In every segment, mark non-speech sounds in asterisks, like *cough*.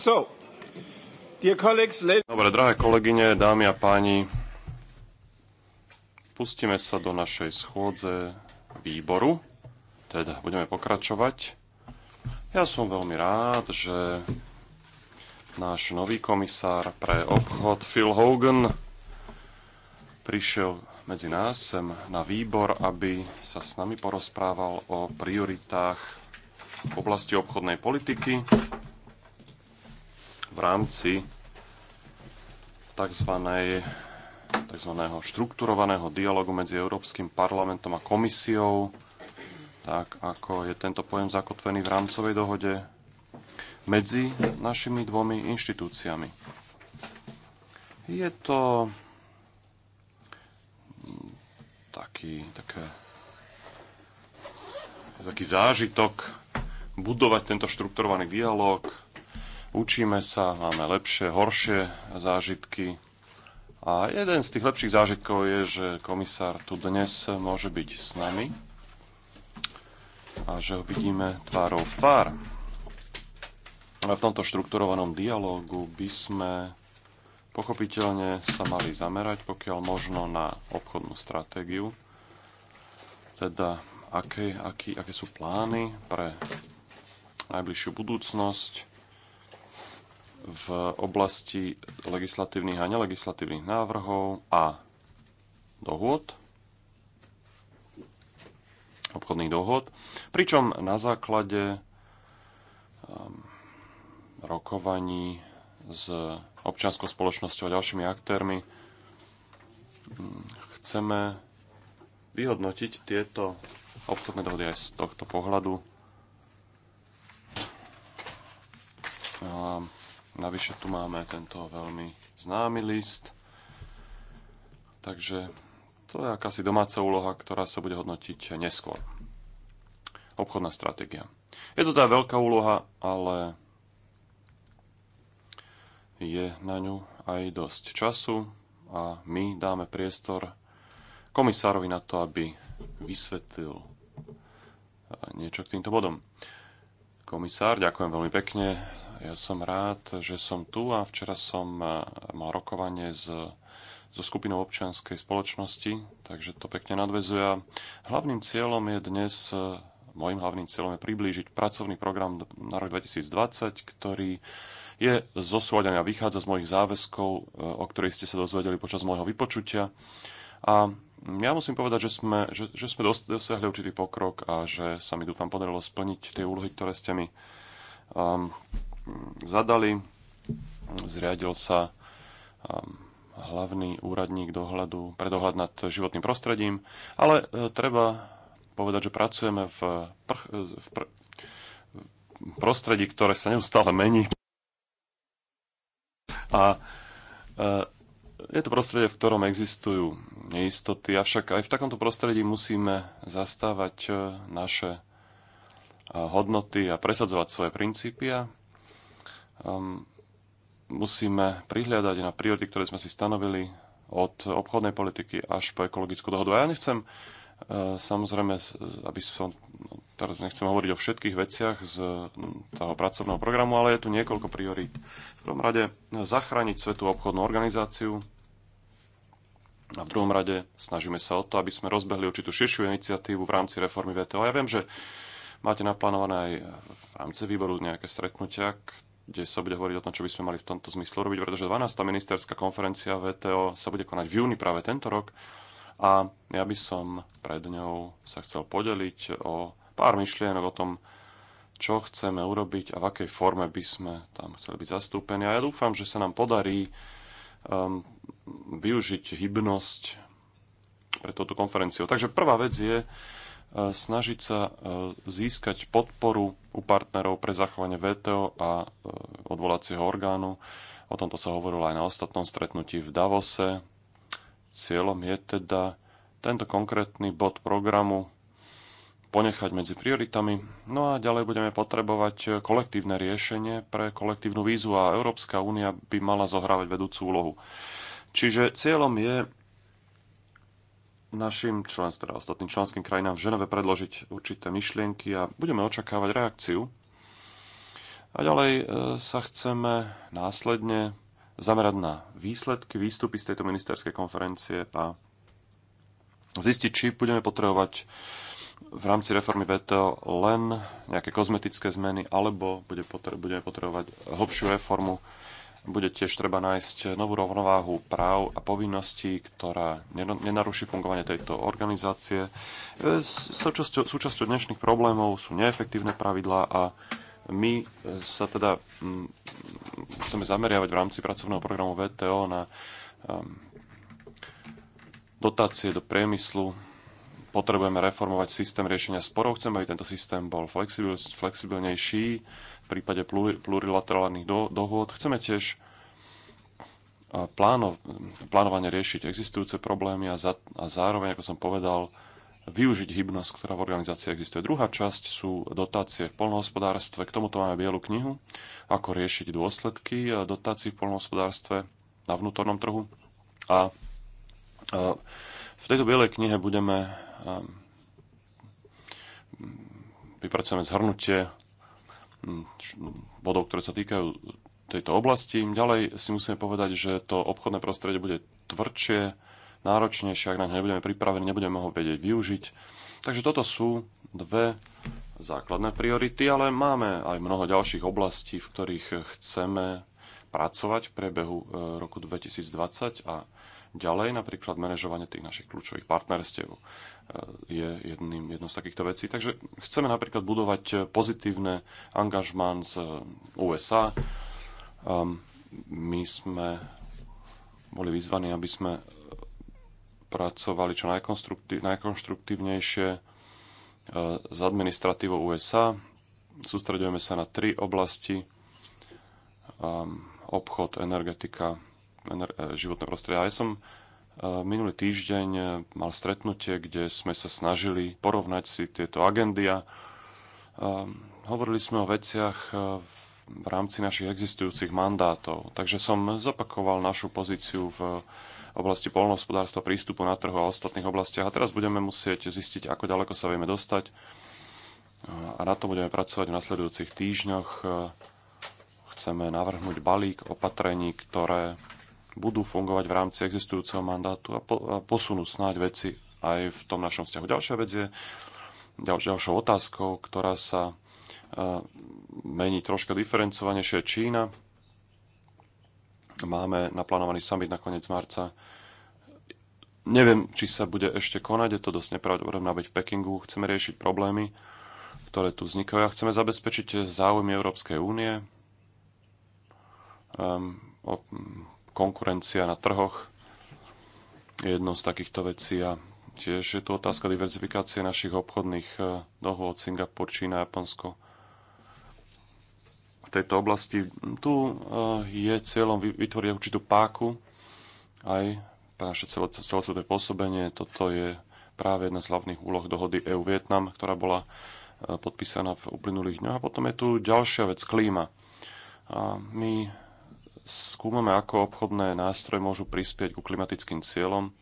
So, Dobre, drahé kolegyne, dámy a páni, pustíme sa do našej schôdze výboru, teda budeme pokračovať. Ja som veľmi rád, že náš nový komisár pre obchod Phil Hogan prišiel medzi nás sem na výbor, aby sa s nami porozprával o prioritách v oblasti obchodnej politiky rámci tzv. tzv. štrukturovaného dialogu medzi Európskym parlamentom a komisiou, tak ako je tento pojem zakotvený v rámcovej dohode medzi našimi dvomi inštitúciami. Je to taký, také, taký zážitok budovať tento štrukturovaný dialog, Učíme sa, máme lepšie, horšie zážitky. A jeden z tých lepších zážitkov je, že komisár tu dnes môže byť s nami a že ho vidíme tvárou v tvár. A v tomto štrukturovanom dialógu by sme pochopiteľne sa mali zamerať, pokiaľ možno, na obchodnú stratégiu, teda aké, aký, aké sú plány pre najbližšiu budúcnosť, v oblasti legislatívnych a nelegislatívnych návrhov a dohôd, obchodných dohôd, pričom na základe um, rokovaní s občianskou spoločnosťou a ďalšími aktérmi um, chceme vyhodnotiť tieto obchodné dohody aj z tohto pohľadu. Um, Navyše tu máme tento veľmi známy list. Takže to je akási domáca úloha, ktorá sa bude hodnotiť neskôr. Obchodná stratégia. Je to tá teda veľká úloha, ale je na ňu aj dosť času a my dáme priestor komisárovi na to, aby vysvetlil eh, niečo k týmto bodom. Komisár, ďakujem veľmi pekne ja som rád, že som tu a včera som e, mal rokovanie s, so skupinou občianskej spoločnosti, takže to pekne nadvezuje. Hlavným cieľom je dnes, e, môjim hlavným cieľom je priblížiť pracovný program na rok 2020, ktorý je zosúladený a vychádza z mojich záväzkov, e, o ktorých ste sa dozvedeli počas môjho vypočutia. A ja musím povedať, že sme, že, že sme dosiahli určitý pokrok a že sa mi dúfam podarilo splniť tie úlohy, ktoré ste mi um, zadali. Zriadil sa um, hlavný úradník dohľadu, predohľad nad životným prostredím, ale e, treba povedať, že pracujeme v, e, pr- v pr- prostredí, ktoré sa neustále mení. A e, je to prostredie, v ktorom existujú neistoty, avšak aj v takomto prostredí musíme zastávať naše hodnoty a presadzovať svoje princípy. A um, musíme prihľadať na priority, ktoré sme si stanovili od obchodnej politiky až po ekologickú dohodu. A ja nechcem e, samozrejme, aby som no, teraz nechcem hovoriť o všetkých veciach z toho pracovného programu, ale je tu niekoľko priorít. V prvom rade zachrániť Svetú obchodnú organizáciu a v druhom rade snažíme sa o to, aby sme rozbehli určitú širšiu iniciatívu v rámci reformy VTO. Ja viem, že máte naplánované aj v rámci výboru nejaké stretnutia, kde sa bude hovoriť o tom, čo by sme mali v tomto zmysle robiť, pretože 12. ministerská konferencia VTO sa bude konať v júni práve tento rok a ja by som pred ňou sa chcel podeliť o pár myšlienok o tom, čo chceme urobiť a v akej forme by sme tam chceli byť zastúpení. A ja dúfam, že sa nám podarí um, využiť hybnosť pre túto konferenciu. Takže prvá vec je, snažiť sa e, získať podporu u partnerov pre zachovanie VTO a e, odvolacieho orgánu. O tomto sa hovorilo aj na ostatnom stretnutí v Davose. Cieľom je teda tento konkrétny bod programu ponechať medzi prioritami. No a ďalej budeme potrebovať kolektívne riešenie pre kolektívnu vízu a Európska únia by mala zohrávať vedúcu úlohu. Čiže cieľom je našim členstv, teda ostatným členským krajinám v Ženeve predložiť určité myšlienky a budeme očakávať reakciu. A ďalej e, sa chceme následne zamerať na výsledky, výstupy z tejto ministerskej konferencie a zistiť, či budeme potrebovať v rámci reformy VTO len nejaké kozmetické zmeny, alebo budeme potrebovať hlbšiu reformu bude tiež treba nájsť novú rovnováhu práv a povinností, ktorá nenaruší fungovanie tejto organizácie. E, súčasťou, súčasťou dnešných problémov sú neefektívne pravidlá a my e, sa teda chceme zameriavať v rámci pracovného programu VTO na um, dotácie do priemyslu. Potrebujeme reformovať systém riešenia sporov, chceme, aby tento systém bol flexibil, flexibilnejší, prípade plurilaterálnych do, dohôd. Chceme tiež e, pláno, plánovane riešiť existujúce problémy a, za, a zároveň, ako som povedal, využiť hybnosť, ktorá v organizácii existuje. Druhá časť sú dotácie v polnohospodárstve. K tomuto máme bielu knihu, ako riešiť dôsledky e, dotácií v polnohospodárstve na vnútornom trhu. A e, v tejto bielej knihe budeme vypracujeme zhrnutie bodov, ktoré sa týkajú tejto oblasti. Ďalej si musíme povedať, že to obchodné prostredie bude tvrdšie, náročnejšie, ak na ne nebudeme pripravení, nebudeme ho vedieť využiť. Takže toto sú dve základné priority, ale máme aj mnoho ďalších oblastí, v ktorých chceme pracovať v priebehu e, roku 2020 a ďalej, napríklad manažovanie tých našich kľúčových partnerstiev je jedným, jedno z takýchto vecí. Takže chceme napríklad budovať pozitívne angažmán z USA. Ehm, my sme boli vyzvaní, aby sme pracovali čo najkonstruktív, najkonštruktívnejšie eh, s administratívou USA. Sústredujeme sa na tri oblasti. Ehm, obchod, energetika, eh, životné prostredie. A ja som Minulý týždeň e, mal stretnutie, kde sme sa snažili porovnať si tieto agendy a hovorili sme o veciach e, v rámci našich existujúcich mandátov. Takže som zopakoval našu pozíciu v oblasti polnohospodárstva, prístupu na trhu a ostatných oblastiach. A teraz budeme musieť zistiť, ako ďaleko sa vieme dostať. A na to budeme pracovať v nasledujúcich týždňoch. E, chceme navrhnúť balík opatrení, ktoré budú fungovať v rámci existujúceho mandátu a, po, a posunú snáď veci aj v tom našom vzťahu. Ďalšia vec je ďal, ďalšou otázkou, ktorá sa uh, mení troška diferencovanejšie Čína. Máme naplánovaný summit na koniec marca. Neviem, či sa bude ešte konať, je to dosť nepravdepodobné byť v Pekingu. Chceme riešiť problémy, ktoré tu vznikajú a chceme zabezpečiť záujmy Európskej únie. Um, konkurencia na trhoch je jednou z takýchto vecí a tiež je tu otázka diverzifikácie našich obchodných eh, dohôd Singapur, Čína, Japonsko v tejto oblasti. Hm, tu eh, je cieľom vytvoriť určitú páku aj pre naše celosvetové pôsobenie. Toto je práve jedna z hlavných úloh dohody EU-Vietnam, ktorá bola eh, podpísaná v uplynulých dňoch. A potom je tu ďalšia vec, klíma. A my Skúmame, ako obchodné nástroje môžu prispieť ku klimatickým cieľom,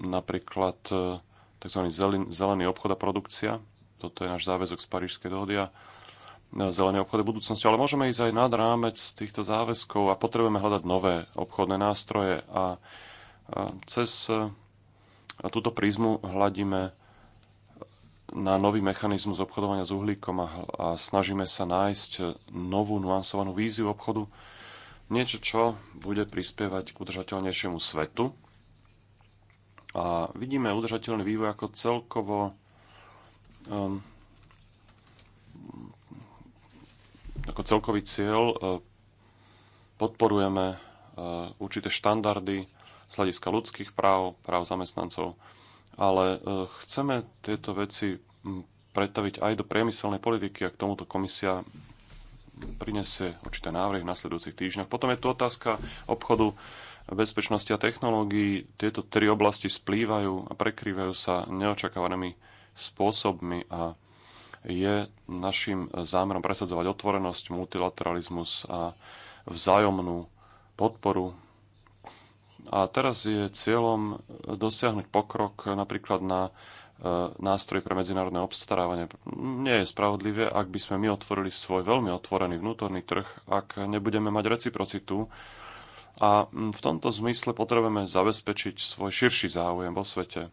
napríklad e, tzv. zelený obchod a produkcia. Toto je náš záväzok z Parížskej dohody a e, zelený obchod a budúcnosti. Ale môžeme ísť aj nad rámec týchto záväzkov a potrebujeme hľadať nové obchodné nástroje. A e, cez túto prízmu hľadíme na nový mechanizmus obchodovania s uhlíkom a, a snažíme sa nájsť novú nuansovanú víziu obchodu, niečo, čo bude prispievať k udržateľnejšiemu svetu. A vidíme udržateľný vývoj ako celkovo um, ako celkový cieľ e, podporujeme e, určité štandardy z hľadiska ľudských práv, práv zamestnancov, ale e, chceme tieto veci pretaviť aj do priemyselnej politiky a k tomuto komisia prinese určité návrhy v nasledujúcich týždňoch. Potom je tu otázka obchodu, bezpečnosti a technológií. Tieto tri oblasti splývajú a prekrývajú sa neočakávanými spôsobmi a je našim zámerom presadzovať otvorenosť, multilateralizmus a vzájomnú podporu. A teraz je cieľom dosiahnuť pokrok napríklad na E, nástroj pre medzinárodné obstarávanie. Nie je spravodlivé, ak by sme my otvorili svoj veľmi otvorený vnútorný trh, ak nebudeme mať reciprocitu. A mm, v tomto zmysle potrebujeme zabezpečiť svoj širší záujem vo svete.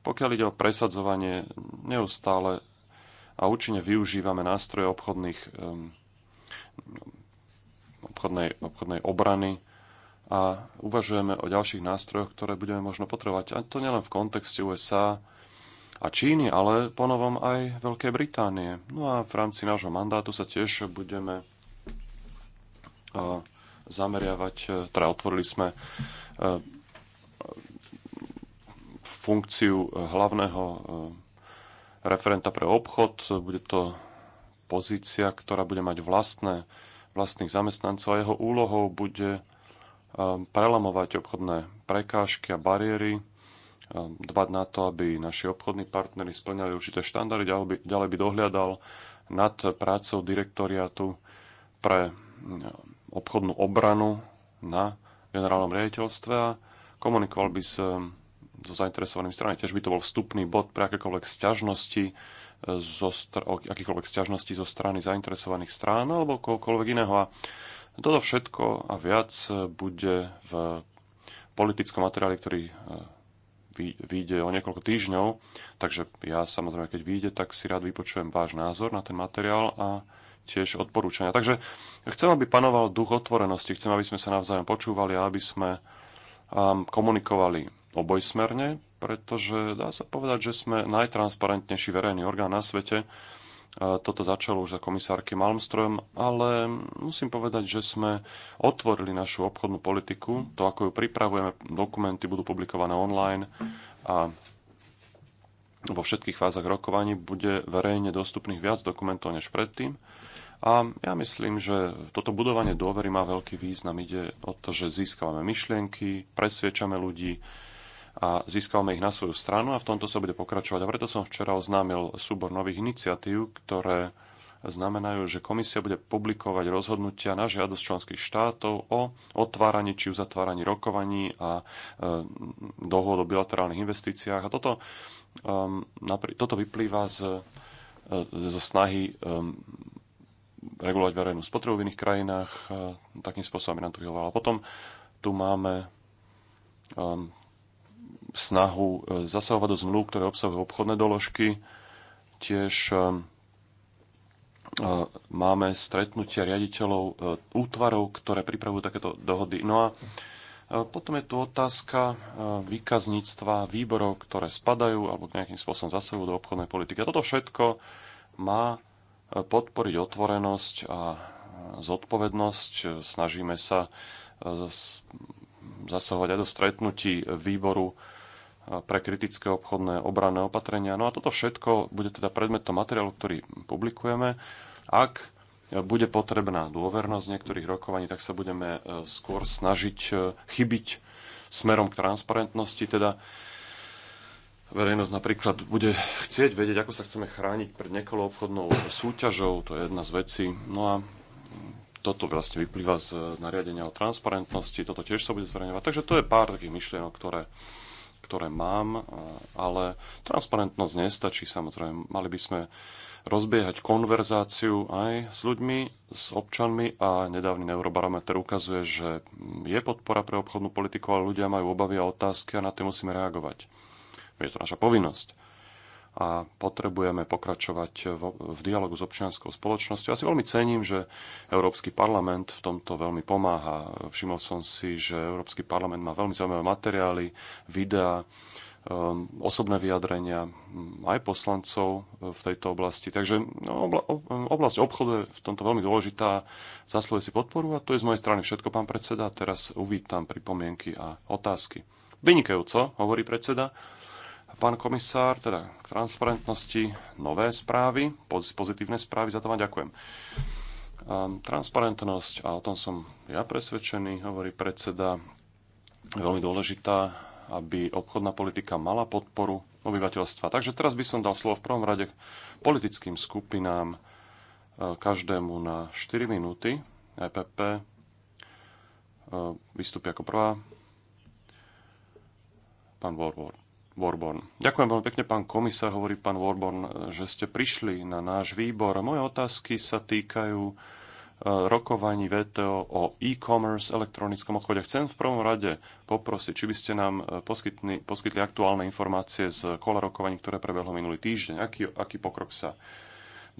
Pokiaľ ide o presadzovanie, neustále a účinne využívame nástroje obchodných, obchodnej, obchodnej obrany, a uvažujeme o ďalších nástrojoch, ktoré budeme možno potrebovať. A to nielen v kontexte USA, a Číny, ale ponovom aj Veľkej Británie. No a v rámci nášho mandátu sa tiež budeme zameriavať, e, teda otvorili sme e, funkciu e, hlavného referenta pre obchod. Bude to pozícia, ktorá bude mať vlastné, vlastných zamestnancov a jeho úlohou bude prelamovať obchodné prekážky a bariéry Um, dbať na to, aby naši obchodní partnery splňali určité štandardy, ďalej by, ďalej by dohľadal nad prácou direktoriatu pre um, obchodnú obranu na generálnom riaditeľstve a komunikoval by s um, so zainteresovanými stranami. Tiež by to bol vstupný bod pre akékoľvek sťažnosti uh, zo str- akýkoľvek sťažností zo strany zainteresovaných strán alebo kohokoľvek iného. A toto všetko a viac uh, bude v politickom materiáli, ktorý uh, vyjde o niekoľko týždňov, takže ja samozrejme, keď vyjde, tak si rád vypočujem váš názor na ten materiál a tiež odporúčania. Takže chcem, aby panoval duch otvorenosti, chcem, aby sme sa navzájom počúvali a aby sme um, komunikovali obojsmerne, pretože dá sa povedať, že sme najtransparentnejší verejný orgán na svete, toto začalo už za komisárky Malmström, ale musím povedať, že sme otvorili našu obchodnú politiku. To, ako ju pripravujeme, dokumenty budú publikované online a vo všetkých fázach rokovaní bude verejne dostupných viac dokumentov než predtým. A ja myslím, že toto budovanie dôvery má veľký význam. Ide o to, že získavame myšlienky, presviečame ľudí, a získavame ich na svoju stranu a v tomto sa bude pokračovať. A preto som včera oznámil súbor nových iniciatív, ktoré znamenajú, že komisia bude publikovať rozhodnutia na žiadosť členských štátov o otváraní či uzatváraní rokovaní a e, dohôd o bilaterálnych investíciách. A toto, um, toto vyplýva z, e, zo snahy um, regulovať verejnú spotrebu v iných krajinách e, takým spôsobom, by nám to vyhovalo. Potom tu máme um, snahu e, zasahovať do zmluv, ktoré obsahujú obchodné doložky. Tiež e, e, máme stretnutia riaditeľov útvarov, ktoré pripravujú takéto dohody. No a potom je tu otázka výkazníctva výborov, ktoré spadajú alebo nejakým spôsobom zasahujú do obchodnej politiky. A toto všetko má podporiť otvorenosť a zodpovednosť. Snažíme sa zasahovať aj do stretnutí výboru pre kritické obchodné obranné opatrenia. No a toto všetko bude teda predmetom materiálu, ktorý publikujeme. Ak bude potrebná dôvernosť niektorých rokovaní, tak sa budeme e, skôr snažiť e, chybiť smerom k transparentnosti. Teda verejnosť napríklad bude chcieť vedieť, ako sa chceme chrániť pred nekolou obchodnou súťažou, to je jedna z vecí. No a toto vlastne vyplýva z e, nariadenia o transparentnosti, toto tiež sa bude zverejňovať. Takže to je pár takých myšlienok, ktoré ktoré mám, ale transparentnosť nestačí samozrejme. Mali by sme rozbiehať konverzáciu aj s ľuďmi, s občanmi a nedávny neurobarometer ukazuje, že je podpora pre obchodnú politiku, ale ľudia majú obavy a otázky a na to musíme reagovať. Je to naša povinnosť a potrebujeme pokračovať v dialogu s občianskou spoločnosťou. Ja si veľmi cením, že Európsky parlament v tomto veľmi pomáha. Všimol som si, že Európsky parlament má veľmi zaujímavé materiály, videá, um, osobné vyjadrenia mm, aj poslancov e, v tejto oblasti. Takže no, e, oblasť obchodu je v tomto veľmi dôležitá, zasluje si podporu a to je z mojej strany všetko, pán predseda. Teraz uvítam pripomienky a otázky. Vynikajúco, hovorí predseda pán komisár, teda k transparentnosti nové správy, pozitívne správy, za to vám ďakujem. Ehm, transparentnosť, a o tom som ja presvedčený, hovorí predseda, Je veľmi dôležitá, aby obchodná politika mala podporu obyvateľstva. Takže teraz by som dal slovo v prvom rade politickým skupinám, e, každému na 4 minúty. EPP e, vystúpi ako prvá. Pán Warward. Warborn. Ďakujem veľmi pekne, pán komisár, hovorí pán Warborn, že ste prišli na náš výbor. Moje otázky sa týkajú e, rokovaní VTO o e-commerce, elektronickom obchode. Chcem v prvom rade poprosiť, či by ste nám e, poskytli, poskytli aktuálne informácie z kola rokovaní, ktoré prebehlo minulý týždeň. Aký, aký pokrok sa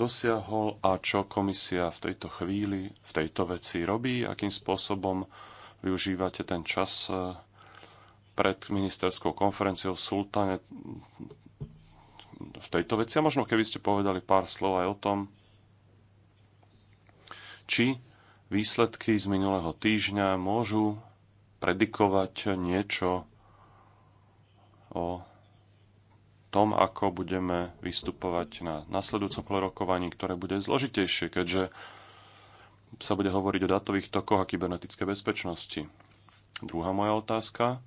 dosiahol a čo komisia v tejto chvíli, v tejto veci robí, akým spôsobom využívate ten čas e, pred ministerskou konferenciou v Sultane v tejto veci. A možno keby ste povedali pár slov aj o tom, či výsledky z minulého týždňa môžu predikovať niečo o tom, ako budeme vystupovať na nasledujúcom rokovaní, ktoré bude zložitejšie, keďže sa bude hovoriť o datových tokoch a kybernetické bezpečnosti. Druhá moja otázka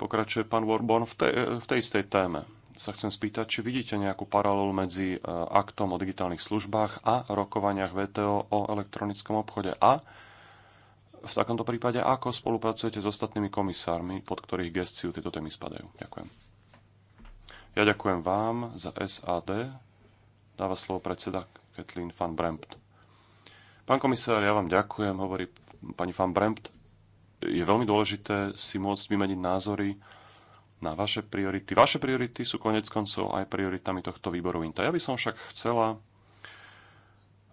pokračuje pán Warborn v tej, v tej istej téme. Sa chcem spýtať, či vidíte nejakú paralelu medzi e, aktom o digitálnych službách a rokovaniach VTO o elektronickom obchode a v takomto prípade, ako spolupracujete s ostatnými komisármi, pod ktorých gestiu tieto témy spadajú? Ďakujem. Ja ďakujem vám za SAD. Dáva slovo predseda Kathleen van Brempt. Pán komisár, ja vám ďakujem, hovorí pani van Brempt je veľmi dôležité si môcť vymeniť názory na vaše priority. Vaše priority sú konec koncov aj prioritami tohto výboru INTA. Ja by som však chcela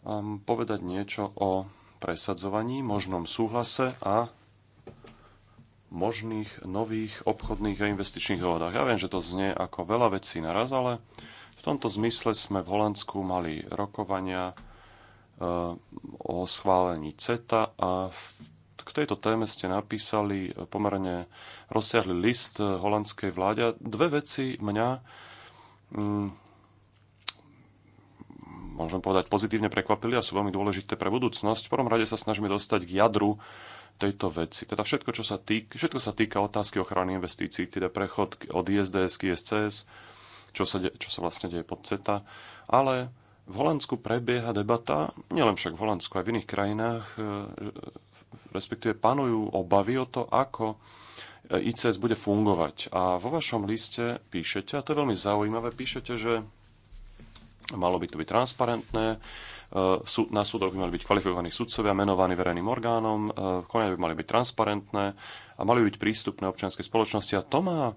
um, povedať niečo o presadzovaní, možnom súhlase a možných nových obchodných a investičných dohodách. Ja viem, že to znie ako veľa vecí naraz, ale v tomto zmysle sme v Holandsku mali rokovania uh, o schválení CETA a v tejto téme ste napísali pomerne rozsiahly list holandskej vláde. A dve veci mňa mm, môžem povedať pozitívne prekvapili a sú veľmi dôležité pre budúcnosť. V prvom rade sa snažíme dostať k jadru tejto veci. Teda všetko, čo sa týka, všetko sa týka otázky ochrany investícií, teda prechod od ISDS k ISCS, čo sa, de, čo sa vlastne deje pod CETA. Ale v Holandsku prebieha debata, nielen však v Holandsku, aj v iných krajinách, e, respektíve panujú obavy o to, ako e, ICS bude fungovať. A vo vašom liste píšete, a to je veľmi zaujímavé, píšete, že malo by to byť transparentné, e, na súdoch by mali byť kvalifikovaní sudcovia, menovaní verejným orgánom, e, konia by mali byť transparentné a mali by byť prístupné občianskej spoločnosti. A to má,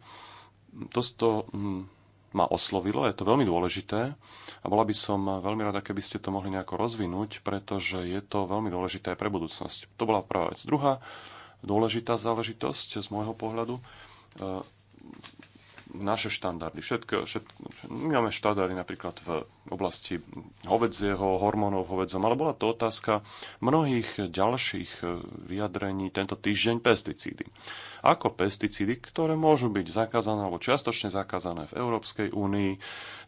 to, to, hm, ma oslovilo, je to veľmi dôležité a bola by som veľmi rada, keby ste to mohli nejako rozvinúť, pretože je to veľmi dôležité aj pre budúcnosť. To bola prvá vec. Druhá dôležitá záležitosť z môjho pohľadu e, naše štandardy. Všetko, všetko, my máme štandardy napríklad v oblasti hovedzieho, hormónov hovedzom, ale bola to otázka mnohých ďalších e, vyjadrení tento týždeň pesticídy. Ako pesticídy, ktoré môžu byť zakázané alebo čiastočne zakázané v Európskej únii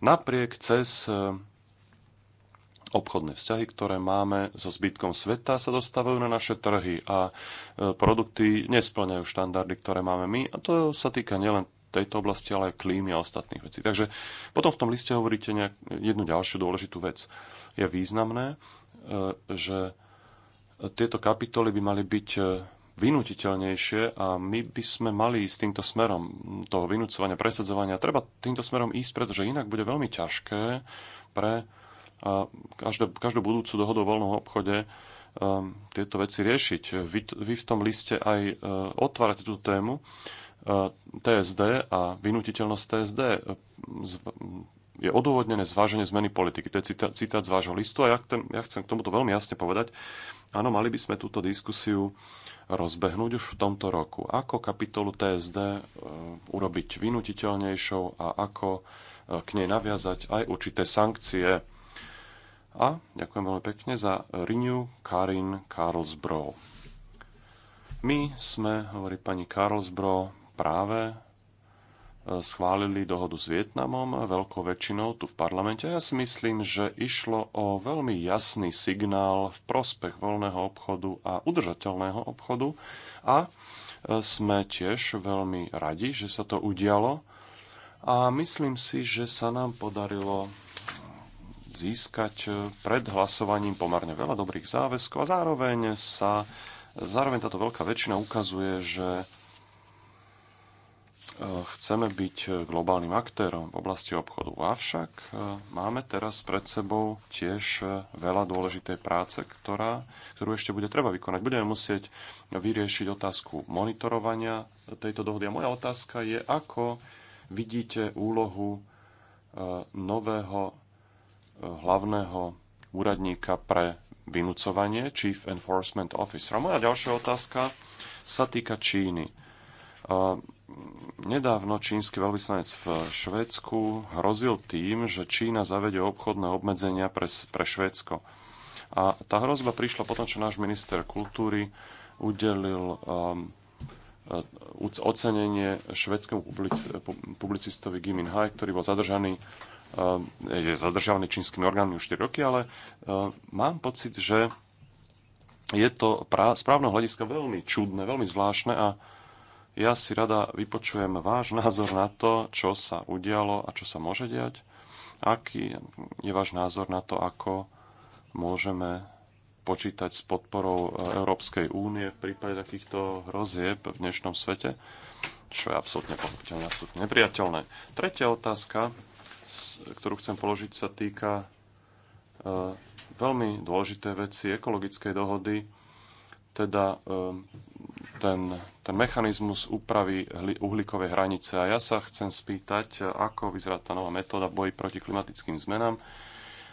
napriek cez e, obchodné vzťahy, ktoré máme so zbytkom sveta, sa dostávajú na naše trhy a e, produkty nesplňajú štandardy, ktoré máme my. A to sa týka nielen tejto oblasti, ale aj klímy a ostatných vecí. Takže potom v tom liste hovoríte nejak, jednu ďalšiu dôležitú vec. Je významné, e, že tieto kapitoly by mali byť e, vynutiteľnejšie a my by sme mali ísť týmto smerom toho vynúcovania, presadzovania. Treba týmto smerom ísť, pretože inak bude veľmi ťažké pre e, každú, každú budúcu dohodu o voľnom obchode tieto veci riešiť. Vy, vy v tom liste aj otvárate túto tému TSD a vynutiteľnosť TSD e, je odôvodnené zváženie zmeny politiky. To je citát, z vášho listu a ja, ja chcem k tomuto veľmi jasne povedať, áno, mali by sme túto diskusiu rozbehnúť už v tomto roku. Ako kapitolu TSD e, urobiť vynutiteľnejšou a ako e, k nej naviazať aj určité sankcie. A ďakujem veľmi pekne za Renew Karin Karlsbro. My sme, hovorí pani Karlsbro, práve e, schválili dohodu s Vietnamom veľkou väčšinou tu v parlamente. Ja si myslím, že išlo o veľmi jasný signál v prospech voľného obchodu a udržateľného obchodu a e, sme tiež veľmi radi, že sa to udialo a myslím si, že sa nám podarilo získať e, pred hlasovaním pomerne veľa dobrých záväzkov a zároveň sa zároveň táto veľká väčšina ukazuje, že chceme byť globálnym aktérom v oblasti obchodu. Avšak e, máme teraz pred sebou tiež e, veľa dôležitej práce, ktorá, ktorú ešte bude treba vykonať. Budeme musieť vyriešiť otázku monitorovania tejto dohody. A moja otázka je, ako vidíte úlohu e, nového hlavného úradníka pre vynúcovanie, Chief Enforcement Officer. A moja ďalšia otázka sa týka Číny. Nedávno čínsky veľvyslanec v Švédsku hrozil tým, že Čína zavede obchodné obmedzenia pre, pre Švédsko. A tá hrozba prišla potom, čo náš minister kultúry udelil um, e, ocenenie švedskému public, publicistovi Gimin Hai, ktorý bol zadržaný um, je zadržaný čínskymi orgánmi už 4 roky, ale um, mám pocit, že je to správno hľadiska veľmi čudné, veľmi zvláštne a ja si rada vypočujem váš názor na to, čo sa udialo a čo sa môže diať. Aký je váš názor na to, ako môžeme počítať s podporou e, Európskej únie v prípade takýchto hrozieb v dnešnom svete, čo je absolútne pochopiteľné, absolútne nepriateľné. Tretia otázka, ktorú chcem položiť, sa týka e, veľmi dôležité veci ekologickej dohody teda ehm, ten, ten mechanizmus úpravy uhlíkovej hranice. A ja sa chcem spýtať, ako vyzerá tá nová metóda boji proti klimatickým zmenám.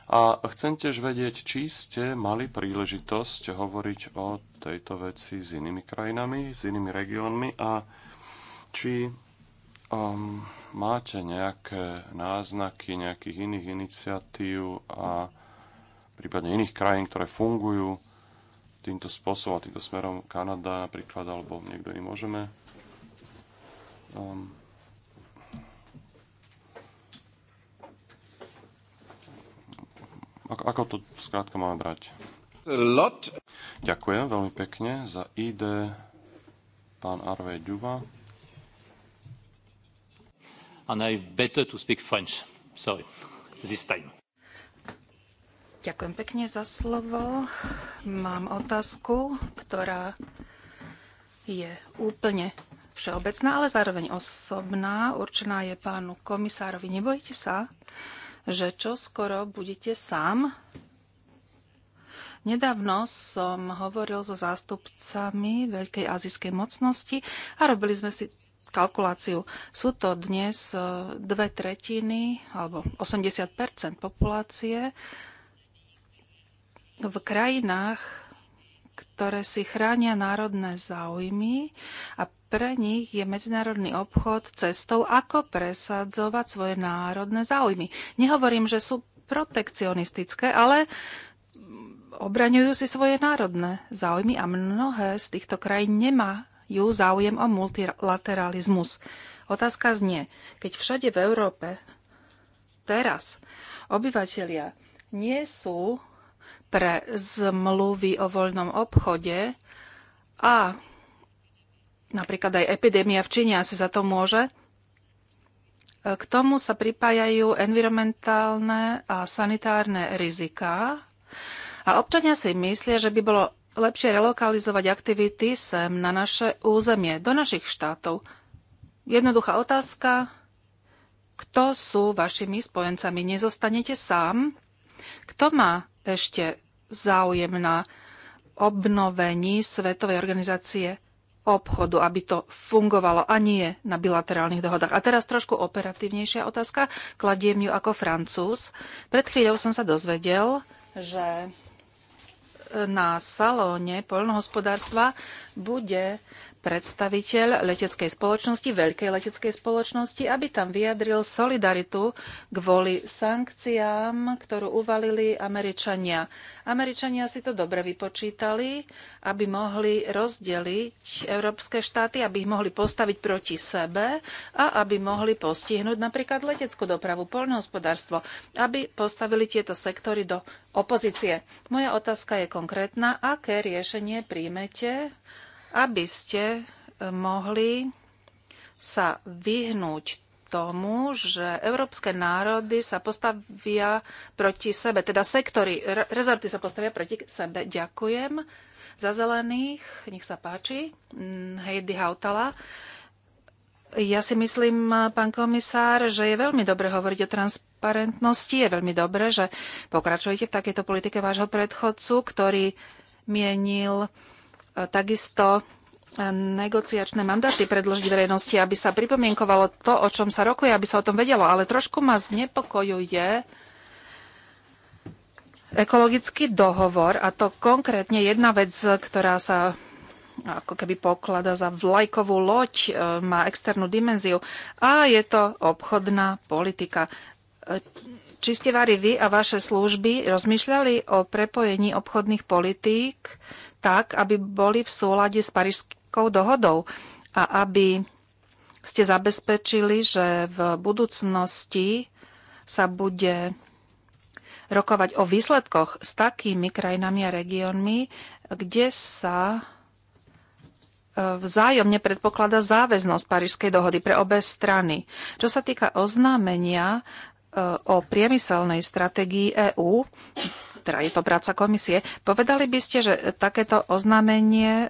A chcem tiež vedieť, či ste mali príležitosť hovoriť o tejto veci s inými krajinami, s inými regiónmi a či um, máte nejaké náznaky nejakých iných iniciatív a prípadne iných krajín, ktoré fungujú týmto spôsobom a týmto smerom Kanada napríklad alebo niekto iný môžeme. Um, ako, ako to skrátka máme brať? Lot. Ďakujem veľmi pekne za ID pán Arve Duva. And I better to speak French. Sorry, this time. Ďakujem pekne za slovo. Mám otázku, ktorá je úplne všeobecná, ale zároveň osobná. Určená je pánu komisárovi. Nebojte sa, že čo skoro budete sám. Nedávno som hovoril so zástupcami veľkej azijskej mocnosti a robili sme si kalkuláciu. Sú to dnes eh, dve tretiny alebo 80 populácie v krajinách, ktoré si chránia národné záujmy a pre nich je medzinárodný obchod cestou, ako presadzovať svoje národné záujmy. Nehovorím, že sú protekcionistické, ale obraňujú si svoje národné záujmy a mnohé z týchto krajín nemajú záujem o multilateralizmus. Otázka znie, keď všade v Európe teraz obyvateľia nie sú pre zmluvy o voľnom obchode a napríklad aj epidémia v Číne asi za to môže. K tomu sa pripájajú environmentálne a sanitárne riziká a občania si myslia, že by bolo lepšie relokalizovať aktivity sem na naše územie, do našich štátov. Jednoduchá otázka, kto sú vašimi spojencami? Nezostanete sám? Kto má ešte záujem na obnovení Svetovej organizácie obchodu, aby to fungovalo a nie na bilaterálnych dohodách. A teraz trošku operatívnejšia otázka. Kladiem ju ako francúz. Pred chvíľou som sa dozvedel, že na salóne poľnohospodárstva bude predstaviteľ leteckej spoločnosti, veľkej leteckej spoločnosti, aby tam vyjadril solidaritu kvôli sankciám, ktorú uvalili Američania. Američania si to dobre vypočítali, aby mohli rozdeliť európske štáty, aby ich mohli postaviť proti sebe a aby mohli postihnúť napríklad leteckú dopravu, poľnohospodárstvo, aby postavili tieto sektory do opozície. Moja otázka je konkrétna. Aké riešenie príjmete? aby ste e, mohli sa vyhnúť tomu, že európske národy sa postavia proti sebe, teda sektory, rezorty sa postavia proti sebe. Ďakujem za zelených, nech sa páči, mm, Heidi Hautala. Ja si myslím, pán komisár, že je veľmi dobre hovoriť o transparentnosti, je veľmi dobre, že pokračujete v takejto politike vášho predchodcu, ktorý mienil E, takisto e, negociačné mandáty predložiť verejnosti, aby sa pripomienkovalo to, o čom sa rokuje, aby sa o tom vedelo. Ale trošku ma znepokojuje ekologický dohovor a to konkrétne jedna vec, ktorá sa ako keby poklada za vlajkovú loď, e, má externú dimenziu a je to obchodná politika. Či ste Vary vy a vaše služby rozmýšľali o prepojení obchodných politík tak, aby boli v súlade s Parížskou dohodou a aby ste zabezpečili, že v budúcnosti sa bude rokovať o výsledkoch s takými krajinami a regiónmi, kde sa e, vzájomne predpokladá záväznosť Parížskej dohody pre obe strany. Čo sa týka oznámenia e, o priemyselnej stratégii EÚ teda je to práca komisie. Povedali by ste, že takéto oznámenie e,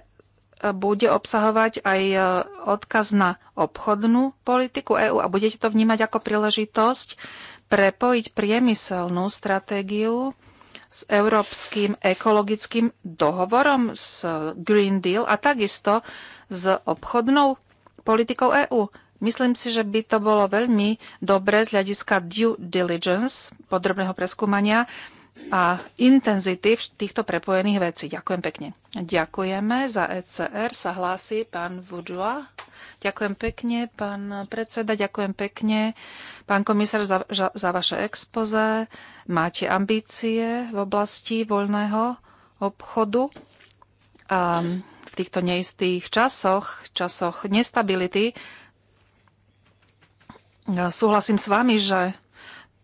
bude obsahovať aj e, odkaz na obchodnú politiku EÚ a budete to vnímať ako príležitosť prepojiť priemyselnú stratégiu s Európskym ekologickým dohovorom, s Green Deal a takisto s obchodnou politikou EÚ. Myslím si, že by to bolo veľmi dobré z hľadiska due diligence, podrobného preskúmania, a intenzity týchto prepojených vecí. Ďakujem pekne. Ďakujeme. Za ECR sa hlási pán Vudžua. Ďakujem pekne, pán predseda. Ďakujem pekne, pán komisár, za, za vaše expoze. Máte ambície v oblasti voľného obchodu. A ehm, v týchto neistých časoch, časoch nestability, ja súhlasím s vami, že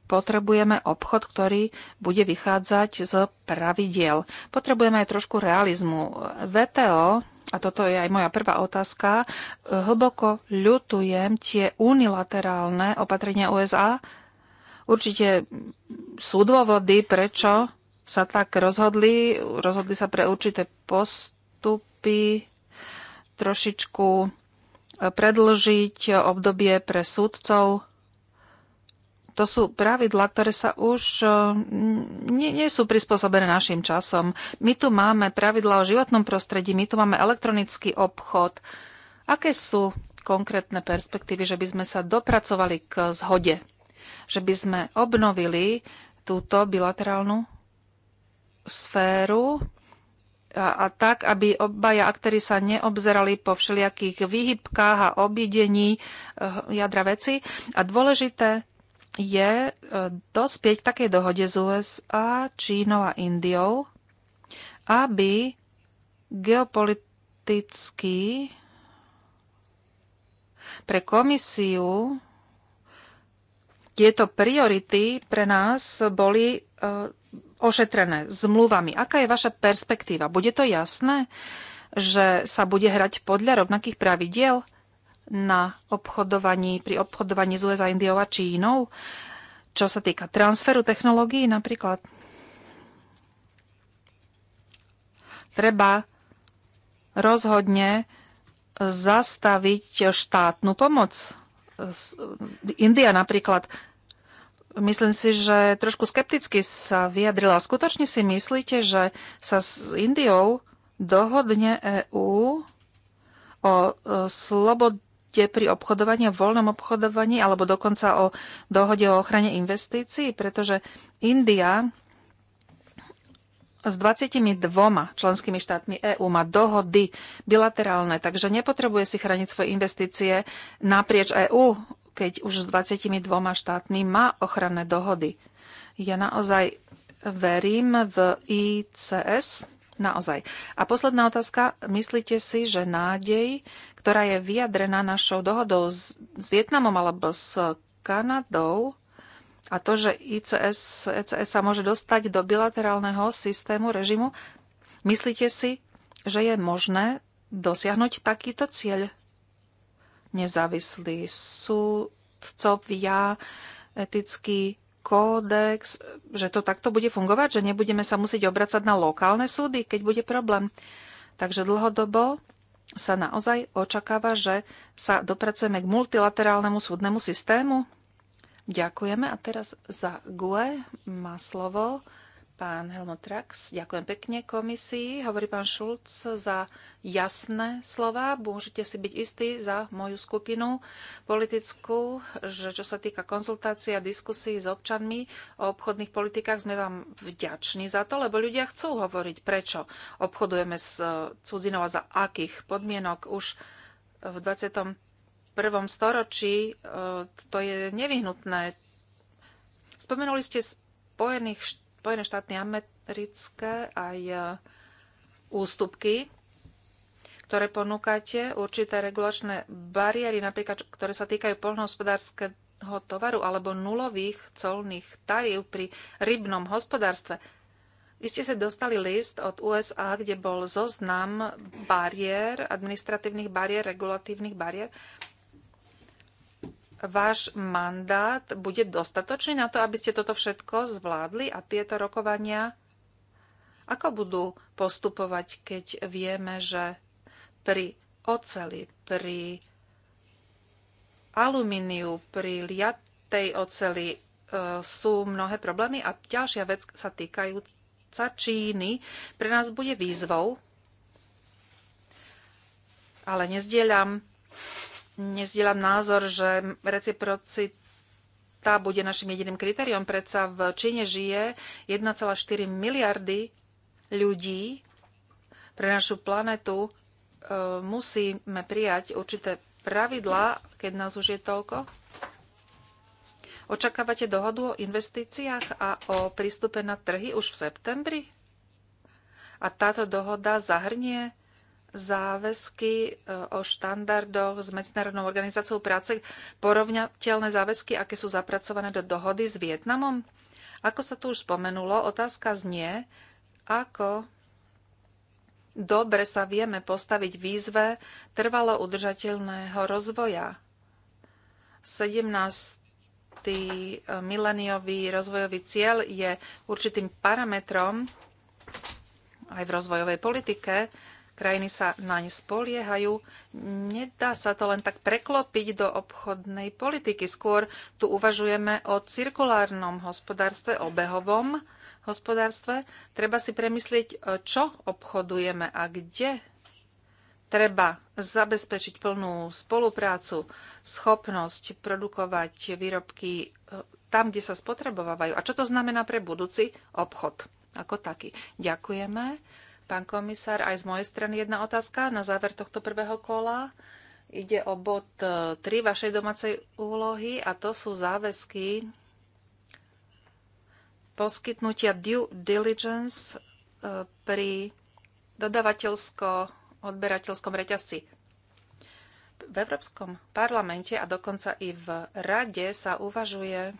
potrebujeme obchod, ktorý bude vychádzať z pravidiel. Potrebujeme aj trošku realizmu. VTO, a toto je aj moja prvá otázka, hlboko ľutujem tie unilaterálne opatrenia USA. Určite sú dôvody, prečo sa tak rozhodli. Rozhodli sa pre určité postupy trošičku predlžiť obdobie pre súdcov to sú pravidlá, ktoré sa už e, nie, nie sú prispôsobené našim časom. My tu máme pravidlá o životnom prostredí, my tu máme elektronický obchod. Aké sú konkrétne perspektívy, že by sme sa dopracovali k zhode? Že by sme obnovili túto bilaterálnu sféru a, a tak, aby obaja aktéry sa neobzerali po všelijakých výhybkách a obidení e, jadra veci. A dôležité je e, dospieť k takej dohode z USA, Čínou a Indiou, aby geopoliticky pre komisiu tieto priority pre nás boli e, ošetrené zmluvami. Aká je vaša perspektíva? Bude to jasné, že sa bude hrať podľa rovnakých pravidiel? na obchodovaní, pri obchodovaní z USA, Indiou a Čínou, čo sa týka transferu technológií napríklad. Treba rozhodne zastaviť štátnu pomoc. India napríklad. Myslím si, že trošku skepticky sa vyjadrila. Skutočne si myslíte, že sa s Indiou dohodne EÚ o e, slobod, dohode pri obchodovaní, o voľnom obchodovaní alebo dokonca o dohode o ochrane investícií, pretože India s 22 členskými štátmi EÚ má dohody bilaterálne, takže nepotrebuje si chrániť svoje investície naprieč EÚ, keď už s 22 štátmi má ochranné dohody. Ja naozaj verím v ICS, Naozaj. A posledná otázka. Myslíte si, že nádej, ktorá je vyjadrená našou dohodou s, s Vietnamom alebo s Kanadou a to, že ICS, ECS sa môže dostať do bilaterálneho systému režimu, myslíte si, že je možné dosiahnuť takýto cieľ? Nezávislý súdcovia, etický kódex, že to takto bude fungovať, že nebudeme sa musieť obracať na lokálne súdy, keď bude problém. Takže dlhodobo sa naozaj očakáva, že sa dopracujeme k multilaterálnemu súdnemu systému. Ďakujeme a teraz za GUE má slovo Pán Helmut Trax, ďakujem pekne komisii. Hovorí pán Šulc za jasné slova. Môžete si byť istí za moju skupinu politickú, že čo sa týka konzultácií a diskusí s občanmi o obchodných politikách, sme vám vďační za to, lebo ľudia chcú hovoriť, prečo obchodujeme s e, cudzinou a za akých podmienok už v 21. storočí. E, to je nevyhnutné. Spomenuli ste Spojených Spojené štáty americké aj e, ústupky, ktoré ponúkate, určité regulačné bariéry, napríklad, ktoré sa týkajú poľnohospodárskeho tovaru alebo nulových colných tarív pri rybnom hospodárstve. Vy ste sa dostali list od USA, kde bol zoznam bariér, administratívnych bariér, regulatívnych bariér váš mandát bude dostatočný na to, aby ste toto všetko zvládli a tieto rokovania ako budú postupovať, keď vieme, že pri oceli, pri alumíniu, pri liatej oceli e, sú mnohé problémy a ďalšia vec sa týkajúca Číny pre nás bude výzvou, ale nezdieľam nezdielam názor, že reciprocita bude našim jediným kritériom. Predsa v Číne žije 1,4 miliardy ľudí. Pre našu planetu e, musíme prijať určité pravidlá, keď nás už je toľko. Očakávate dohodu o investíciách a o prístupe na trhy už v septembri? A táto dohoda zahrnie záväzky e, o štandardoch s Medzinárodnou organizáciou práce porovnateľné záväzky, aké sú zapracované do dohody s Vietnamom? Ako sa tu už spomenulo, otázka znie, ako dobre sa vieme postaviť výzve trvalo udržateľného rozvoja. 17 e, mileniový rozvojový cieľ je určitým parametrom aj v rozvojovej politike, Krajiny sa naň spoliehajú. Nedá sa to len tak preklopiť do obchodnej politiky. Skôr tu uvažujeme o cirkulárnom hospodárstve, obehovom hospodárstve. Treba si premyslieť, čo obchodujeme a kde treba zabezpečiť plnú spoluprácu, schopnosť produkovať výrobky e, tam, kde sa spotrebovávajú. A čo to znamená pre budúci obchod ako taký? Ďakujeme. Pán komisár, aj z mojej strany jedna otázka na záver tohto prvého kola. Ide o bod 3 e, vašej domácej úlohy a to sú záväzky poskytnutia due diligence e, pri dodavateľsko-odberateľskom reťazci. V Európskom parlamente a dokonca i v Rade sa uvažuje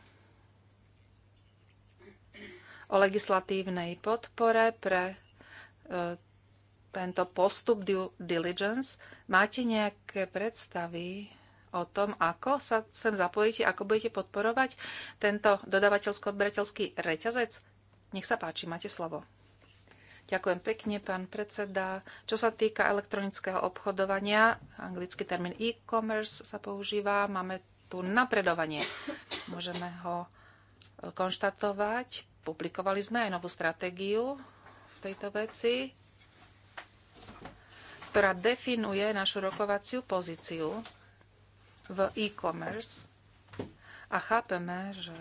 o legislatívnej podpore pre E, tento postup due diligence. Máte nejaké predstavy o tom, ako sa sem zapojíte, ako budete podporovať tento dodavateľsko-odberateľský reťazec? Nech sa páči, máte slovo. Ďakujem pekne, pán predseda. Čo sa týka elektronického obchodovania, anglický termín e-commerce sa používa, máme tu napredovanie. Môžeme ho konštatovať. Publikovali sme aj novú stratégiu tejto veci, ktorá definuje našu rokovaciu pozíciu v e-commerce a chápeme, že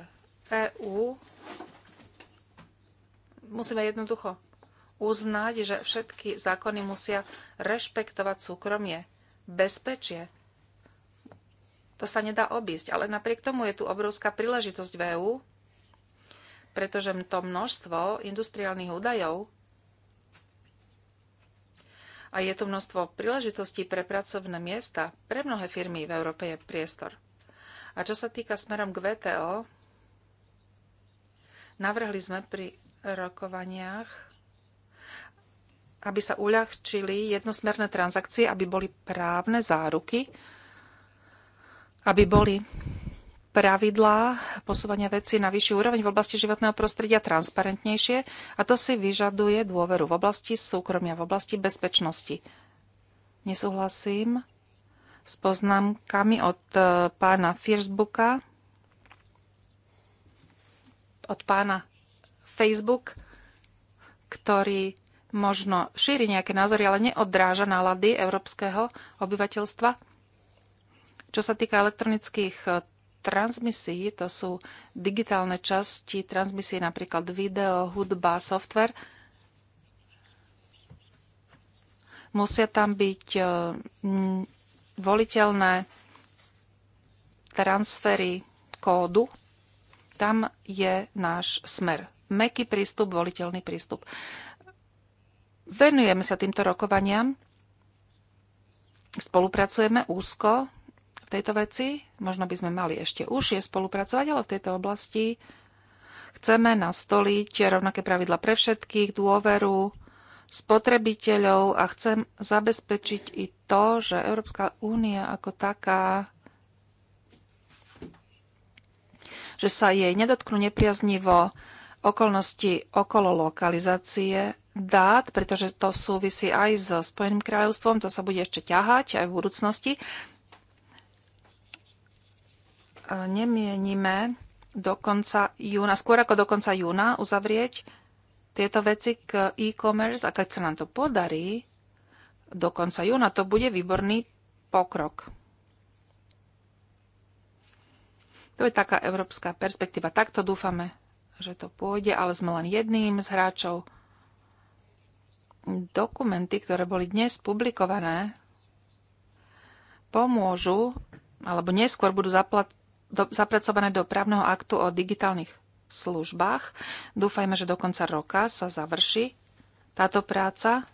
EU musíme jednoducho uznať, že všetky zákony musia rešpektovať súkromie, bezpečie. To sa nedá obísť, ale napriek tomu je tu obrovská príležitosť v EÚ, pretože to množstvo industriálnych údajov, a je tu množstvo príležitostí pre pracovné miesta. Pre mnohé firmy v Európe je priestor. A čo sa týka smerom k VTO, navrhli sme pri rokovaniach, aby sa uľahčili jednosmerné transakcie, aby boli právne záruky, aby boli pravidlá posúvania veci na vyššiu úroveň v oblasti životného prostredia transparentnejšie a to si vyžaduje dôveru v oblasti súkromia, v oblasti bezpečnosti. Nesúhlasím s poznámkami od e, pána Facebooka, od pána Facebook, ktorý možno šíri nejaké názory, ale neodráža nálady európskeho obyvateľstva. Čo sa týka elektronických e, transmisií, to sú digitálne časti transmisie, napríklad video, hudba, software, musia tam byť e, voliteľné transfery kódu. Tam je náš smer. Meký prístup, voliteľný prístup. Venujeme sa týmto rokovaniam, spolupracujeme úzko v tejto veci. Možno by sme mali ešte užšie spolupracovať, ale v tejto oblasti chceme nastoliť rovnaké pravidla pre všetkých, dôveru spotrebiteľov a chcem zabezpečiť i to, že Európska únia ako taká že sa jej nedotknú nepriaznivo okolnosti okolo lokalizácie dát, pretože to súvisí aj so Spojeným kráľovstvom, to sa bude ešte ťahať aj v budúcnosti. E, nemienime do konca júna, skôr ako do konca júna uzavrieť tieto veci k e-commerce a keď sa nám to podarí do konca júna, to bude výborný pokrok. To je taká európska perspektíva. Takto dúfame, že to pôjde, ale sme len jedným z hráčov. Dokumenty, ktoré boli dnes publikované, pomôžu alebo neskôr budú zaplatiť do, zapracované do právneho aktu o digitálnych službách. Dúfajme, že do konca roka sa završí táto práca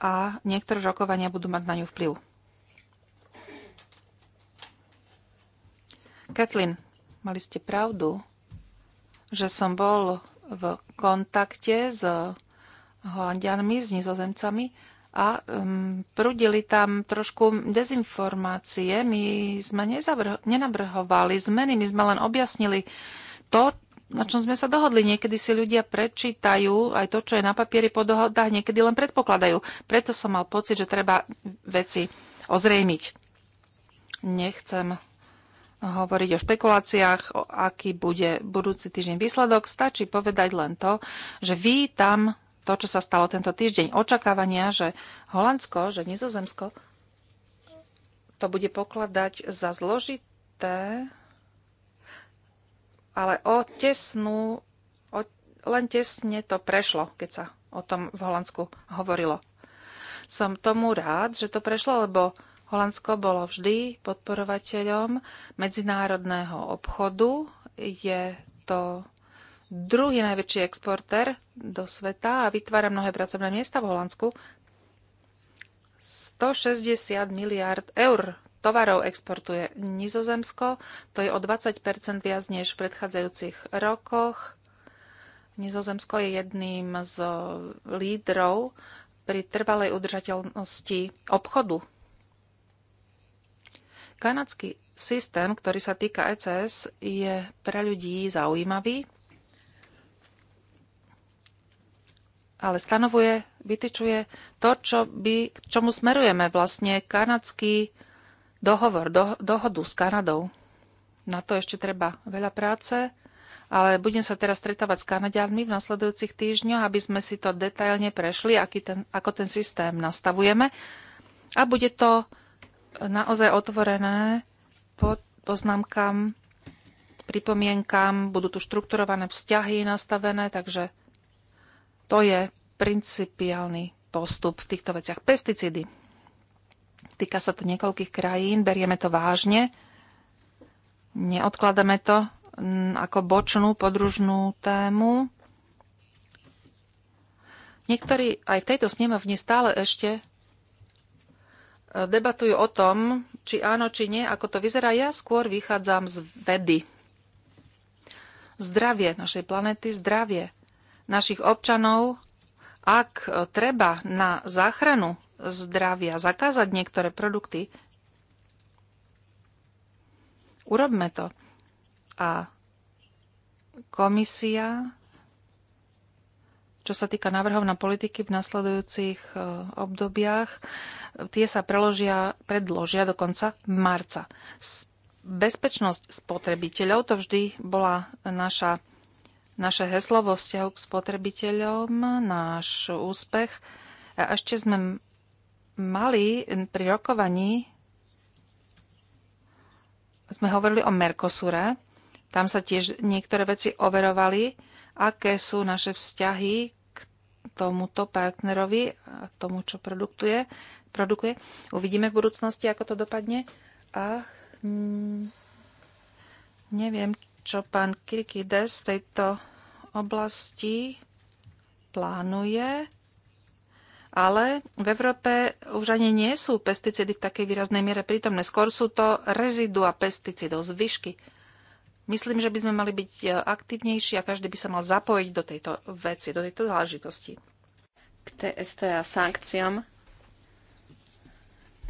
a niektoré rokovania budú mať na ňu vplyv. Kathleen, mali ste pravdu, že som bol v kontakte s Holandianmi, s Nizozemcami a um, prudili tam trošku dezinformácie. My sme nenabrhovali zmeny, my sme len objasnili to, na čom sme sa dohodli. Niekedy si ľudia prečítajú aj to, čo je na papieri po dohodách, niekedy len predpokladajú. Preto som mal pocit, že treba veci ozrejmiť. Nechcem hovoriť o špekuláciách, o aký bude budúci týždeň výsledok. Stačí povedať len to, že vy tam to, čo sa stalo tento týždeň. Očakávania, že Holandsko, že Nizozemsko to bude pokladať za zložité, ale o tesnú, o, len tesne to prešlo, keď sa o tom v Holandsku hovorilo. Som tomu rád, že to prešlo, lebo Holandsko bolo vždy podporovateľom medzinárodného obchodu. Je to druhý najväčší exporter do sveta a vytvára mnohé pracovné miesta v Holandsku. 160 miliard eur tovarov exportuje Nizozemsko, to je o 20 viac než v predchádzajúcich rokoch. Nizozemsko je jedným z lídrov pri trvalej udržateľnosti obchodu. Kanadský systém, ktorý sa týka ECS, je pre ľudí zaujímavý. ale stanovuje, vytyčuje to, čo by, k čomu smerujeme vlastne kanadský dohovor, do, dohodu s Kanadou. Na to ešte treba veľa práce, ale budem sa teraz stretávať s Kanadianmi v nasledujúcich týždňoch, aby sme si to detailne prešli, aký ten, ako ten systém nastavujeme. A bude to naozaj otvorené po poznámkam, pripomienkam, budú tu štrukturované vzťahy nastavené, takže to je principiálny postup v týchto veciach. Pesticídy. Týka sa to niekoľkých krajín, berieme to vážne, neodkladáme to mm, ako bočnú, podružnú tému. Niektorí aj v tejto snemovni stále ešte e, debatujú o tom, či áno, či nie, ako to vyzerá. Ja skôr vychádzam z vedy. Zdravie našej planety, zdravie našich občanov, ak treba na záchranu zdravia zakázať niektoré produkty, urobme to. A komisia, čo sa týka návrhov na politiky v nasledujúcich e, obdobiach, tie sa preložia, predložia do konca marca. Bezpečnosť spotrebiteľov to vždy bola naša naše heslo vo vzťahu k spotrebiteľom, náš úspech. A ešte sme mali pri rokovaní, sme hovorili o Mercosure, tam sa tiež niektoré veci overovali, aké sú naše vzťahy k tomuto partnerovi a tomu, čo produktuje, produkuje. Uvidíme v budúcnosti, ako to dopadne. A neviem, čo pán Kirkides v tejto oblasti plánuje, ale v Európe už ani nie sú pesticídy v takej výraznej miere prítomné. Skôr sú to rezidua pesticídov, zvyšky. Myslím, že by sme mali byť e, aktívnejší a každý by sa mal zapojiť do tejto veci, do tejto záležitosti. K TST a sankciám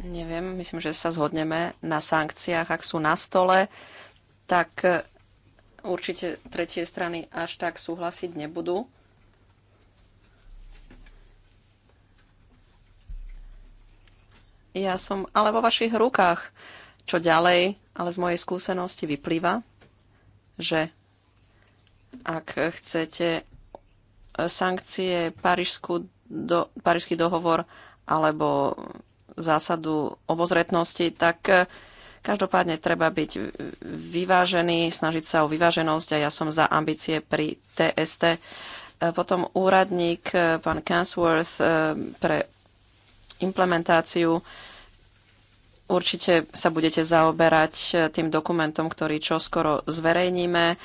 neviem, myslím, že sa zhodneme na sankciách. Ak sú na stole, tak Určite tretie strany až tak súhlasiť nebudú. Ja som ale vo vašich rukách. Čo ďalej, ale z mojej skúsenosti vyplýva, že ak chcete sankcie, Parížskú do, Parížský dohovor alebo zásadu obozretnosti, tak Každopádne treba byť vyvážený, snažiť sa o vyváženosť a ja som za ambície pri TST. E, potom úradník, e, pán Cansworth, e, pre implementáciu určite sa budete zaoberať tým dokumentom, ktorý čoskoro zverejníme,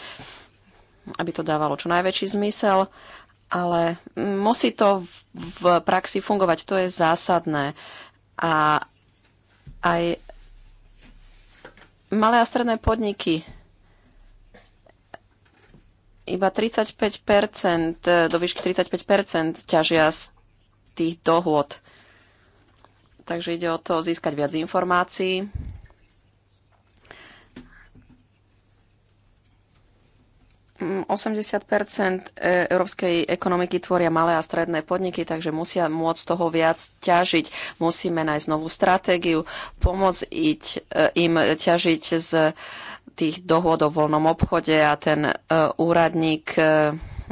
aby to dávalo čo najväčší zmysel, ale musí to v praxi fungovať, to je zásadné. A aj Malé a stredné podniky. Iba 35%, e, do výšky 35% ťažia z tých dohôd. Takže ide o to získať viac informácií, 80 mm, e, európskej ekonomiky tvoria malé a stredné podniky, takže musia môcť toho viac ťažiť. Musíme nájsť novú stratégiu, pomôcť e, im ťažiť z tých dohôd o voľnom obchode a ten e, úradník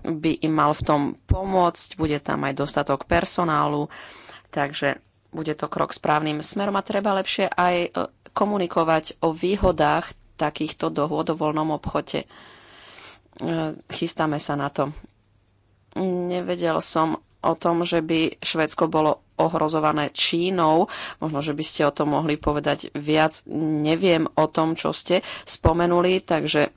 by im mal v tom pomôcť. Bude tam aj dostatok personálu, takže bude to krok správnym smerom a treba lepšie aj komunikovať o výhodách takýchto dohôd o voľnom obchode. E, chystáme sa na to. Nevedel som o tom, že by Švedsko bolo ohrozované Čínou. Možno, že by ste o tom mohli povedať viac. Neviem o tom, čo ste spomenuli, takže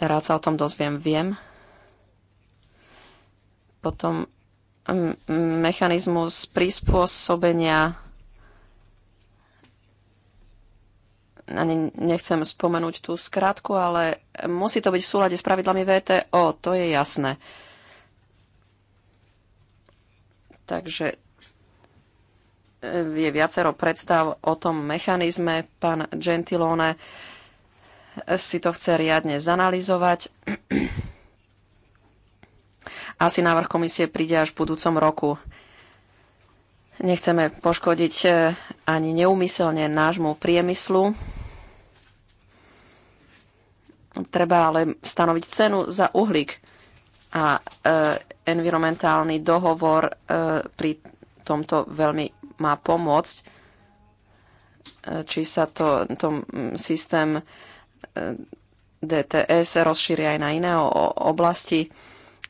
rád sa o tom dozviem. Viem. Potom mechanizmus prispôsobenia ani nechcem spomenúť tú skratku, ale musí to byť v súlade s pravidlami VTO, to je jasné. Takže e, je viacero predstav o tom mechanizme. Pán Gentilone si to chce riadne zanalizovať. *clears throat* Asi návrh komisie príde až v budúcom roku. Nechceme poškodiť e, ani neumyselne nášmu priemyslu. Treba ale stanoviť cenu za uhlík a e, environmentálny dohovor e, pri tomto veľmi má pomôcť, e, či sa to, to systém e, DTS rozšíri aj na iné o, oblasti.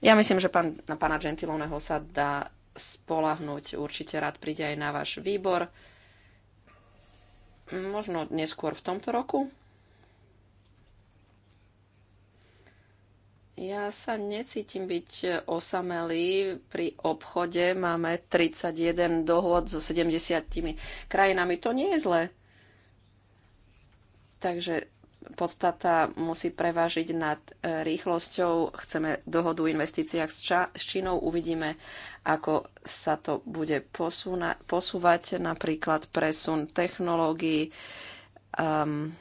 Ja myslím, že pán, na pána Gentiloneho sa dá spolahnuť. Určite rád príde aj na váš výbor. Možno neskôr v tomto roku. Ja sa necítim byť osamelý. Pri obchode máme 31 dohod so 70 krajinami. To nie je zlé. Takže podstata musí prevážiť nad e, rýchlosťou. Chceme dohodu o investíciách s, Čínou. Uvidíme, ako sa to bude posúna- posúvať. Napríklad presun technológií. Um,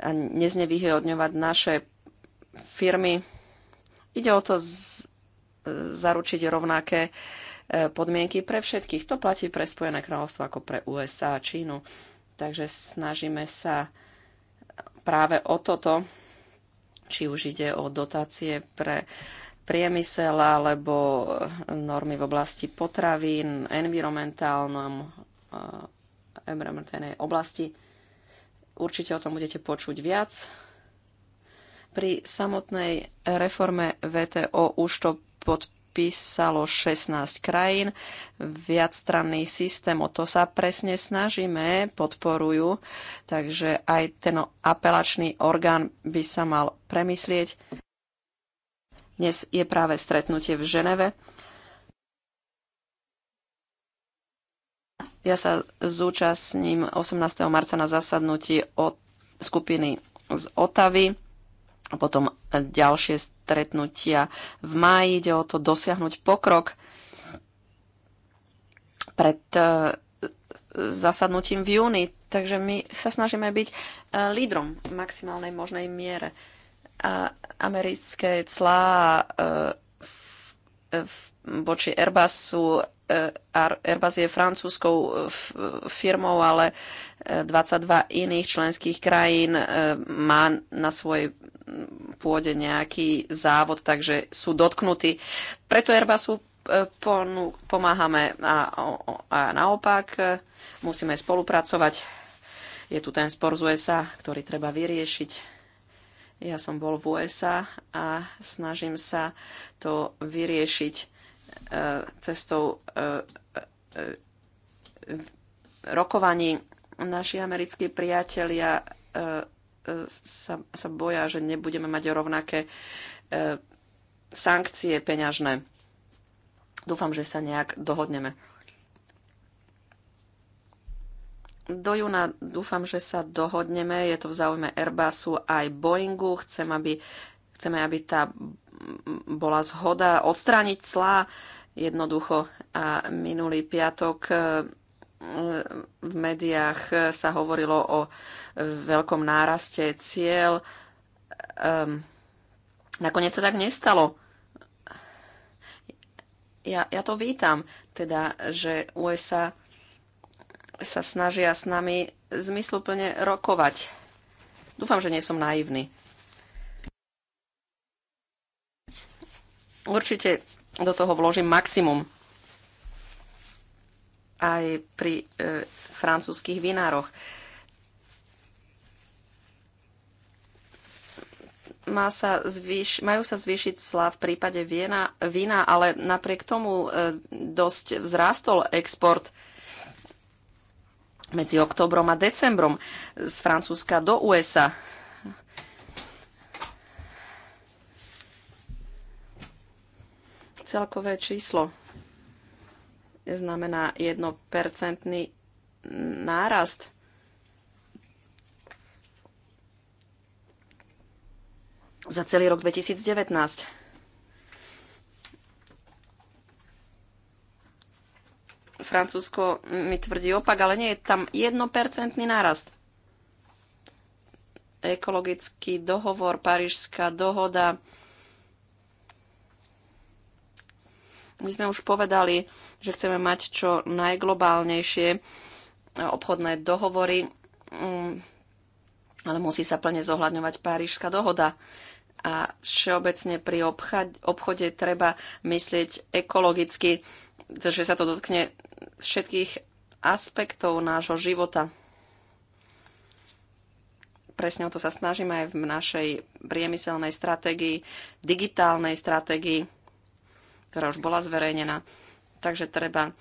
a neznevýhodňovať naše firmy. Ide o to z, e, zaručiť rovnaké e, podmienky pre všetkých. To platí pre Spojené kráľovstvo ako pre USA a Čínu. Takže snažíme sa práve o toto, či už ide o dotácie pre priemysel alebo normy v oblasti potravín, environmentálnom e, environmentálnej oblasti. Určite o tom budete počuť viac pri samotnej reforme VTO už to podpísalo 16 krajín. Viacstranný systém, o to sa presne snažíme, podporujú. Takže aj ten apelačný orgán by sa mal premyslieť. Dnes je práve stretnutie v Ženeve. Ja sa zúčastním 18. marca na zasadnutí od skupiny z Otavy potom ďalšie stretnutia v máji. Ide o to dosiahnuť pokrok pred e, zasadnutím v júni. Takže my sa snažíme byť e, lídrom v maximálnej možnej miere. A americké clá e, voči Airbusu Airbus je francúzskou firmou, ale 22 iných členských krajín má na svojej pôde nejaký závod, takže sú dotknutí. Preto Airbusu e, pomáhame a, a naopak e, musíme spolupracovať. Je tu ten spor z USA, ktorý treba vyriešiť. Ja som bol v USA a snažím sa to vyriešiť e, cestou rokovaní. Naši americkí priatelia E, sa, sa boja, že nebudeme mať rovnaké e, sankcie peňažné. Dúfam, že sa nejak dohodneme. Do júna dúfam, že sa dohodneme. Je to v záujme Airbusu aj Boeingu. Chcem, aby, chceme, aby tá bola zhoda odstrániť clá jednoducho. A minulý piatok e, v médiách sa hovorilo o veľkom náraste cieľ. Ehm, nakoniec sa tak nestalo. Ja, ja to vítam, teda, že USA sa snažia s nami zmysluplne rokovať. Dúfam, že nie som naivný. Určite do toho vložím maximum aj pri e, francúzských vinároch. Má sa zvýš, majú sa zvýšiť slav v prípade viena, vína, ale napriek tomu e, dosť vzrástol export medzi oktobrom a decembrom z Francúzska do USA. Celkové číslo znamená jednopercentný nárast. za celý rok 2019. Francúzsko mi tvrdí opak, ale nie je tam jednopercentný nárast. Ekologický dohovor, Parížská dohoda, My sme už povedali, že chceme mať čo najglobálnejšie e, obchodné dohovory, mm, ale musí sa plne zohľadňovať Párižská dohoda. A všeobecne pri obchode treba myslieť ekologicky, že sa to dotkne všetkých aspektov nášho života. Presne o to sa snažíme aj v našej priemyselnej stratégii, digitálnej stratégii ktorá už bola zverejnená. Takže treba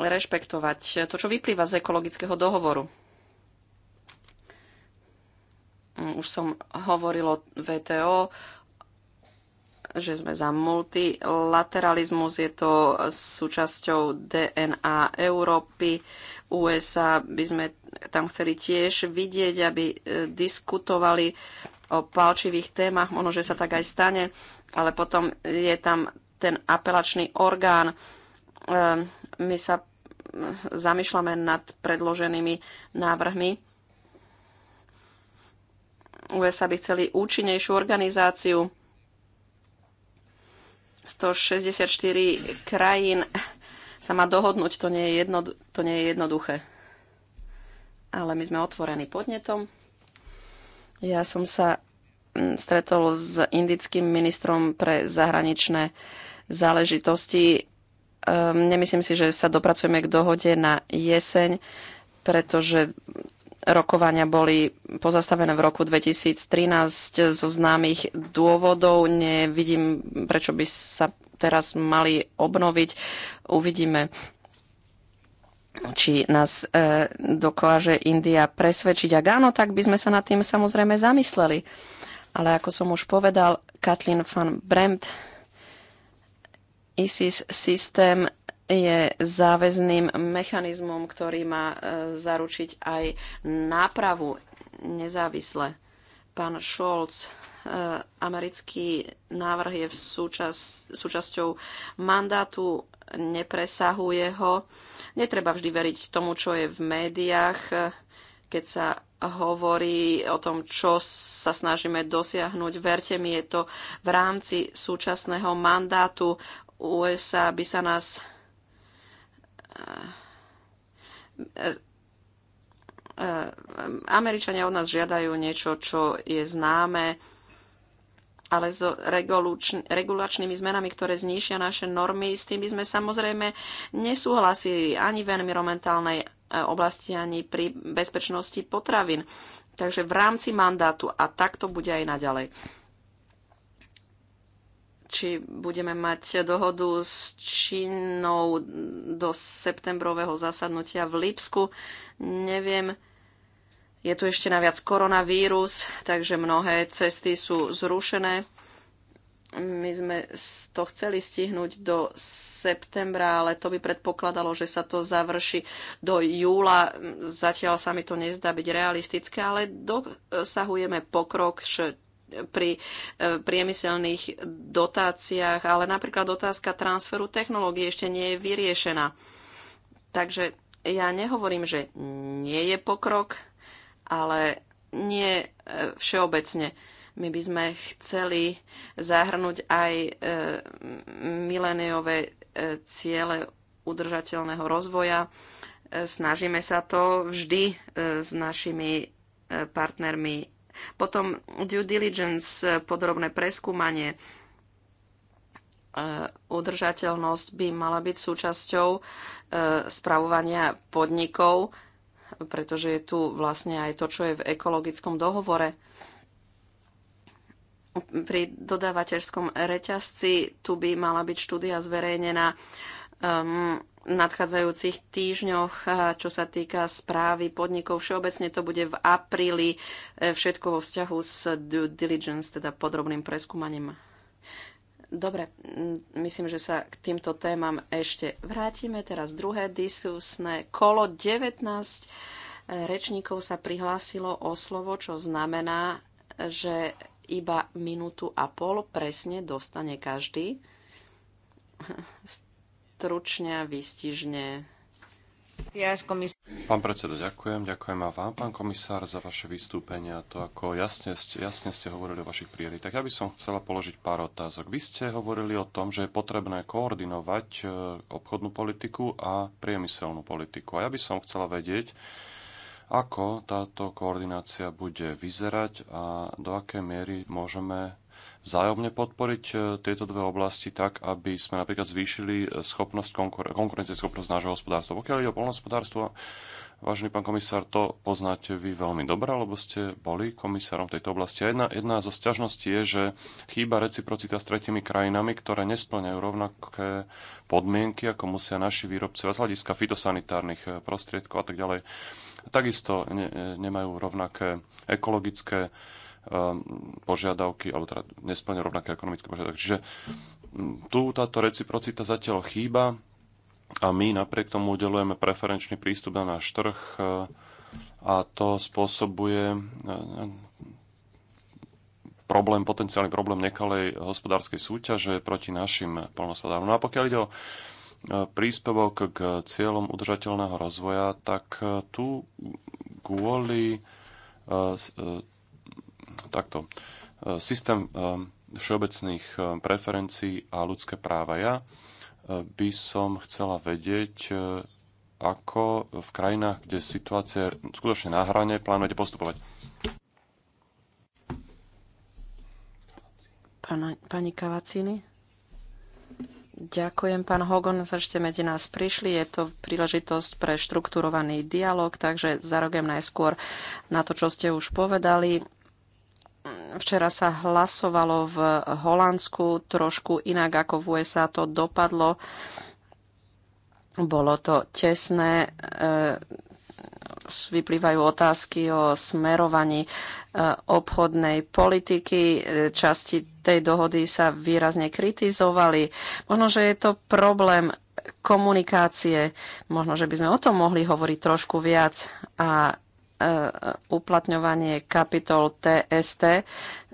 rešpektovať to, čo vyplýva z ekologického dohovoru. Mm, už som hovoril o VTO, že sme za multilateralizmus, je to súčasťou DNA Európy. USA by sme tam chceli tiež vidieť, aby e, diskutovali o palčivých témach, možno, že sa tak aj stane, ale potom je tam ten apelačný orgán. Ehm, my sa zamýšľame nad predloženými návrhmi. USA by chceli účinnejšiu organizáciu. 164 krajín sa má dohodnúť, to nie je, jedno, to nie je jednoduché. Ale my sme otvorení podnetom. Ja som sa mm, stretol s indickým ministrom pre zahraničné záležitosti. Um, nemyslím si, že sa dopracujeme k dohode na jeseň, pretože rokovania boli pozastavené v roku 2013 zo známych dôvodov. Nevidím, prečo by sa teraz mali obnoviť. Uvidíme, či nás e, dokáže India presvedčiť. Ak áno, tak by sme sa nad tým samozrejme zamysleli. Ale ako som už povedal, Katlin van Bremt ISIS systém je záväzným mechanizmom, ktorý má e, zaručiť aj nápravu nezávisle. Pán Scholz, e, americký návrh je v súčas, súčasťou mandátu, nepresahuje ho. Netreba vždy veriť tomu, čo je v médiách, e, keď sa hovorí o tom, čo sa snažíme dosiahnuť. Verte mi, je to v rámci súčasného mandátu USA by sa nás eh, eh, Američania od nás žiadajú niečo, čo je známe, ale s regulačnými zmenami, ktoré znišia naše normy, s tým by sme samozrejme nesúhlasili ani v environmentálnej eh, oblasti, ani pri bezpečnosti potravín. Takže v rámci mandátu a tak to bude aj naďalej či budeme mať dohodu s Čínou do septembrového zasadnutia v Lipsku. Neviem, je tu ešte naviac koronavírus, takže mnohé cesty sú zrušené. My sme to chceli stihnúť do septembra, ale to by predpokladalo, že sa to završí do júla. Zatiaľ sa mi to nezdá byť realistické, ale dosahujeme pokrok, pri e, priemyselných dotáciách, ale napríklad otázka transferu technológie ešte nie je vyriešená. Takže ja nehovorím, že nie je pokrok, ale nie e, všeobecne. My by sme chceli zahrnúť aj e, mileniové ciele udržateľného rozvoja. Snažíme sa to vždy s našimi partnermi potom due diligence, podrobné preskúmanie, e, udržateľnosť by mala byť súčasťou e, spravovania podnikov, pretože je tu vlastne aj to, čo je v ekologickom dohovore. Pri dodávateľskom reťazci tu by mala byť štúdia zverejnená um, nadchádzajúcich týždňoch, e, čo sa týka správy podnikov. Všeobecne to bude v apríli e, všetko vo vzťahu s due diligence, teda podrobným preskúmaním. Dobre, myslím, že sa k týmto témam ešte vrátime. Teraz druhé diskusné kolo 19 e, rečníkov sa prihlásilo o slovo, čo znamená, že iba minútu a pol presne dostane každý stručne a výstižne. Pán predseda, ďakujem. Ďakujem a vám, pán komisár, za vaše vystúpenie a to, ako jasne, jasne ste hovorili o vašich prioritách. Ja by som chcela položiť pár otázok. Vy ste hovorili o tom, že je potrebné koordinovať e, obchodnú politiku a priemyselnú politiku. A ja by som chcela vedieť, ako táto koordinácia bude vyzerať a do akej miery môžeme vzájomne podporiť e, tieto dve oblasti tak, aby sme napríklad zvýšili e, schopnosť konkur- konkurencieschopnosť nášho hospodárstva. Pokiaľ ide o polnohospodárstvo, vážený pán komisár, to poznáte vy veľmi dobre, lebo ste boli komisárom v tejto oblasti. A jedna, jedna zo sťažností je, že chýba reciprocita s tretimi krajinami, ktoré nesplňajú rovnaké podmienky, ako musia naši výrobcovia z hľadiska fitosanitárnych e, prostriedkov a tak ďalej. Takisto ne, nemajú rovnaké ekologické Um, požiadavky, alebo teda nesplňa rovnaké ekonomické požiadavky. Čiže um, tu táto reciprocita zatiaľ chýba a my napriek tomu udelujeme preferenčný prístup na náš trh uh, a to spôsobuje uh, problém, potenciálny problém nekalej hospodárskej súťaže proti našim polnospodárom. No a pokiaľ ide o uh, príspevok k cieľom udržateľného rozvoja, tak tu kvôli takto. E, systém e, všeobecných e, preferencií a ľudské práva. Ja by som chcela vedieť, ako v krajinách, kde situácia je skutočne na hrane, plánujete postupovať. Pana, pani Kavacini? Ďakujem, pán Hogon, že ste medzi nás prišli. Je to príležitosť pre štrukturovaný dialog, takže zarogujem najskôr na to, čo ste už povedali. Včera sa hlasovalo v Holandsku trošku inak ako v USA to dopadlo. Bolo to tesné. E, vyplývajú otázky o smerovaní e, obchodnej politiky. E, časti tej dohody sa výrazne kritizovali. Možno, že je to problém komunikácie. Možno, že by sme o tom mohli hovoriť trošku viac a E, uplatňovanie kapitol TST.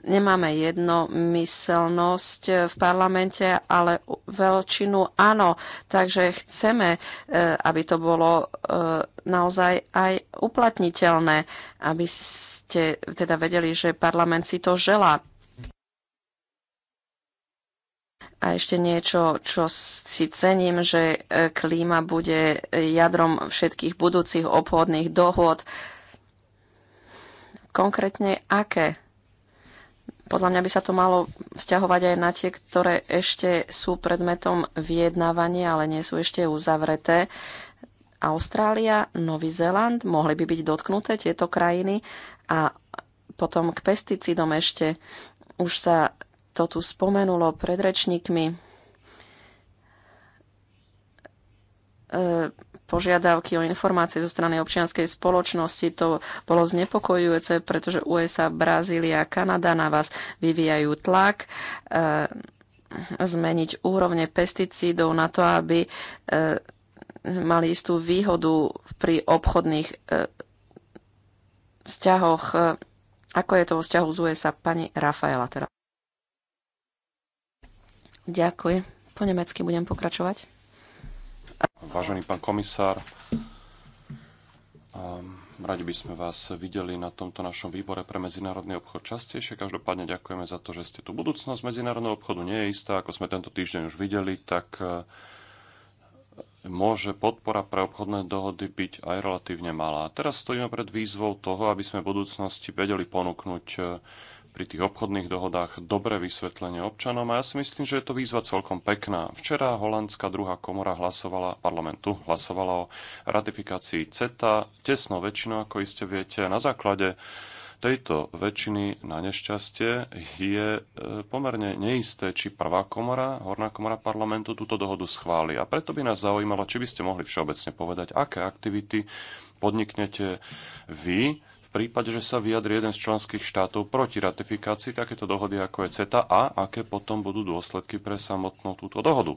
Nemáme jednomyselnosť v parlamente, ale veľčinu áno. Takže chceme, e, aby to bolo e, naozaj aj uplatniteľné, aby ste teda vedeli, že parlament si to želá. A ešte niečo, čo si cením, že klíma bude jadrom všetkých budúcich obchodných dohôd konkrétne aké? Podľa mňa by sa to malo vzťahovať aj na tie, ktoré ešte sú predmetom vyjednávania, ale nie sú ešte uzavreté. Austrália, Nový Zéland, mohli by byť dotknuté tieto krajiny a potom k pesticidom ešte. Už sa to tu spomenulo pred rečníkmi. E požiadavky o informácie zo strany občianskej spoločnosti. To bolo znepokojujúce, pretože USA, Brazília, Kanada na vás vyvíjajú tlak e, zmeniť úrovne pesticídov na to, aby e, mali istú výhodu pri obchodných e, vzťahoch. E, ako je to vo vzťahu z USA? Pani Rafaela Teda. Ďakujem. Po nemecky budem pokračovať. Vážený pán komisár, ehm, radi by sme vás videli na tomto našom výbore pre medzinárodný obchod častejšie. Každopádne ďakujeme za to, že ste tu. Budúcnosť medzinárodného obchodu nie je istá, ako sme tento týždeň už videli, tak ehm, môže podpora pre obchodné dohody byť aj relatívne malá. Teraz stojíme pred výzvou toho, aby sme v budúcnosti vedeli ponúknuť ehm, pri tých obchodných dohodách dobré vysvetlenie občanom a ja si myslím, že je to výzva celkom pekná. Včera holandská druhá komora hlasovala, parlamentu hlasovala o ratifikácii CETA tesnou väčšinou, ako iste viete. Na základe tejto väčšiny na nešťastie je e, pomerne neisté, či prvá komora, horná komora parlamentu túto dohodu schváli. A preto by nás zaujímalo, či by ste mohli všeobecne povedať, aké aktivity podniknete vy, prípade, že sa vyjadri jeden z členských štátov proti ratifikácii takéto dohody, ako je CETA, a aké potom budú dôsledky pre samotnú túto dohodu.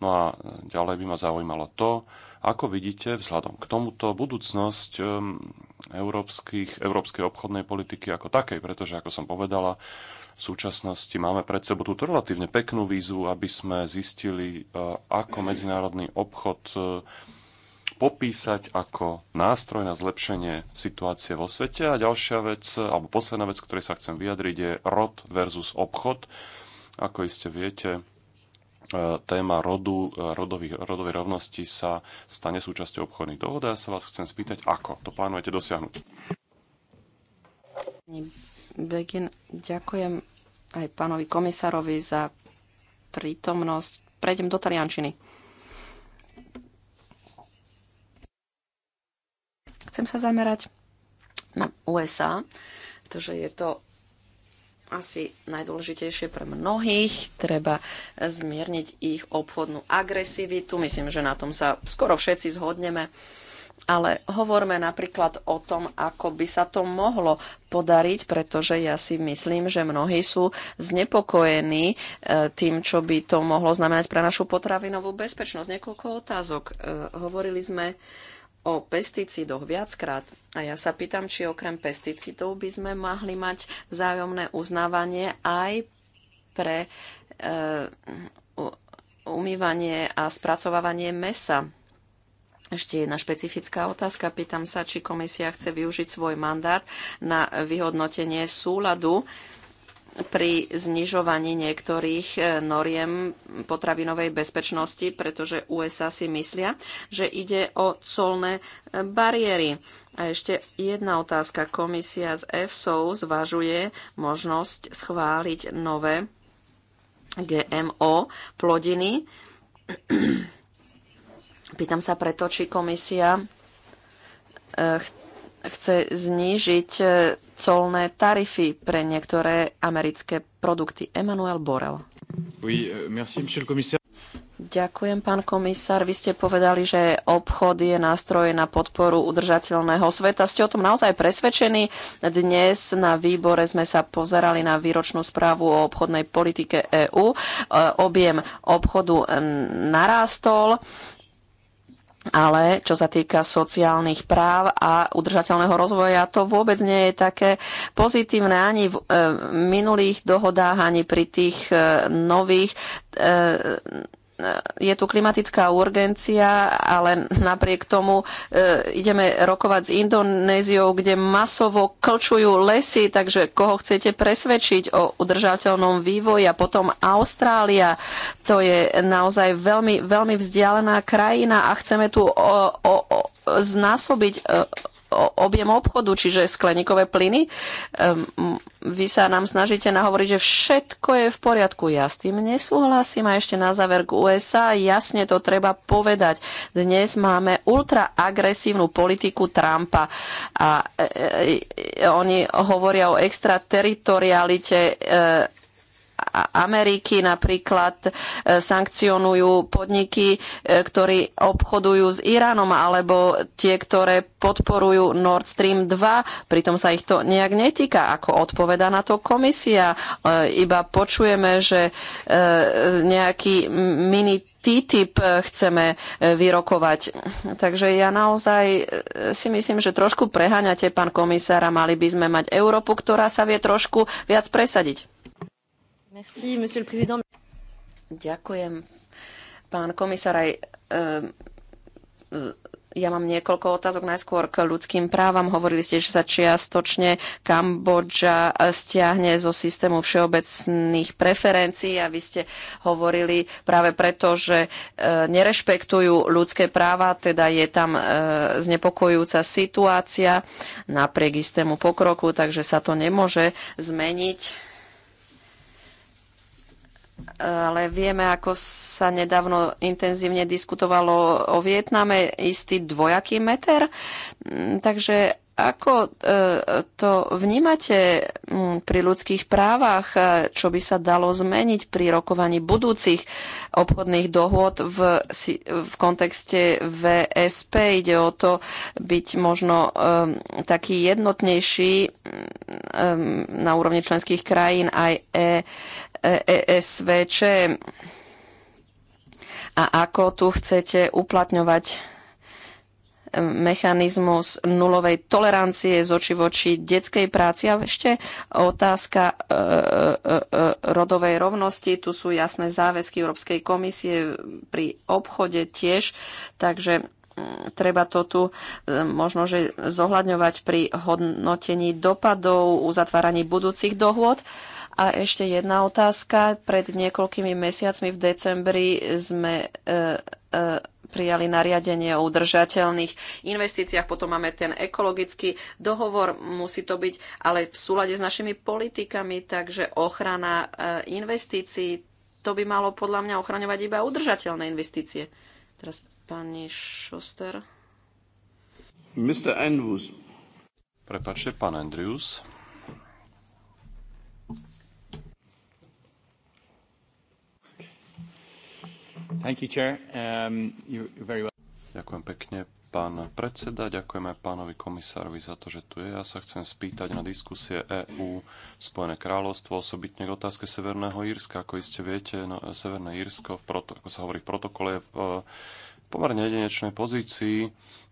No a e, ďalej by ma zaujímalo to, ako vidíte vzhľadom k tomuto budúcnosť e, európskych, európskej obchodnej politiky ako takej, pretože, ako som povedala, v súčasnosti máme pred sebou túto relatívne peknú výzvu, aby sme zistili, e, ako medzinárodný obchod popísať ako nástroj na zlepšenie situácie vo svete. A ďalšia vec, alebo posledná vec, ktorej sa chcem vyjadriť, je rod versus obchod. Ako iste viete, e, téma rodu, e, rodových, rodovej rovnosti sa stane súčasťou obchodných dohod a ja sa vás chcem spýtať, ako to plánujete dosiahnuť. Begin, ďakujem aj pánovi komisárovi za prítomnosť. Prejdem do Taliančiny. Chcem sa zamerať na USA, pretože je to asi najdôležitejšie pre mnohých. Treba zmierniť ich obchodnú agresivitu. Myslím, že na tom sa skoro všetci zhodneme. Ale hovorme napríklad o tom, ako by sa to mohlo podariť, pretože ja si myslím, že mnohí sú znepokojení e, tým, čo by to mohlo znamenať pre našu potravinovú bezpečnosť. Niekoľko otázok. E, hovorili sme o pesticídoch viackrát a ja sa pýtam, či okrem pesticídov by sme mohli mať vzájomné uznávanie aj pre e, umývanie a spracovávanie mesa. Ešte jedna špecifická otázka. Pýtam sa, či komisia chce využiť svoj mandát na vyhodnotenie súladu e, pri znižovaní niektorých e, noriem potravinovej bezpečnosti, pretože USA si myslia, že ide o colné e, bariéry. A ešte jedna otázka. Komisia z EFSO zvažuje možnosť schváliť nové GMO plodiny. Pýtam sa preto, či komisia e, chce znížiť e, colné tarify pre niektoré americké produkty. Emanuel Borel. Oui, euh, merci, Ďakujem, pán komisár. Vy ste povedali, že obchod je nástroj na podporu udržateľného sveta. Ste o tom naozaj presvedčení? Dnes na výbore sme sa pozerali na výročnú správu o obchodnej politike EÚ. E, objem obchodu narástol ale čo sa týka sociálnych práv a udržateľného rozvoja, to vôbec nie je také pozitívne ani v e, minulých dohodách, ani pri tých e, nových. E, je tu klimatická urgencia, ale napriek tomu e, ideme rokovať s Indonéziou, kde masovo klčujú lesy, takže koho chcete presvedčiť o udržateľnom vývoji a potom Austrália, to je naozaj veľmi, veľmi vzdialená krajina a chceme tu o, o, o, znásobiť e, objem obchodu, čiže skleníkové plyny. Ehm, vy sa nám snažíte nahovoriť, že všetko je v poriadku. Ja s tým nesúhlasím a ešte na záver k USA. Jasne to treba povedať. Dnes máme ultraagresívnu politiku Trumpa a e, e, e, oni hovoria o extrateritorialite e, Ameriky napríklad e, sankcionujú podniky, e, ktorí obchodujú s Iránom alebo tie, ktoré podporujú Nord Stream 2, pritom sa ich to nejak netýka, ako odpoveda na to komisia. E, iba počujeme, že nejaký mini TTIP chceme vyrokovať. Takže ja naozaj si myslím, že trošku preháňate, pán komisár, a mali by sme mať Európu, ktorá sa vie trošku viac presadiť. Merci, monsieur le président. Ďakujem. Pán komisár, aj e, e, ja mám niekoľko otázok najskôr k ľudským právam. Hovorili ste, že sa čiastočne Kambodža stiahne zo systému všeobecných preferencií a vy ste hovorili práve preto, že e, nerešpektujú ľudské práva, teda je tam znepokojujúca situácia napriek istému pokroku, takže sa to nemôže zmeniť ale vieme, ako sa nedávno intenzívne diskutovalo o Vietname, istý dvojaký meter. Mm, takže ako e, to vnímate pri ľudských právach, e, čo by sa dalo zmeniť pri rokovaní budúcich obchodných dohôd v, v kontexte VSP? Ide o to byť možno um, taký jednotnejší um, na úrovni členských krajín aj e, e, ESVČ. A ako tu chcete uplatňovať mechanizmus nulovej tolerancie z oči voči detskej práci. A ešte otázka e, e, e, e, rodovej rovnosti. Tu sú jasné záväzky Európskej komisie pri obchode tiež, takže treba to tu e, možno že zohľadňovať pri hodnotení dopadov, uzatváraní budúcich dohôd. A ešte jedna otázka. Pred niekoľkými mesiacmi v decembri sme e, prijali nariadenie o udržateľných investíciách, potom máme ten ekologický dohovor, musí to byť ale v súlade s našimi politikami, takže ochrana e, investícií, to by malo podľa mňa ochraňovať iba udržateľné investície. Teraz pani Šoster. Mr. Andrews. Prepačte, pán Andrews. Um, Ďakujem pekne, pán predseda. Ďakujem aj pánovi komisárovi za to, že tu je. Ja sa chcem spýtať na diskusie EÚ, Spojené kráľovstvo, osobitne k otázke Severného Írska. Ako iste viete, no, Severné Írsko, v proto, ako sa hovorí v protokole, je v eh, pomerne jedinečnej pozícii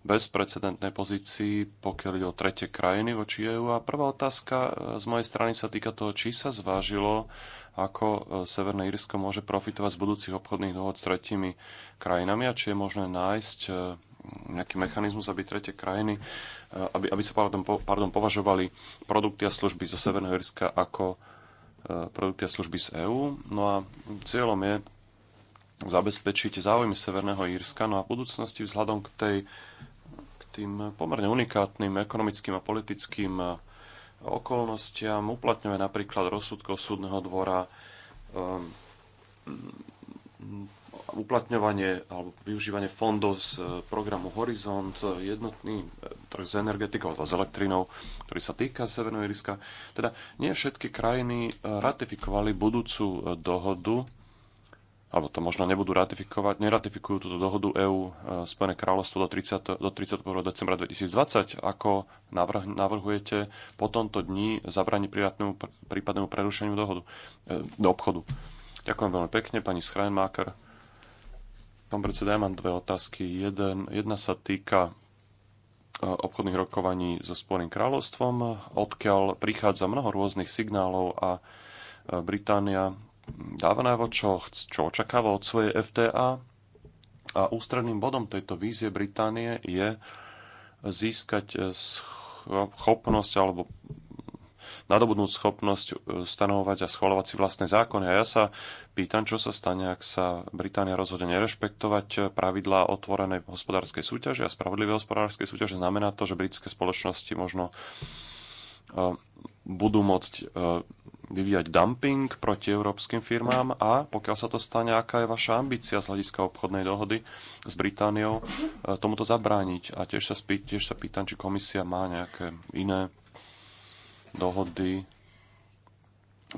bezprecedentnej pozícii, pokiaľ ide o tretie krajiny voči EU. A prvá otázka e, z mojej strany sa týka toho, či sa zvážilo, ako e, Severné Írsko môže profitovať z budúcich obchodných dohod s tretími krajinami a či je možné nájsť e, nejaký mechanizmus, aby tretie krajiny, aby, aby sa pardon, po, pardon, považovali produkty a služby zo Severného Irska ako produkty a služby z EÚ. No a cieľom je zabezpečiť záujmy Severného Írska. No a v budúcnosti vzhľadom k tej tým pomerne unikátnym ekonomickým a politickým e, okolnostiam. uplatňuje napríklad rozsudkov súdneho dvora, e, uplatňovanie alebo využívanie fondov z e, programu Horizont, jednotný trh s energetikou, s elektrinou, ktorý sa týka Severného Iriska. Teda nie všetky krajiny ratifikovali budúcu dohodu alebo to možno nebudú ratifikovať, neratifikujú túto dohodu EÚ e, Spojené kráľovstvo do, 30, do 31. decembra 2020, ako navrh, navrhujete po tomto dni zabrániť prípadnému, prípadnému prerušeniu dohodu, e, do obchodu. Ďakujem veľmi pekne, pani Schreinmacher. Pán predseda, ja mám dve otázky. Jeden, jedna sa týka e, obchodných rokovaní so Spojeným kráľovstvom, odkiaľ prichádza mnoho rôznych signálov a Británia dáva najavo, čo, čo očakáva od svojej FTA a ústredným bodom tejto vízie Británie je získať eh, schopnosť alebo nadobudnúť schopnosť eh, stanovovať a schvalovať si vlastné zákony. A ja sa pýtam, čo sa stane, ak sa Británia rozhodne nerešpektovať eh, pravidlá otvorenej hospodárskej súťaže a spravodlivé hospodárskej súťaže. Znamená to, že britské spoločnosti možno budú môcť vyvíjať dumping proti európskym firmám a pokiaľ sa to stane, aká je vaša ambícia z hľadiska obchodnej dohody s Britániou e, tomuto zabrániť. A tiež sa, spý, tiež sa pýtam, či komisia má nejaké iné dohody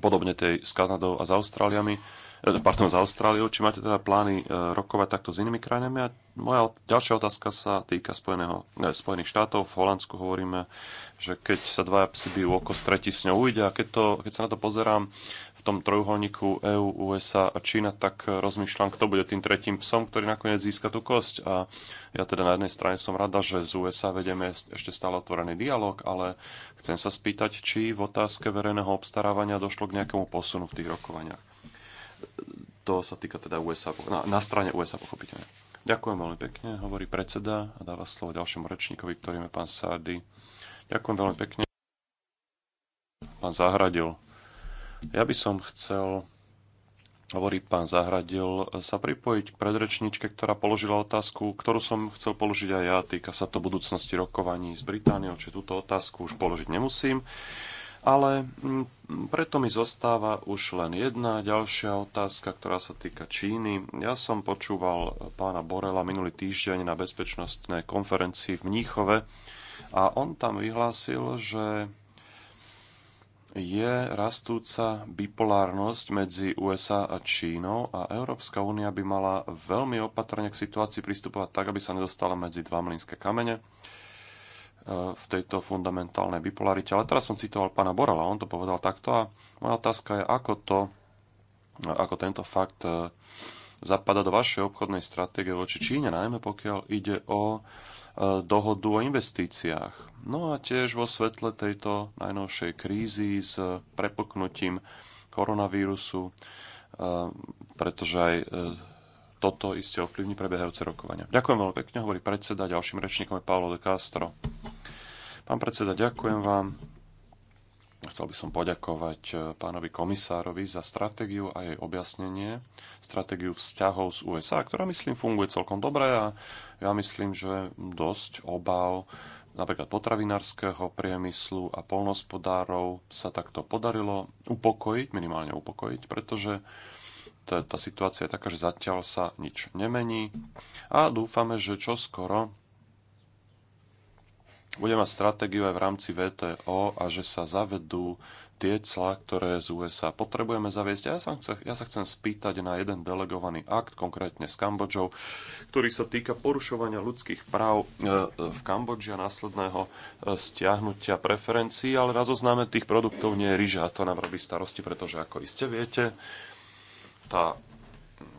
podobne tej s Kanadou a s Austráliami E, pardon, s Austráliou, či máte teda plány e, rokovať takto s inými krajinami. A moja ďalšia otázka sa týka Spojeného, ne, Spojených štátov. V Holandsku hovoríme, že keď sa dvaja psi bijú oko, stretí s ňou ujde. A keď, to, keď sa na to pozerám v tom trojuholníku EU, USA a Čína, tak rozmýšľam, kto bude tým tretím psom, ktorý nakoniec získa tú kosť. A ja teda na jednej strane som rada, že z USA vedeme ešte stále otvorený dialog, ale chcem sa spýtať, či v otázke verejného obstarávania došlo k nejakému posunu v tých rokovaniach to sa týka teda USA, na, na strane USA pochopiteľne. Ďakujem veľmi pekne, hovorí predseda a dáva slovo ďalšiemu rečníkovi, ktorým je pán Sády. Ďakujem veľmi pekne. Pán Zahradil. Ja by som chcel, hovorí pán Zahradil, sa pripojiť k predrečničke, ktorá položila otázku, ktorú som chcel položiť aj ja. Týka sa to budúcnosti rokovaní s Britániou, či túto otázku už položiť nemusím. Ale mm, preto mi zostáva už len jedna ďalšia otázka, ktorá sa týka Číny. Ja som počúval pána Borela minulý týždeň na bezpečnostnej konferencii v Mníchove a on tam vyhlásil, že je rastúca bipolárnosť medzi USA a Čínou a Európska únia by mala veľmi opatrne k situácii pristupovať tak, aby sa nedostala medzi dva mlynské kamene. E, v tejto fundamentálnej bipolarite. Ale teraz som citoval pána Borala, on to povedal takto a moja otázka je, ako, to, ako tento fakt e, zapada do vašej obchodnej stratégie voči Číne, najmä pokiaľ ide o e, dohodu o investíciách. No a tiež vo svetle tejto najnovšej krízy s prepoknutím koronavírusu, pretože aj toto iste ovplyvní prebiehajúce rokovania. Ďakujem veľmi pekne, hovorí predseda, ďalším rečníkom je Paolo de Castro. Pán predseda, ďakujem vám. Chcel by som poďakovať eh, pánovi komisárovi za stratégiu a jej objasnenie, stratégiu vzťahov z USA, ktorá, myslím, funguje celkom dobre a ja myslím, že dosť obav napríklad potravinárskeho priemyslu a polnospodárov sa takto podarilo upokojiť, minimálne upokojiť, pretože tá, tá situácia je taká, že zatiaľ sa nič nemení a dúfame, že čoskoro bude mať stratégiu aj v rámci VTO a že sa zavedú tie clá, ktoré z USA potrebujeme zaviesť. A ja sa, chcem, ja sa chcem spýtať na jeden delegovaný akt, konkrétne s Kambodžou, ktorý sa týka porušovania ľudských práv e, v Kambodži a následného e, stiahnutia preferencií, ale na zozname tých produktov nie je ryža a to nám robí starosti, pretože ako iste viete, tá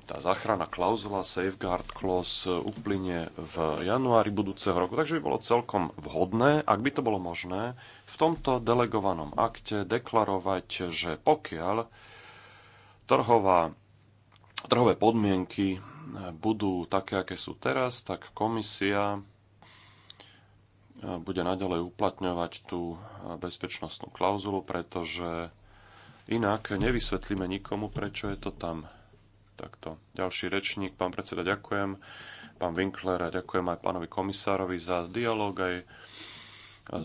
tá záchrana klauzula Safeguard Clause uplyne v januári budúceho roku, takže by bolo celkom vhodné, ak by to bolo možné, v tomto delegovanom akte deklarovať, že pokiaľ trhová, trhové podmienky budú také, aké sú teraz, tak komisia e, bude naďalej uplatňovať tú bezpečnostnú klauzulu, pretože inak nevysvetlíme nikomu, prečo je to tam takto. Ďalší rečník, pán predseda, ďakujem. Pán Winkler ďakujem aj pánovi komisárovi za dialog aj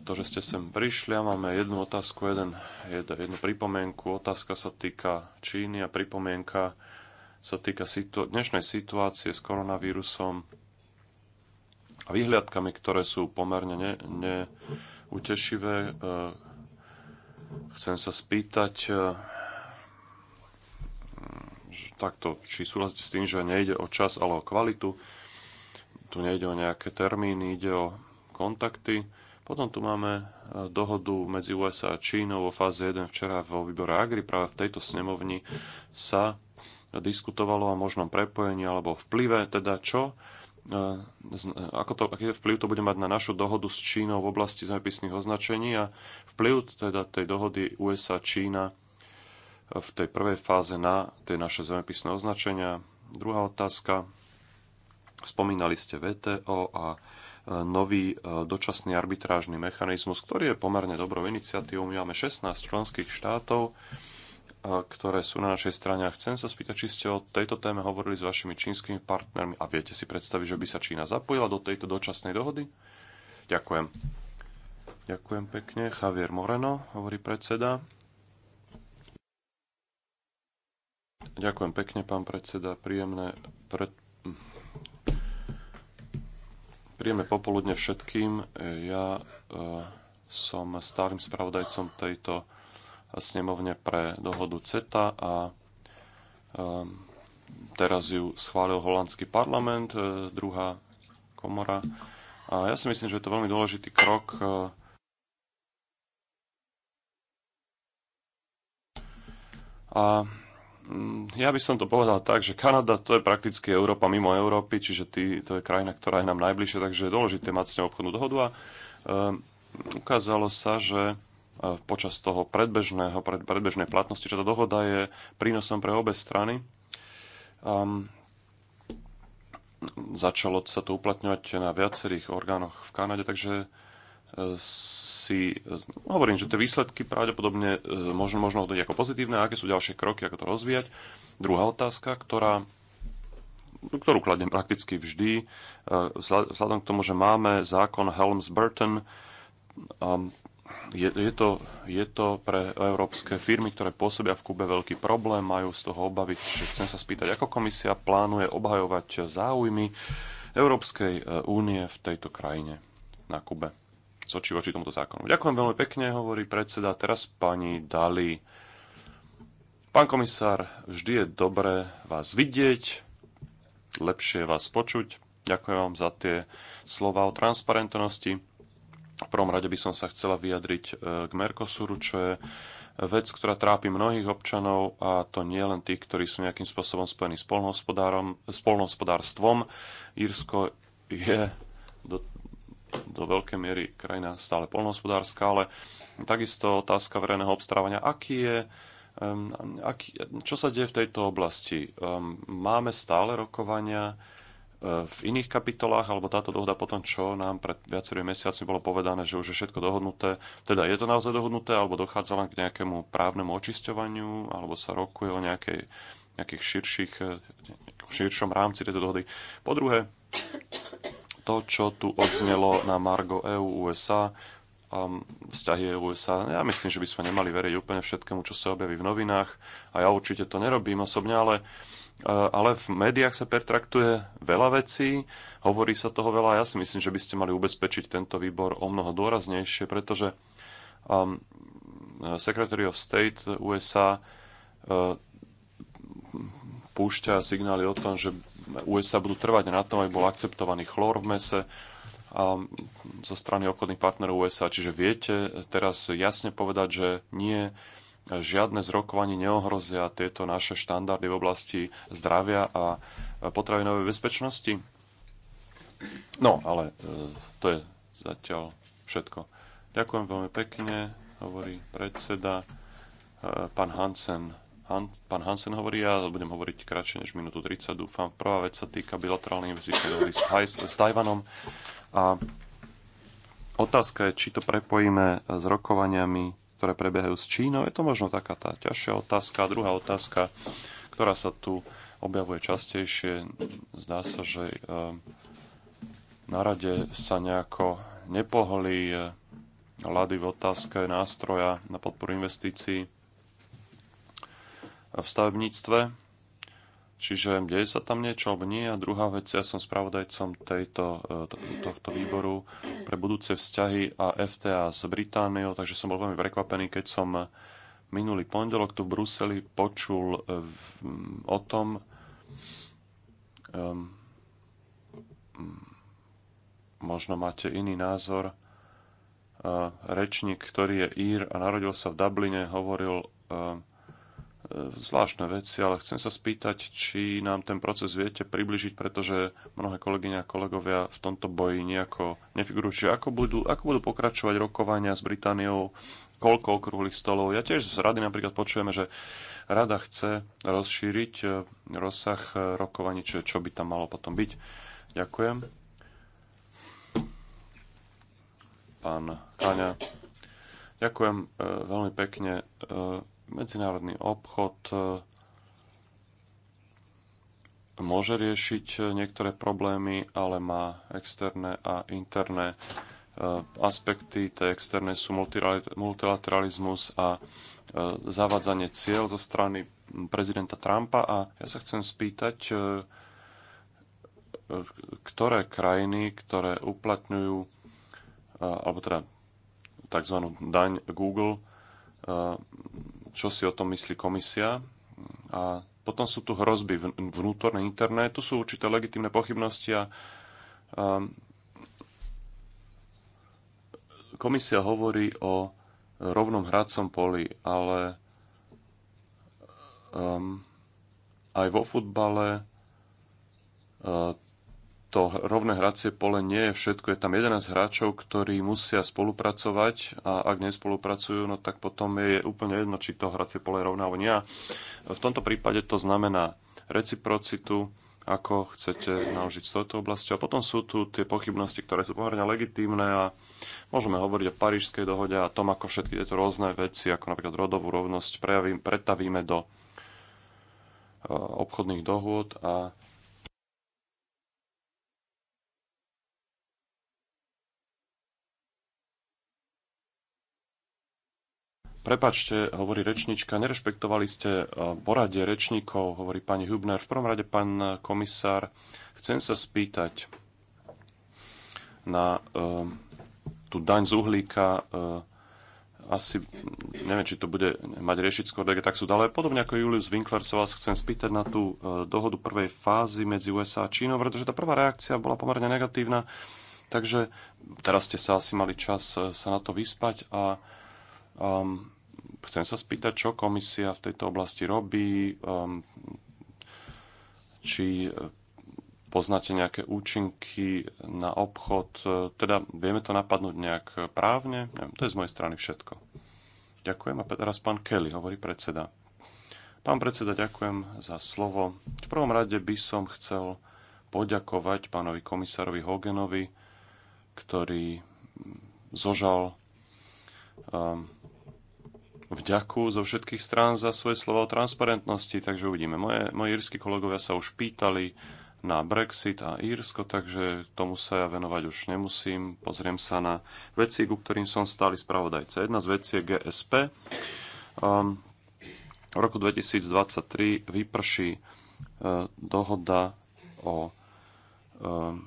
to, že ste sem prišli. A máme jednu otázku, jeden, jednu pripomienku. Otázka sa týka Číny a pripomienka sa týka situ- dnešnej situácie s koronavírusom a vyhliadkami, ktoré sú pomerne ne- e, Chcem sa spýtať, e, takto, či súhlasíte s tým, že nejde o čas, ale o kvalitu. Tu nejde o nejaké termíny, ide o kontakty. Potom tu máme e, dohodu medzi USA a Čínou vo fáze 1 včera vo výbore Agri. Práve v tejto snemovni sa diskutovalo o možnom prepojení alebo vplyve, teda čo, e, ako to, aký vplyv to bude mať na našu dohodu s Čínou v oblasti zemepisných označení a vplyv teda tej dohody USA-Čína v tej prvej fáze na tie naše zemepisné označenia. Druhá otázka. Spomínali ste VTO a e, nový e, dočasný arbitrážny mechanizmus, ktorý je pomerne dobrou iniciatívou. My máme 16 členských štátov, e, ktoré sú na našej strane. A chcem sa spýtať, či ste o tejto téme hovorili s vašimi čínskymi partnermi a viete si predstaviť, že by sa Čína zapojila do tejto dočasnej dohody? Ďakujem. Ďakujem pekne. Javier Moreno, hovorí predseda. Ďakujem pekne, pán predseda. Príjemné, pre... Príjemné popoludne všetkým. Ja e, som stálym spravodajcom tejto snemovne pre dohodu CETA a e, teraz ju schválil holandský parlament, e, druhá komora. A ja si myslím, že je to veľmi dôležitý krok a Mm, ja by som to povedal tak, že Kanada to je prakticky Európa mimo Európy, čiže tý, to je krajina, ktorá je nám najbližšia, takže je dôležité mať s ňou obchodnú dohodu a um, ukázalo sa, že e, počas toho predbežného, pred, predbežnej platnosti, čo tá dohoda je prínosom pre obe strany. Um, začalo sa to uplatňovať na viacerých orgánoch v Kanade, takže si, eh, hovorím, že tie výsledky pravdepodobne eh, možno, možno hodnotiť ako pozitívne, a aké sú ďalšie kroky, ako to rozvíjať. Druhá otázka, ktorá, ktorú kladnem prakticky vždy, eh, vzhľadom k tomu, že máme zákon Helms-Burton, ehm, je, je, to, je to pre európske firmy, ktoré pôsobia v Kube veľký problém, majú z toho obavy. Chcem sa spýtať, ako komisia plánuje obhajovať záujmy Európskej únie v tejto krajine na Kube z očí voči tomuto zákonu. Ďakujem veľmi pekne, hovorí predseda. Teraz pani Dali. Pán komisár, vždy je dobré vás vidieť, lepšie vás počuť. Ďakujem vám za tie slova o transparentnosti. V prvom rade by som sa chcela vyjadriť e, k Mercosuru, čo je vec, ktorá trápi mnohých občanov a to nie len tých, ktorí sú nejakým spôsobom spojení s polnohospodárstvom. Írsko je do do veľkej miery krajina stále polnohospodárska, ale takisto otázka verejného obstarávania, aký je Um, aký, čo sa deje v tejto oblasti? Um, máme stále rokovania uh, v iných kapitolách, alebo táto dohoda po tom, čo nám pred viacerými mesiacmi bolo povedané, že už je všetko dohodnuté. Teda je to naozaj dohodnuté, alebo dochádza len k nejakému právnemu očisťovaniu, alebo sa rokuje o nejakej, nejakých širších, eh, širšom rámci tejto dohody. Po druhé, to, čo tu odznelo na Margo EU USA, um, vzťahy EU USA. Ja myslím, že by sme nemali veriť úplne všetkému, čo sa objaví v novinách a ja určite to nerobím osobne, ale, uh, ale v médiách sa pertraktuje veľa vecí, hovorí sa toho veľa a ja si myslím, že by ste mali ubezpečiť tento výbor o mnoho dôraznejšie, pretože um, Secretary of State USA uh, púšťa signály o tom, že USA budú trvať na tom, aby bol akceptovaný chlór v mese a zo strany obchodných partnerov USA. Čiže viete teraz jasne povedať, že nie žiadne zrokovanie neohrozia tieto naše štandardy v oblasti zdravia a potravinovej bezpečnosti. No, ale e, to je zatiaľ všetko. Ďakujem veľmi pekne, hovorí predseda. E, pán Hansen Han, pán Hansen hovorí, ja budem hovoriť kratšie než minútu 30, dúfam. Prvá vec sa týka bilaterálnej investície dohody s, s Tajvanom. A otázka je, či to prepojíme s rokovaniami, ktoré prebiehajú s Čínou. Je to možno taká tá ťažšia otázka. A druhá otázka, ktorá sa tu objavuje častejšie, zdá sa, že e, na rade sa nejako nepoholí Lady e, v otázke nástroja na podporu investícií v stavebníctve. Čiže deje sa tam niečo, alebo nie. A druhá vec, ja som spravodajcom tejto, e, tohto výboru pre budúce vzťahy a FTA s Britániou, takže som bol veľmi prekvapený, keď som minulý pondelok tu v Bruseli počul e, o tom, um, možno máte iný názor, uh, rečník, ktorý je Ír a narodil sa v Dubline, hovoril uh, E, zvláštne veci, ale chcem sa spýtať, či nám ten proces viete približiť, pretože mnohé kolegyne a kolegovia v tomto boji nejako nefigurujú. Čiže ako budú, ako budú pokračovať rokovania s Britániou, koľko okrúhlych stolov. Ja tiež z rady napríklad počujeme, že rada chce rozšíriť e, rozsah e, rokovaní, čo, čo by tam malo potom byť. Ďakujem. Pán Kania. Ďakujem veľmi pekne medzinárodný obchod e, môže riešiť e, niektoré problémy, ale má externé a interné e, aspekty. Tie externé sú multilateralizmus a zavádzanie cieľ zo strany prezidenta Trumpa. A ja sa chcem spýtať, ktoré krajiny, ktoré uplatňujú alebo teda tzv. daň Google, čo si o tom myslí komisia. A potom sú tu hrozby vnútorné internet, tu sú určité legitimné pochybnosti a um, komisia hovorí o rovnom hrácom poli, ale um, aj vo futbale uh, to rovné hracie pole nie je všetko. Je tam 11 hráčov, ktorí musia spolupracovať a ak nespolupracujú, no tak potom je úplne jedno, či to hracie pole je rovné alebo nie. V tomto prípade to znamená reciprocitu, ako chcete naložiť s touto oblasťou. A potom sú tu tie pochybnosti, ktoré sú pomerne legitímne a môžeme hovoriť o Parížskej dohode a tom, ako všetky tieto rôzne veci, ako napríklad rodovú rovnosť, prejavím, pretavíme do eh, obchodných dohôd a Prepačte, hovorí rečnička, nerešpektovali ste e, poradie rečníkov, hovorí pani Hübner. V prvom rade, pán komisár, chcem sa spýtať na uh, tú daň z uhlíka. Uh, asi, neviem, či to bude mať riešiť skôr tak sú ale podobne ako Julius Winkler sa vás chcem spýtať na tú uh, dohodu prvej fázy medzi USA a Čínou, pretože tá prvá reakcia bola pomerne negatívna, takže teraz ste sa asi mali čas sa na to vyspať a um, Chcem sa spýtať, čo komisia v tejto oblasti robí, um, či eh, poznáte nejaké účinky na obchod, teda vieme to napadnúť nejak právne? Neviem, to je z mojej strany všetko. Ďakujem. A teraz pán Kelly hovorí predseda. Pán predseda, ďakujem za slovo. V prvom rade by som chcel poďakovať pánovi komisárovi Hogenovi, ktorý hm, zožal um, vďaku zo všetkých strán za svoje slova o transparentnosti, takže uvidíme. Moje, moji írsky kolegovia sa už pýtali na Brexit a Írsko, takže tomu sa ja venovať už nemusím. Pozriem sa na veci, ku ktorým som stály spravodajca. Jedna z vecí je GSP. Um, v roku 2023 vyprší uh, dohoda o um,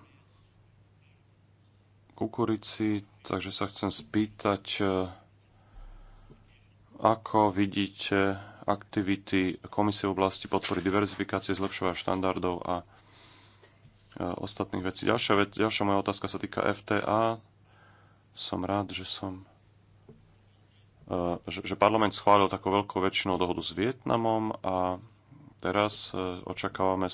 kukurici, takže sa chcem spýtať, uh, ako vidíte aktivity Komisie v oblasti podpory diverzifikácie, zlepšovania štandardov a e, ostatných vecí. Ďalšia, vec, ďalšia moja otázka sa týka FTA. Som rád, že som e, že, že parlament schválil takú veľkú väčšinou dohodu s Vietnamom a teraz e, očakávame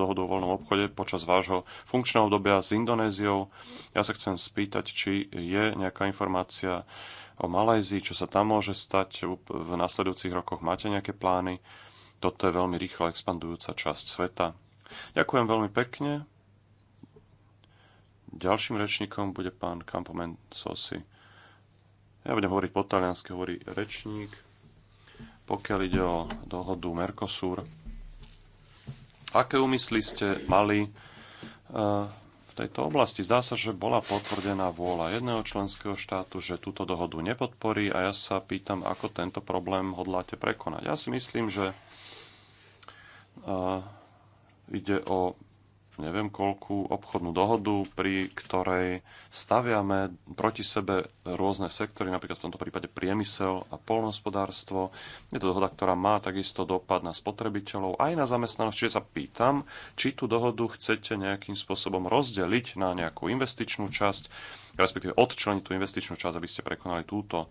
dohodu o voľnom obchode počas vášho funkčného obdobia s Indonéziou. Ja sa chcem spýtať, či je nejaká informácia o Malajzii, čo sa tam môže stať v nasledujúcich rokoch. Máte nejaké plány? Toto je veľmi rýchlo expandujúca časť sveta. Ďakujem veľmi pekne. Ďalším rečníkom bude pán Campomen Sosi. Ja budem hovoriť po taliansky, hovorí rečník. Pokiaľ ide o dohodu Mercosur, aké úmysly ste mali eh, tejto oblasti. Zdá sa, že bola potvrdená vôľa jedného členského štátu, že túto dohodu nepodporí a ja sa pýtam, ako tento problém hodláte prekonať. Ja si myslím, že eh, ide o neviem koľkú obchodnú dohodu, pri ktorej staviame proti sebe rôzne sektory, napríklad v tomto prípade priemysel a polnospodárstvo. Je to dohoda, ktorá má takisto dopad na spotrebiteľov aj na zamestnanosť. Čiže sa pýtam, či tú dohodu chcete nejakým spôsobom rozdeliť na nejakú investičnú časť, respektíve odčleniť tú investičnú časť, aby ste prekonali túto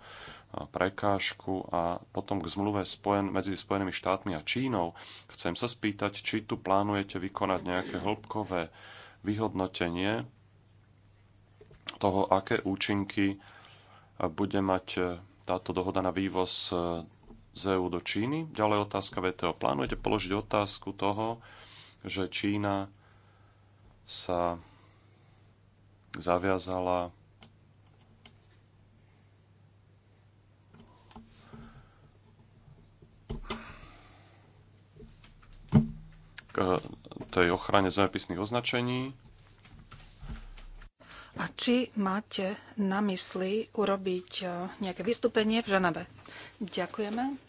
prekážku a potom k zmluve spojen, medzi Spojenými štátmi a Čínou. Chcem sa spýtať, či tu plánujete vykonať nejaké hĺbkové vyhodnotenie toho, aké účinky bude mať e, táto dohoda na vývoz e, z EU do Číny. Ďalej otázka VTO. Plánujete položiť otázku toho, že Čína sa zaviazala Eh, tej ochrane zemepisných označení. A či máte na mysli urobiť eh, nejaké vystúpenie v Ženeve? Ďakujeme.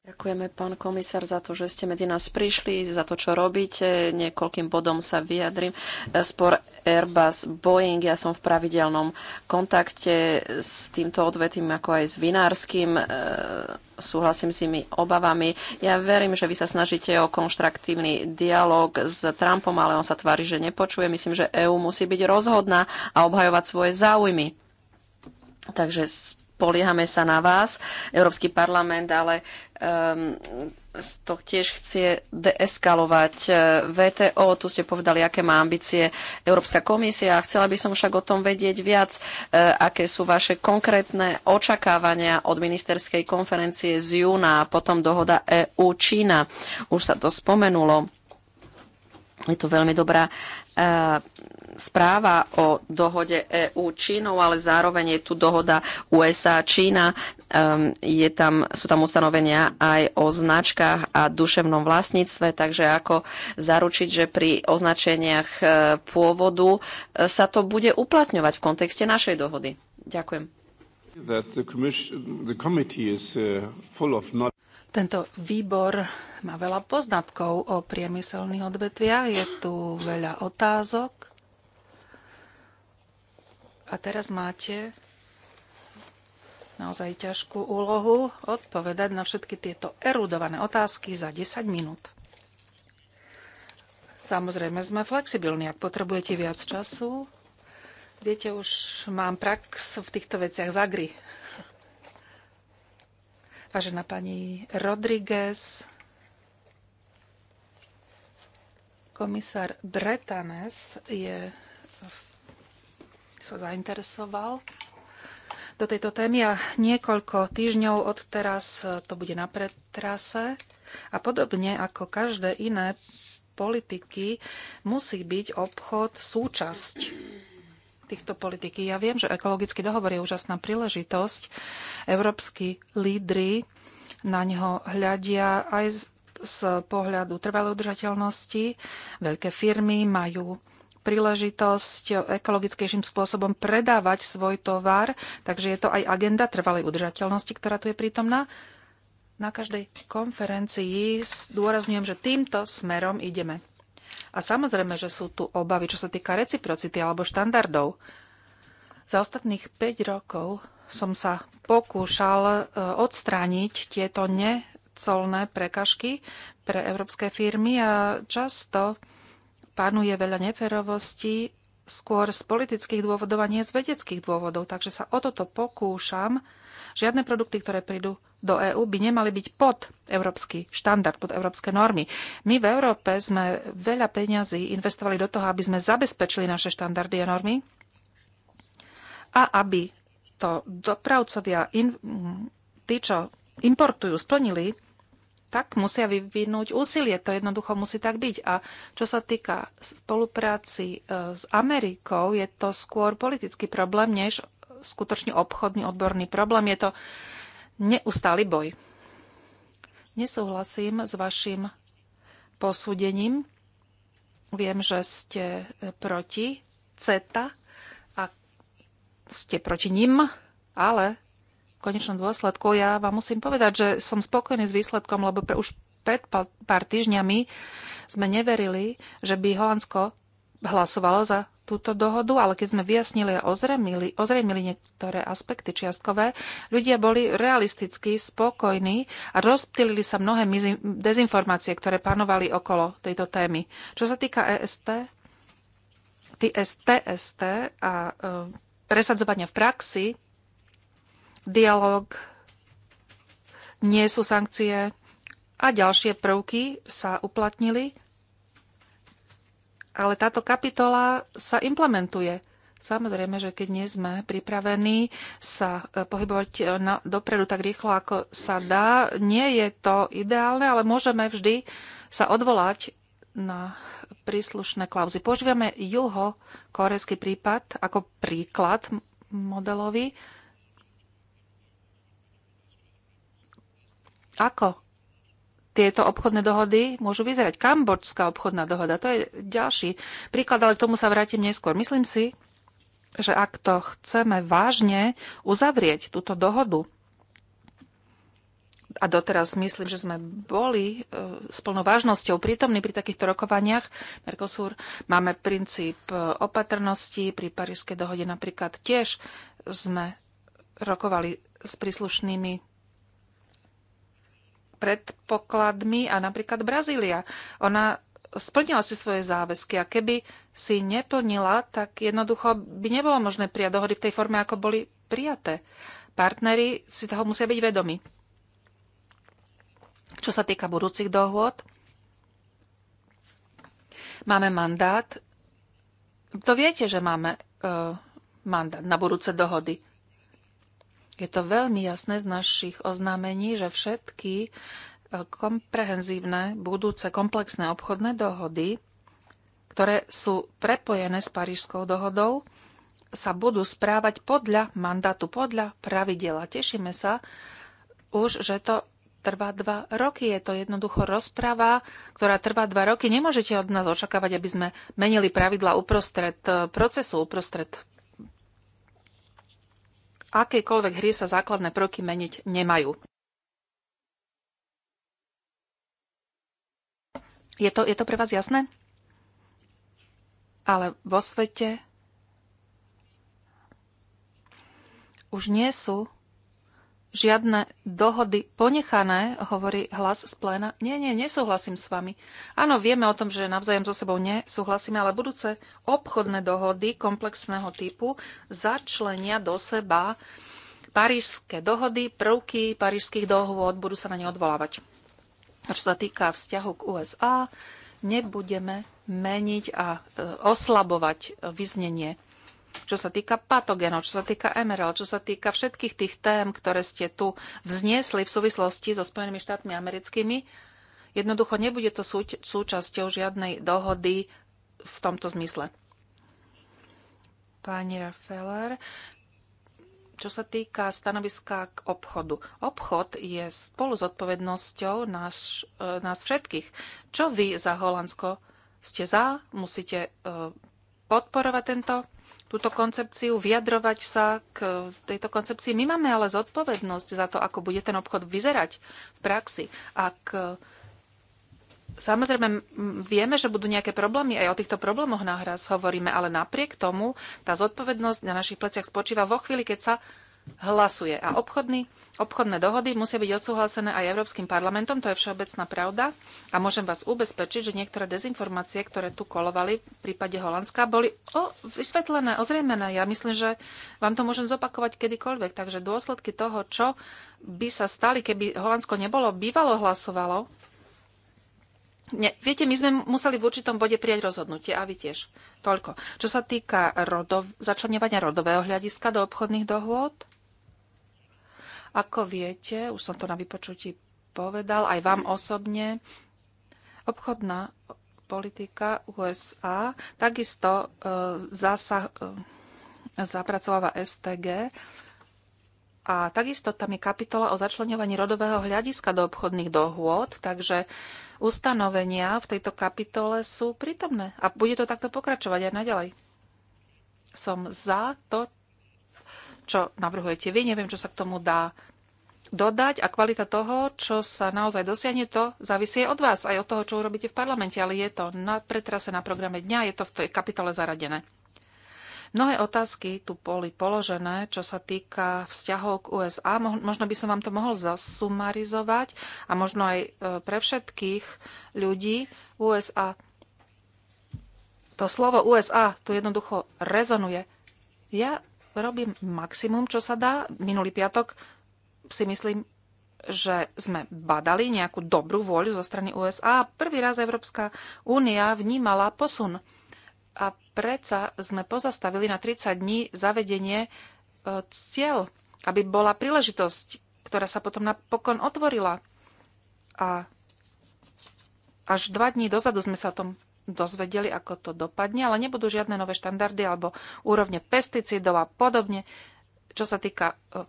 Ďakujeme, pán komisár, za to, že ste medzi nás prišli, za to, čo robíte. Niekoľkým bodom sa vyjadrím. Spor Airbus Boeing. Ja som v pravidelnom kontakte s týmto odvetím, ako aj s vinárským. E, súhlasím s tými obavami. Ja verím, že vy sa snažíte o konštruktívny dialog s Trumpom, ale on sa tvári, že nepočuje. Myslím, že EÚ musí byť rozhodná a obhajovať svoje záujmy. Takže spoliehame sa na vás, Európsky parlament, ale um, to tiež chce deeskalovať. E, VTO, tu ste povedali, aké má ambície Európska komisia. Chcela by som však o tom vedieť viac, e, aké sú vaše konkrétne očakávania od ministerskej konferencie z júna a potom dohoda EU-Čína. Už sa to spomenulo. Je to veľmi dobrá E, správa o dohode EU Čínou, ale zároveň je tu dohoda USA Čína. Je tam, sú tam ustanovenia aj o značkách a duševnom vlastníctve, takže ako zaručiť, že pri označeniach e, pôvodu e, sa to bude uplatňovať v kontexte našej dohody. Ďakujem. Tento výbor má veľa poznatkov o priemyselných odvetviach, je tu veľa otázok. A teraz máte naozaj ťažkú úlohu odpovedať na všetky tieto erudované otázky za 10 minút. Samozrejme, sme flexibilní. Ak potrebujete viac času, viete, už mám prax v týchto veciach z Agri vážená pani Rodriguez, komisár Bretanes je, sa zainteresoval do tejto témy a niekoľko týždňov od teraz to bude na pretrase. A podobne ako každé iné politiky musí byť obchod súčasť týchto politiky. Ja viem, že ekologický dohovor je úžasná príležitosť. Európsky lídry na ňo hľadia aj z pohľadu trvalej udržateľnosti. Veľké firmy majú príležitosť ekologickejším spôsobom predávať svoj tovar, takže je to aj agenda trvalej udržateľnosti, ktorá tu je prítomná. Na každej konferencii zdôrazňujem, že týmto smerom ideme. A samozrejme, že sú tu obavy, čo sa týka reciprocity alebo štandardov. Za ostatných 5 rokov som sa pokúšal e, odstrániť tieto necolné prekažky pre európske firmy a často panuje veľa neferovostí skôr z politických dôvodov a nie z vedeckých dôvodov. Takže sa o toto pokúšam. Žiadne produkty, ktoré prídu do EÚ, by nemali byť pod európsky štandard, pod európske normy. My v Európe sme veľa peňazí investovali do toho, aby sme zabezpečili naše štandardy a normy a aby to dopravcovia, in, tí, čo importujú, splnili tak musia vyvinúť úsilie. To jednoducho musí tak byť. A čo sa týka spolupráci e, s Amerikou, je to skôr politický problém, než skutočne obchodný odborný problém. Je to neustály boj. Nesúhlasím s vašim posúdením. Viem, že ste e, proti CETA a ste proti ním, ale konečnom dôsledku ja vám musím povedať, že som spokojný s výsledkom, lebo pre, už pred pár týždňami sme neverili, že by Holandsko hlasovalo za túto dohodu, ale keď sme vyjasnili a ozremili, ozremili niektoré aspekty čiastkové, ľudia boli realisticky spokojní a rozptýlili sa mnohé dezinformácie, ktoré panovali okolo tejto témy. Čo sa týka EST, TSTST a e, presadzovania v praxi, dialog, nie sú sankcie a ďalšie prvky sa uplatnili, ale táto kapitola sa implementuje. Samozrejme, že keď nie sme pripravení sa e, pohybovať e, na, dopredu tak rýchlo, ako sa dá, nie je to ideálne, ale môžeme vždy sa odvolať na príslušné klauzy. Požívame juho-korejský prípad ako príklad modelový. Ako tieto obchodné dohody môžu vyzerať? Kambodžská obchodná dohoda, to je ďalší príklad, ale k tomu sa vrátim neskôr. Myslím si, že ak to chceme vážne uzavrieť túto dohodu, a doteraz myslím, že sme boli e, s plnou vážnosťou prítomní pri takýchto rokovaniach. Mercosur máme princíp e, opatrnosti, pri Parížskej dohode napríklad tiež sme rokovali s príslušnými predpokladmi a napríklad Brazília. Ona splnila si svoje záväzky a keby si neplnila, tak jednoducho by nebolo možné prijať dohody v tej forme, ako boli prijaté. Partnery si toho musia byť vedomi. Čo sa týka budúcich dohôd, máme mandát. To viete, že máme uh, mandát na budúce dohody. Je to veľmi jasné z našich oznámení, že všetky e, komprehenzívne budúce komplexné obchodné dohody, ktoré sú prepojené s Parížskou dohodou, sa budú správať podľa mandátu, podľa pravidel. A tešíme sa už, že to trvá dva roky. Je to jednoducho rozprava, ktorá trvá dva roky. Nemôžete od nás očakávať, aby sme menili pravidla uprostred e, procesu, uprostred akejkoľvek hry sa základné prvky meniť nemajú. Je to, je to pre vás jasné? Ale vo svete už nie sú žiadne dohody ponechané, hovorí hlas z pléna. Nie, nie, nesúhlasím s vami. Áno, vieme o tom, že navzájom so sebou nesúhlasíme, ale budúce obchodné dohody komplexného typu začlenia do seba parížské dohody, prvky parížských dohôd, budú sa na ne odvolávať. A čo sa týka vzťahu k USA, nebudeme meniť a e, oslabovať e, vyznenie čo sa týka patogénov, čo sa týka MRL, čo sa týka všetkých tých tém, ktoré ste tu vzniesli v súvislosti so Spojenými štátmi americkými, jednoducho nebude to súť, súčasťou žiadnej dohody v tomto zmysle. Pani Rafeller, čo sa týka stanoviska k obchodu. Obchod je spolu s odpovednosťou nás, e, nás všetkých. Čo vy za Holandsko ste za? Musíte e, podporovať tento túto koncepciu, vyjadrovať sa k tejto koncepcii. My máme ale zodpovednosť za to, ako bude ten obchod vyzerať v praxi. Ak Samozrejme, vieme, že budú nejaké problémy, aj o týchto problémoch náhraz hovoríme, ale napriek tomu tá zodpovednosť na našich pleciach spočíva vo chvíli, keď sa hlasuje. A obchodný, obchodné dohody musia byť odsúhlasené aj Európskym parlamentom, to je všeobecná pravda. A môžem vás ubezpečiť, že niektoré dezinformácie, ktoré tu kolovali v prípade Holandska, boli o, vysvetlené, ozriemené. Ja myslím, že vám to môžem zopakovať kedykoľvek. Takže dôsledky toho, čo by sa stali, keby Holandsko nebolo bývalo hlasovalo, nie, viete, my sme museli v určitom bode prijať rozhodnutie a vy tiež. Toľko. Čo sa týka rodov, začlenovania rodového hľadiska do obchodných dohôd, ako viete, už som to na vypočutí povedal, aj vám osobne, obchodná politika USA takisto e, zásah, e, zapracováva STG a takisto tam je kapitola o začlenovaní rodového hľadiska do obchodných dohôd, takže ustanovenia v tejto kapitole sú prítomné a bude to takto pokračovať aj naďalej. Som za to, čo navrhujete vy, neviem, čo sa k tomu dá dodať a kvalita toho, čo sa naozaj dosiahne, to závisí od vás, aj od toho, čo urobíte v parlamente, ale je to na pretrase na programe dňa, je to v kapitole zaradené. Mnohé otázky tu boli položené, čo sa týka vzťahov k USA. Možno by som vám to mohol zasumarizovať a možno aj e, pre všetkých ľudí USA. To slovo USA tu jednoducho rezonuje. Ja robím maximum, čo sa dá. Minulý piatok si myslím, že sme badali nejakú dobrú vôľu zo strany USA a prvý raz Európska únia vnímala posun. A predsa sme pozastavili na 30 dní zavedenie e, cieľ, aby bola príležitosť, ktorá sa potom napokon otvorila. A až dva dní dozadu sme sa o tom dozvedeli, ako to dopadne, ale nebudú žiadne nové štandardy alebo úrovne pesticídov a podobne, čo sa týka eh,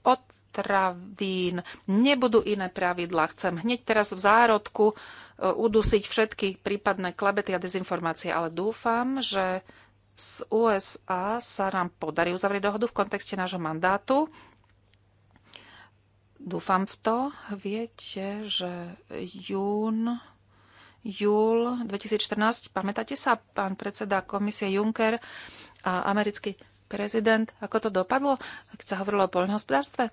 potravín. Nebudú iné pravidlá. Chcem hneď teraz v zárodku eh, udusiť všetky prípadné klebety a dezinformácie, ale dúfam, že z USA sa nám podarí uzavrieť dohodu v kontexte nášho mandátu. Dúfam v to. Viete, že jún júl 2014, pamätáte sa, pán predseda komisie Juncker a americký prezident, ako to dopadlo, keď sa hovorilo o poľnohospodárstve?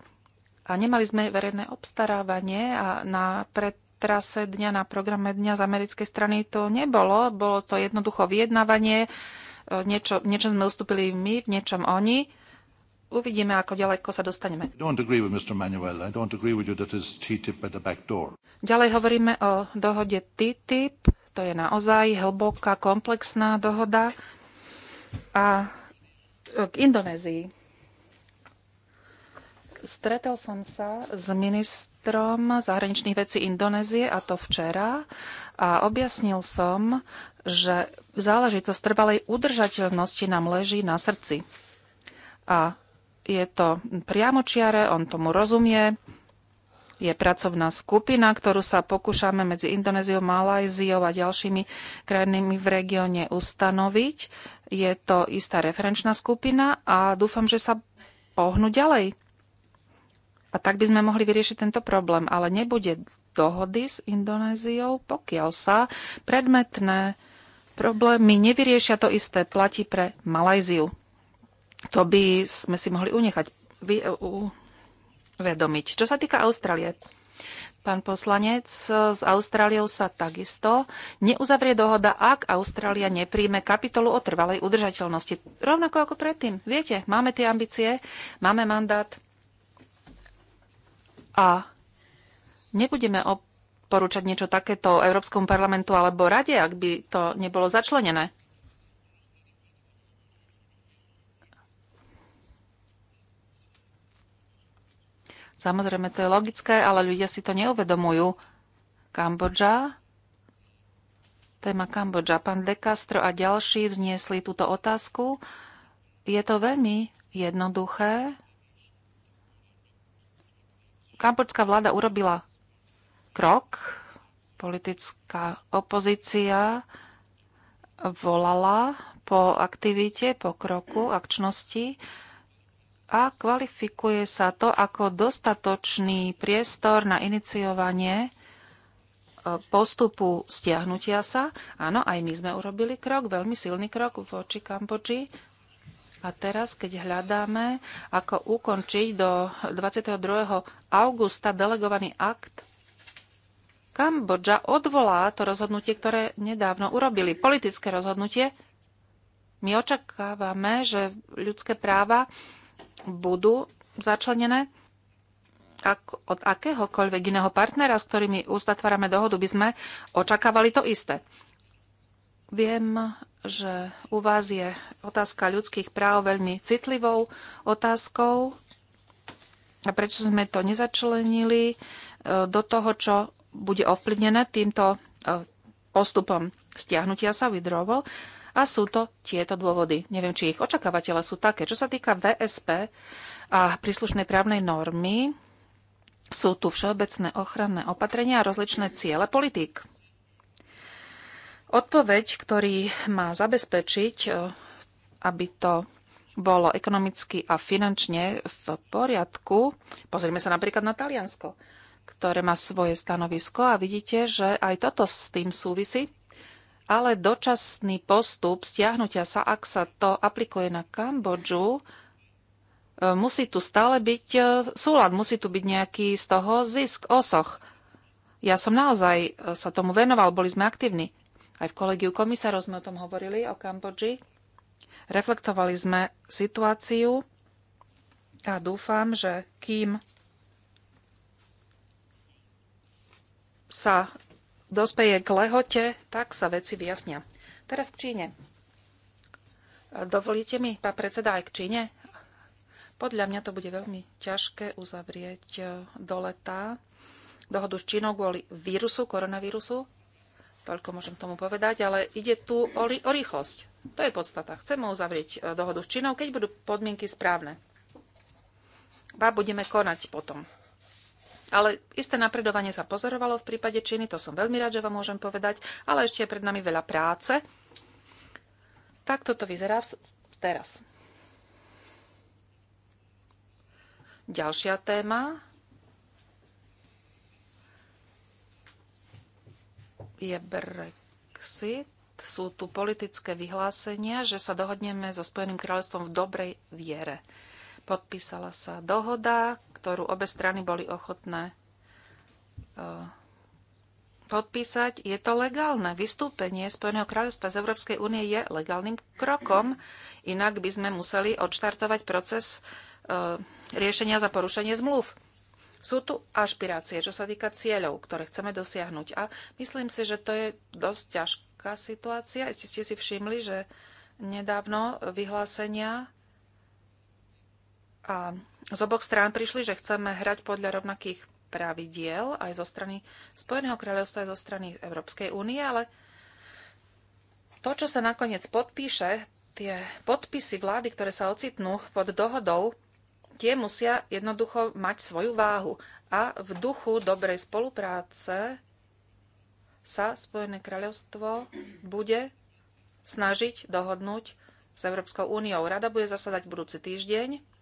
A nemali sme verejné obstarávanie a na pred trase dňa, na programe dňa z americkej strany to nebolo. Bolo to jednoducho vyjednávanie, niečo, niečo sme ustúpili my, v niečom oni uvidíme, ako ďaleko sa dostaneme. Ďalej hovoríme o dohode TTIP. To je naozaj hlboká, komplexná dohoda. A k Indonézii. Stretol som sa s ministrom zahraničných vecí Indonézie, a to včera, a objasnil som, že záležitosť trvalej udržateľnosti nám leží na srdci. A je to priamočiare, on tomu rozumie. Je pracovná skupina, ktorú sa pokúšame medzi Indonéziou, Malajziou a ďalšími krajinami v regióne ustanoviť. Je to istá referenčná skupina a dúfam, že sa pohnú ďalej. A tak by sme mohli vyriešiť tento problém, ale nebude dohody s Indonéziou, pokiaľ sa predmetné problémy nevyriešia to isté platí pre Malajziu to by sme si mohli unechať, e, uvedomiť. Čo sa týka Austrálie, pán poslanec, e, s Austráliou sa takisto neuzavrie dohoda, ak Austrália nepríjme kapitolu o trvalej udržateľnosti. Rovnako ako predtým. Viete, máme tie ambície, máme mandát a nebudeme oporúčať niečo takéto Európskom parlamentu alebo rade, ak by to nebolo začlenené. Samozrejme, to je logické, ale ľudia si to neuvedomujú. Kambodža, téma Kambodža, pán De Castro a ďalší vzniesli túto otázku. Je to veľmi jednoduché. Kambodžská vláda urobila krok, politická opozícia volala po aktivite, po kroku, akčnosti a kvalifikuje sa to ako dostatočný priestor na iniciovanie e, postupu stiahnutia sa. Áno, aj my sme urobili krok, veľmi silný krok voči Kambodži. A teraz, keď hľadáme, ako ukončiť do 22. augusta delegovaný akt, Kambodža odvolá to rozhodnutie, ktoré nedávno urobili, politické rozhodnutie. My očakávame, že ľudské práva budú začlenené ak, od akéhokoľvek iného partnera, s ktorými uzatvárame dohodu, by sme očakávali to isté. Viem, že u vás je otázka ľudských práv veľmi citlivou otázkou. A prečo sme to nezačlenili e, do toho, čo bude ovplyvnené týmto e, postupom stiahnutia sa withdrawal? A sú to tieto dôvody. Neviem, či ich očakávateľa sú také. Čo sa týka VSP a príslušnej právnej normy, sú tu všeobecné ochranné opatrenia a rozličné ciele politík. Odpoveď, ktorý má zabezpečiť, e, aby to bolo ekonomicky a finančne v poriadku. Pozrime sa napríklad na Taliansko, ktoré má svoje stanovisko a vidíte, že aj toto s tým súvisí ale dočasný postup stiahnutia sa, ak sa to aplikuje na Kambodžu, e, musí tu stále byť e, súlad, musí tu byť nejaký z toho zisk, osoch. Ja som naozaj e, sa tomu venoval, boli sme aktívni. Aj v kolegiu komisárov sme o tom hovorili, o Kambodži. Reflektovali sme situáciu a dúfam, že kým sa dospeje k lehote, tak sa veci vyjasnia. Teraz k Číne. Dovolíte mi, pán predseda, aj k Číne? Podľa mňa to bude veľmi ťažké uzavrieť e, do leta dohodu s Čínou kvôli vírusu, koronavírusu. Toľko môžem tomu povedať, ale ide tu o, o rýchlosť. To je podstata. Chceme uzavrieť e, dohodu s Čínou, keď budú podmienky správne. A budeme konať potom. Ale isté napredovanie sa pozorovalo v prípade Číny, to som veľmi rád, že vám môžem povedať, ale ešte je pred nami veľa práce. Tak toto vyzerá teraz. Ďalšia téma je Brexit. Sú tu politické vyhlásenia, že sa dohodneme so Spojeným kráľovstvom v dobrej viere. Podpísala sa dohoda, ktorú obe strany boli ochotné e, podpísať. Je to legálne. Vystúpenie Spojeného kráľovstva z Európskej únie je legálnym krokom, inak by sme museli odštartovať proces e, riešenia za porušenie zmluv. Sú tu ašpirácie, čo sa týka cieľov, ktoré chceme dosiahnuť. A myslím si, že to je dosť ťažká situácia. Ste, si všimli, že nedávno vyhlásenia a z oboch strán prišli, že chceme hrať podľa rovnakých pravidiel aj zo strany Spojeného kráľovstva, aj zo strany Európskej únie, ale to, čo sa nakoniec podpíše, tie podpisy vlády, ktoré sa ocitnú pod dohodou, tie musia jednoducho mať svoju váhu. A v duchu dobrej spolupráce sa Spojené kráľovstvo bude snažiť dohodnúť s Európskou úniou. Rada bude zasadať budúci týždeň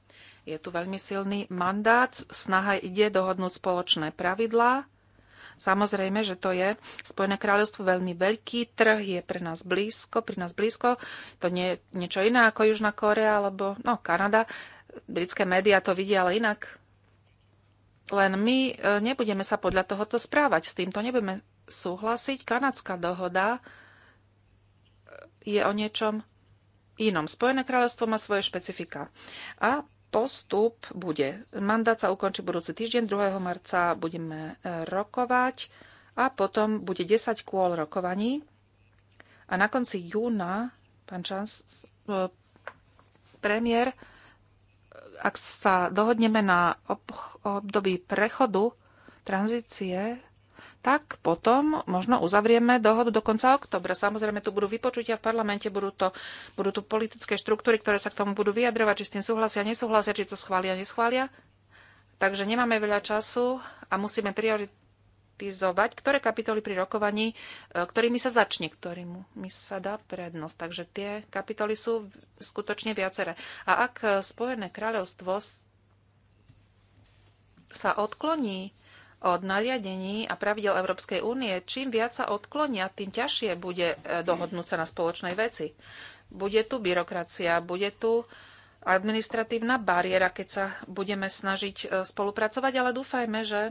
je tu veľmi silný mandát, snaha ide dohodnúť spoločné pravidlá. Samozrejme, že to je Spojené kráľovstvo veľmi veľký trh, je pre nás blízko, pri nás blízko. To nie je niečo iné ako Južná Korea alebo no, Kanada. Britské médiá to vidia ale inak. Len my e, nebudeme sa podľa tohoto správať. S týmto nebudeme súhlasiť. Kanadská dohoda e, je o niečom inom. Spojené kráľovstvo má svoje špecifika. A postup bude. Mandát sa ukončí budúci týždeň, 2. marca budeme e, rokovať a potom bude 10 kôl rokovaní a na konci júna pán Čans, e, premiér, ak sa dohodneme na období prechodu, tranzície, tak potom možno uzavrieme dohodu do konca oktobra. Samozrejme, tu budú vypočutia v parlamente, budú, to, budú tu politické štruktúry, ktoré sa k tomu budú vyjadrovať, či s tým súhlasia, nesúhlasia, či to schvália, neschvália. Takže nemáme veľa času a musíme prioritizovať, ktoré kapitoly pri rokovaní, e, ktorými sa začne, ktorými sa dá prednosť. Takže tie kapitoly sú skutočne viaceré. A ak Spojené kráľovstvo sa odkloní od nariadení a pravidel Európskej únie, čím viac sa odklonia, tým ťažšie bude e, dohodnúť sa na spoločnej veci. Bude tu byrokracia, bude tu administratívna bariéra, keď sa budeme snažiť e, spolupracovať, ale dúfajme, že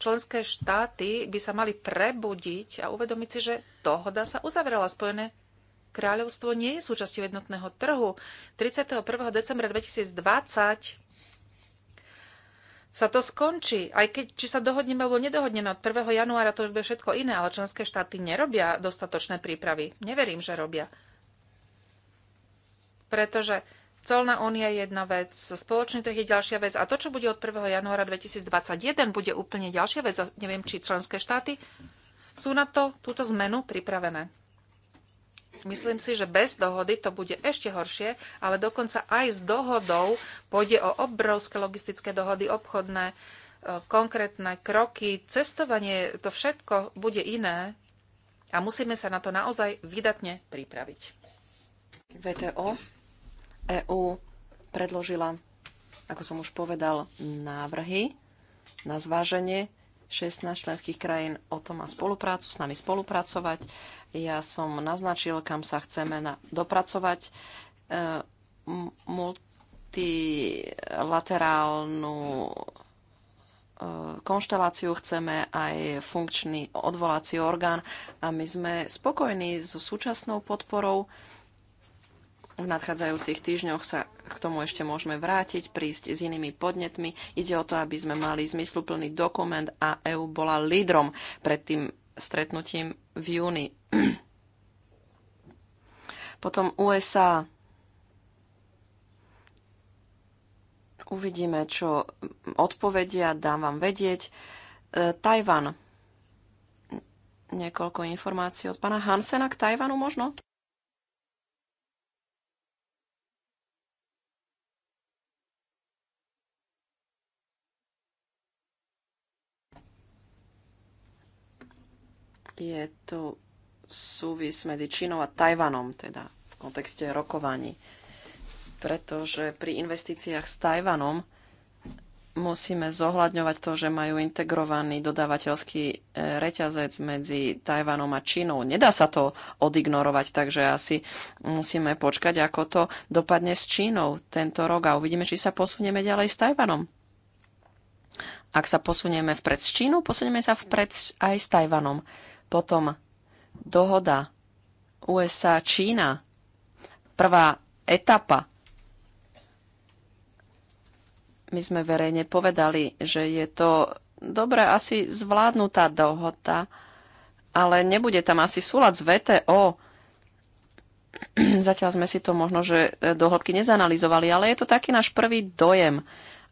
členské štáty by sa mali prebudiť a uvedomiť si, že dohoda sa uzavrela. Spojené kráľovstvo nie je súčasťou jednotného trhu. 31. decembra 2020 sa to skončí. Aj keď či sa dohodneme alebo nedohodneme, od 1. januára to už bude všetko iné, ale členské štáty nerobia dostatočné prípravy. Neverím, že robia. Pretože celná únia je jedna vec, spoločný trh je ďalšia vec a to, čo bude od 1. januára 2021, bude úplne ďalšia vec. a Neviem, či členské štáty sú na to túto zmenu pripravené. Myslím si, že bez dohody to bude ešte horšie, ale dokonca aj s dohodou pôjde o obrovské logistické dohody, obchodné, e, konkrétne kroky, cestovanie, to všetko bude iné a musíme sa na to naozaj vydatne pripraviť. VTO EU predložila, ako som už povedal, návrhy na zváženie 16 členských krajín o tom má spoluprácu, s nami spolupracovať. Ja som naznačil, kam sa chceme na, dopracovať. E, multilaterálnu e, konšteláciu chceme aj funkčný odvolací orgán a my sme spokojní so súčasnou podporou e, v nadchádzajúcich týždňoch sa k tomu ešte môžeme vrátiť, prísť s inými podnetmi. Ide o to, aby sme mali zmysluplný dokument a EU bola lídrom pred tým stretnutím v júni. *clears throat* Potom USA. Uvidíme, čo odpovedia, dám vám vedieť. E, Tajvan. Niekoľko informácií od pána Hansena k Tajvanu možno? Je tu súvis medzi Čínou a Tajvanom, teda v kontexte rokovaní. Pretože pri investíciách s Tajvanom musíme zohľadňovať to, že majú integrovaný dodávateľský e, reťazec medzi Tajvanom a Čínou. Nedá sa to odignorovať, takže asi musíme počkať, ako to dopadne s Čínou tento rok a uvidíme, či sa posunieme ďalej s Tajvanom. Ak sa posunieme vpred s Čínou, posunieme sa vpred aj s Tajvanom. Potom dohoda USA-Čína. Prvá etapa. My sme verejne povedali, že je to dobre asi zvládnutá dohoda, ale nebude tam asi súlad s VTO. *clears throat* Zatiaľ sme si to možno, že e, dohodky nezanalizovali, ale je to taký náš prvý dojem.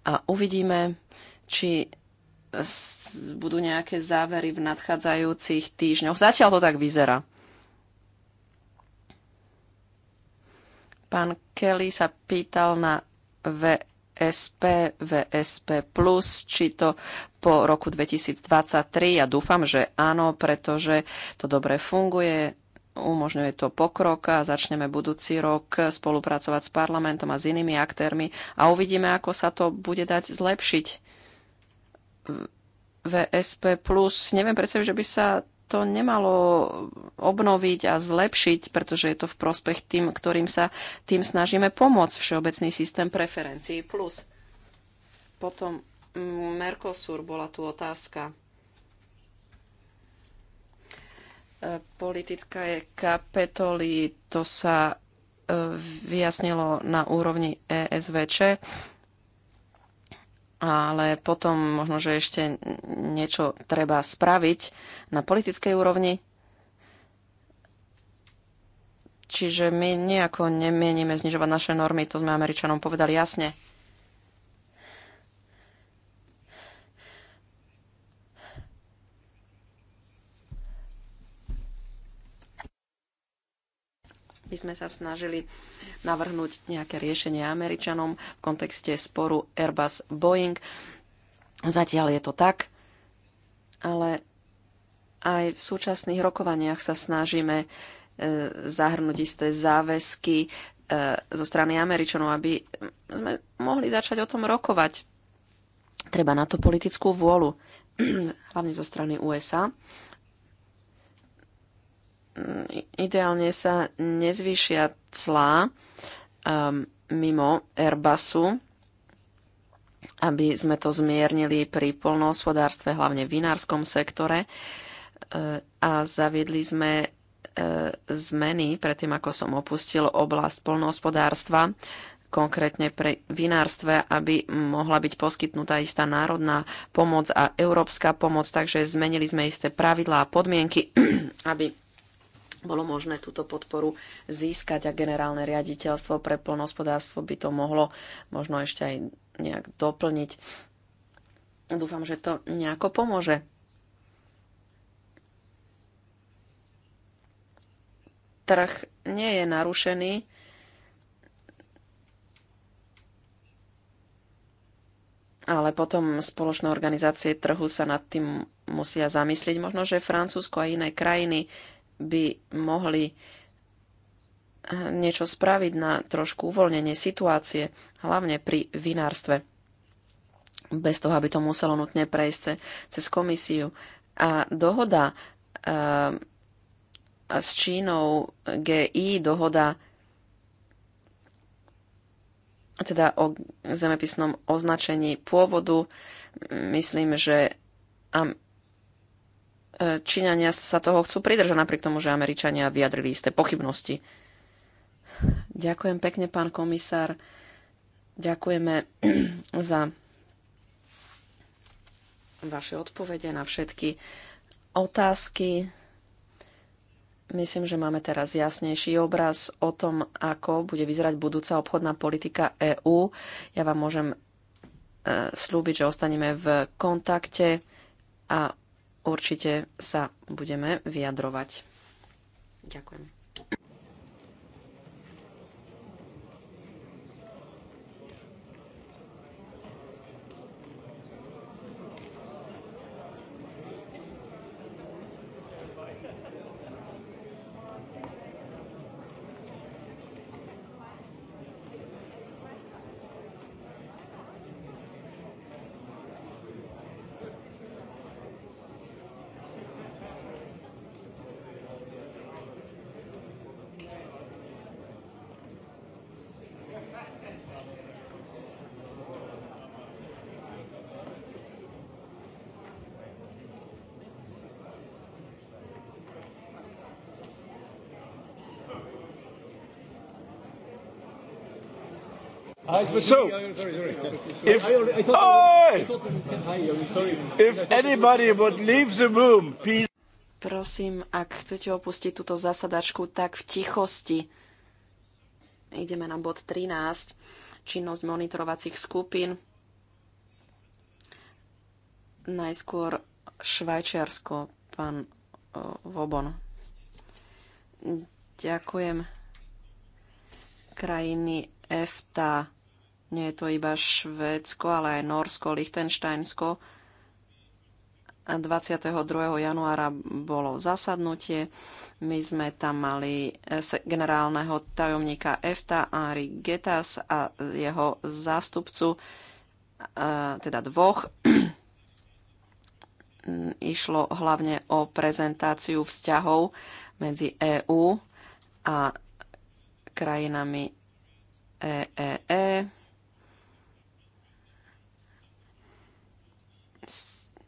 A uvidíme, či budú nejaké závery v nadchádzajúcich týždňoch. Zatiaľ to tak vyzerá. Pán Kelly sa pýtal na VSP, VSP+, či to po roku 2023. Ja dúfam, že áno, pretože to dobre funguje, umožňuje to pokrok a začneme budúci rok spolupracovať s parlamentom a s inými aktérmi a uvidíme, ako sa to bude dať zlepšiť. VSP+. Neviem predstaviť, že by sa to nemalo obnoviť a zlepšiť, pretože je to v prospech tým, ktorým sa tým snažíme pomôcť. Všeobecný systém preferencií plus. Potom Mercosur bola tu otázka. E, politická je kapitoly, to sa e, vyjasnilo na úrovni ESVČ ale potom možno, že ešte niečo treba spraviť na politickej úrovni. Čiže my nejako nemienime znižovať naše normy, to sme Američanom povedali jasne. by sme sa snažili navrhnúť nejaké riešenie Američanom v kontexte sporu Airbus-Boeing. Zatiaľ je to tak, ale aj v súčasných rokovaniach sa snažíme e, zahrnúť isté záväzky e, zo strany Američanov, aby sme mohli začať o tom rokovať. Treba na to politickú vôľu, *clears throat* hlavne zo strany USA. Mm, ideálne sa nezvýšia clá um, mimo Airbusu, aby sme to zmiernili pri polnohospodárstve, hlavne v vinárskom sektore. Uh, a zaviedli sme uh, zmeny, predtým ako som opustil oblasť polnohospodárstva, konkrétne pre vinárstve, aby mohla byť poskytnutá istá národná pomoc a európska pomoc, takže zmenili sme isté pravidlá a podmienky, *clears throat* aby bolo možné túto podporu získať a generálne riaditeľstvo pre plnohospodárstvo by to mohlo možno ešte aj nejak doplniť. Dúfam, že to nejako pomôže. Trh nie je narušený. Ale potom spoločné organizácie trhu sa nad tým musia zamyslieť. Možno, že Francúzsko a iné krajiny by mohli eh, niečo spraviť na trošku uvoľnenie situácie, hlavne pri vinárstve. Bez toho, aby to muselo nutne prejsť cez komisiu. A dohoda e, s Čínou GI, dohoda teda o zemepisnom označení pôvodu, mm, myslím, že Číňania sa toho chcú pridržať, napriek tomu, že Američania vyjadrili isté pochybnosti. Ďakujem pekne, pán komisár. Ďakujeme *clears throat* za vaše odpovede na všetky otázky. Myslím, že máme teraz jasnejší obraz o tom, ako bude vyzerať budúca obchodná politika EÚ. Ja vám môžem e, slúbiť, že ostaneme v kontakte a určite sa budeme vyjadrovať. Ďakujem. So, if, oh, if anybody would leave the room, please. Prosím, ak chcete opustiť túto zasadačku, tak v tichosti. Ideme na bod 13, činnosť monitorovacích skupín. Najskôr Švajčiarsko, pán Vobon. Ďakujem. Krajiny EFTA nie je to iba Švédsko, ale aj Norsko, Lichtensteinsko. 22. januára bolo zasadnutie. My sme tam mali eh, generálneho tajomníka EFTA Ari Getas a jeho zástupcu, eh, teda dvoch. *clears throat* Išlo hlavne o prezentáciu vzťahov medzi EÚ a krajinami EEE. E e.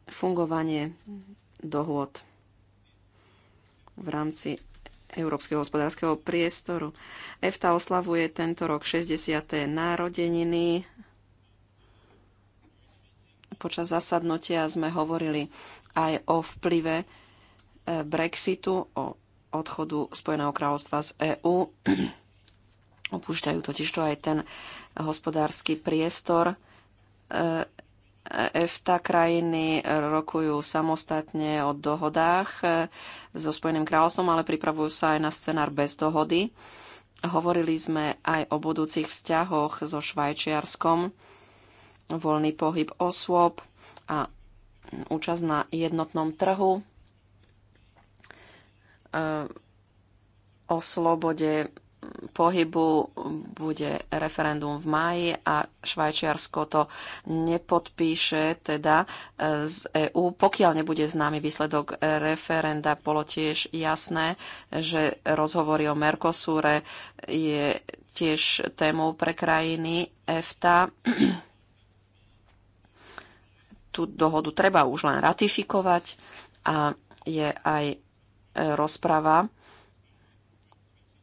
fungovanie dohôd v rámci Európskeho hospodárskeho priestoru. EFTA oslavuje tento rok 60. národeniny. Počas zasadnutia sme hovorili aj o vplyve eh, Brexitu, o odchodu Spojeného kráľovstva z EÚ. Opúšťajú totiž to aj ten hospodársky priestor eh, EFTA krajiny rokujú samostatne o dohodách e, so Spojeným kráľovstvom, ale pripravujú sa aj na scenár bez dohody. Hovorili sme aj o budúcich vzťahoch so Švajčiarskom, voľný pohyb osôb a účasť na jednotnom trhu, e, o slobode pohybu bude referendum v máji a Švajčiarsko to nepodpíše teda e, z EÚ, pokiaľ nebude známy výsledok referenda. Bolo tiež jasné, že rozhovory o Mercosure je tiež témou pre krajiny EFTA. *clears throat* Tú dohodu treba už len ratifikovať a je aj e, rozprava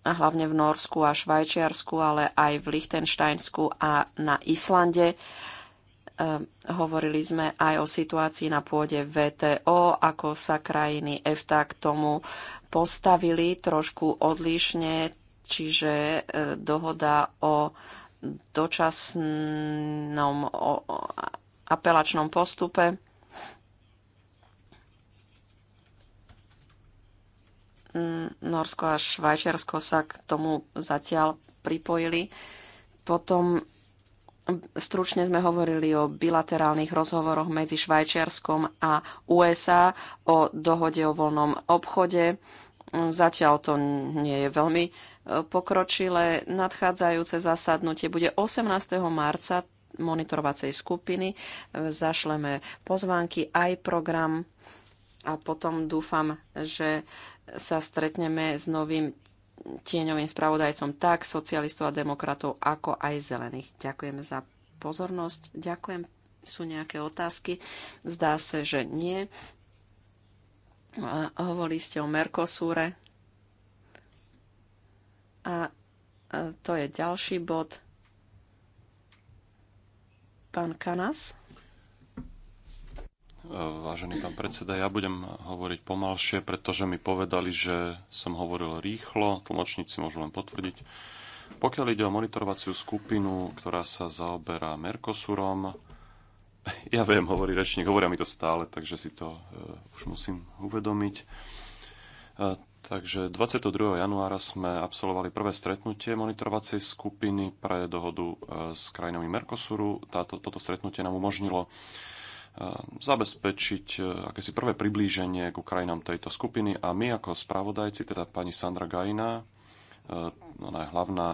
a hlavne v Norsku a Švajčiarsku, ale aj v Lichtenštajnsku a na Islande. Ehm, hovorili sme aj o situácii na pôde VTO, ako sa krajiny EFTA k tomu postavili trošku odlišne, čiže e, dohoda o dočasnom apelačnom postupe Norsko a Švajčiarsko sa k tomu zatiaľ pripojili. Potom stručne sme hovorili o bilaterálnych rozhovoroch medzi Švajčiarskom a USA o dohode o voľnom obchode. Zatiaľ to nie je veľmi e, pokročilé. Nadchádzajúce zasadnutie bude 18. marca monitorovacej skupiny. E, zašleme pozvánky aj program a potom dúfam, že sa stretneme s novým tieňovým spravodajcom tak socialistov a demokratov, ako aj zelených. Ďakujem za pozornosť. Ďakujem. Sú nejaké otázky? Zdá sa, že nie. Hovorili ste o Merkosúre. A to je ďalší bod. Pán Kanas vážený pán predseda. Ja budem hovoriť pomalšie, pretože mi povedali, že som hovoril rýchlo. Tlmočníci môžu len potvrdiť. Pokiaľ ide o monitorovaciu skupinu, ktorá sa zaoberá Mercosurom, *laughs* ja viem, hovorí rečník, hovoria mi to stále, takže si to eh, už musím uvedomiť. Eh, takže 22. januára sme absolvovali prvé stretnutie monitorovacej skupiny pre dohodu eh, s krajinami Mercosuru. Táto, toto stretnutie nám umožnilo Eh, zabezpečiť eh, akési prvé priblíženie k krajinám tejto skupiny a my ako spravodajci, teda pani Sandra Gajina, eh, ona je hlavná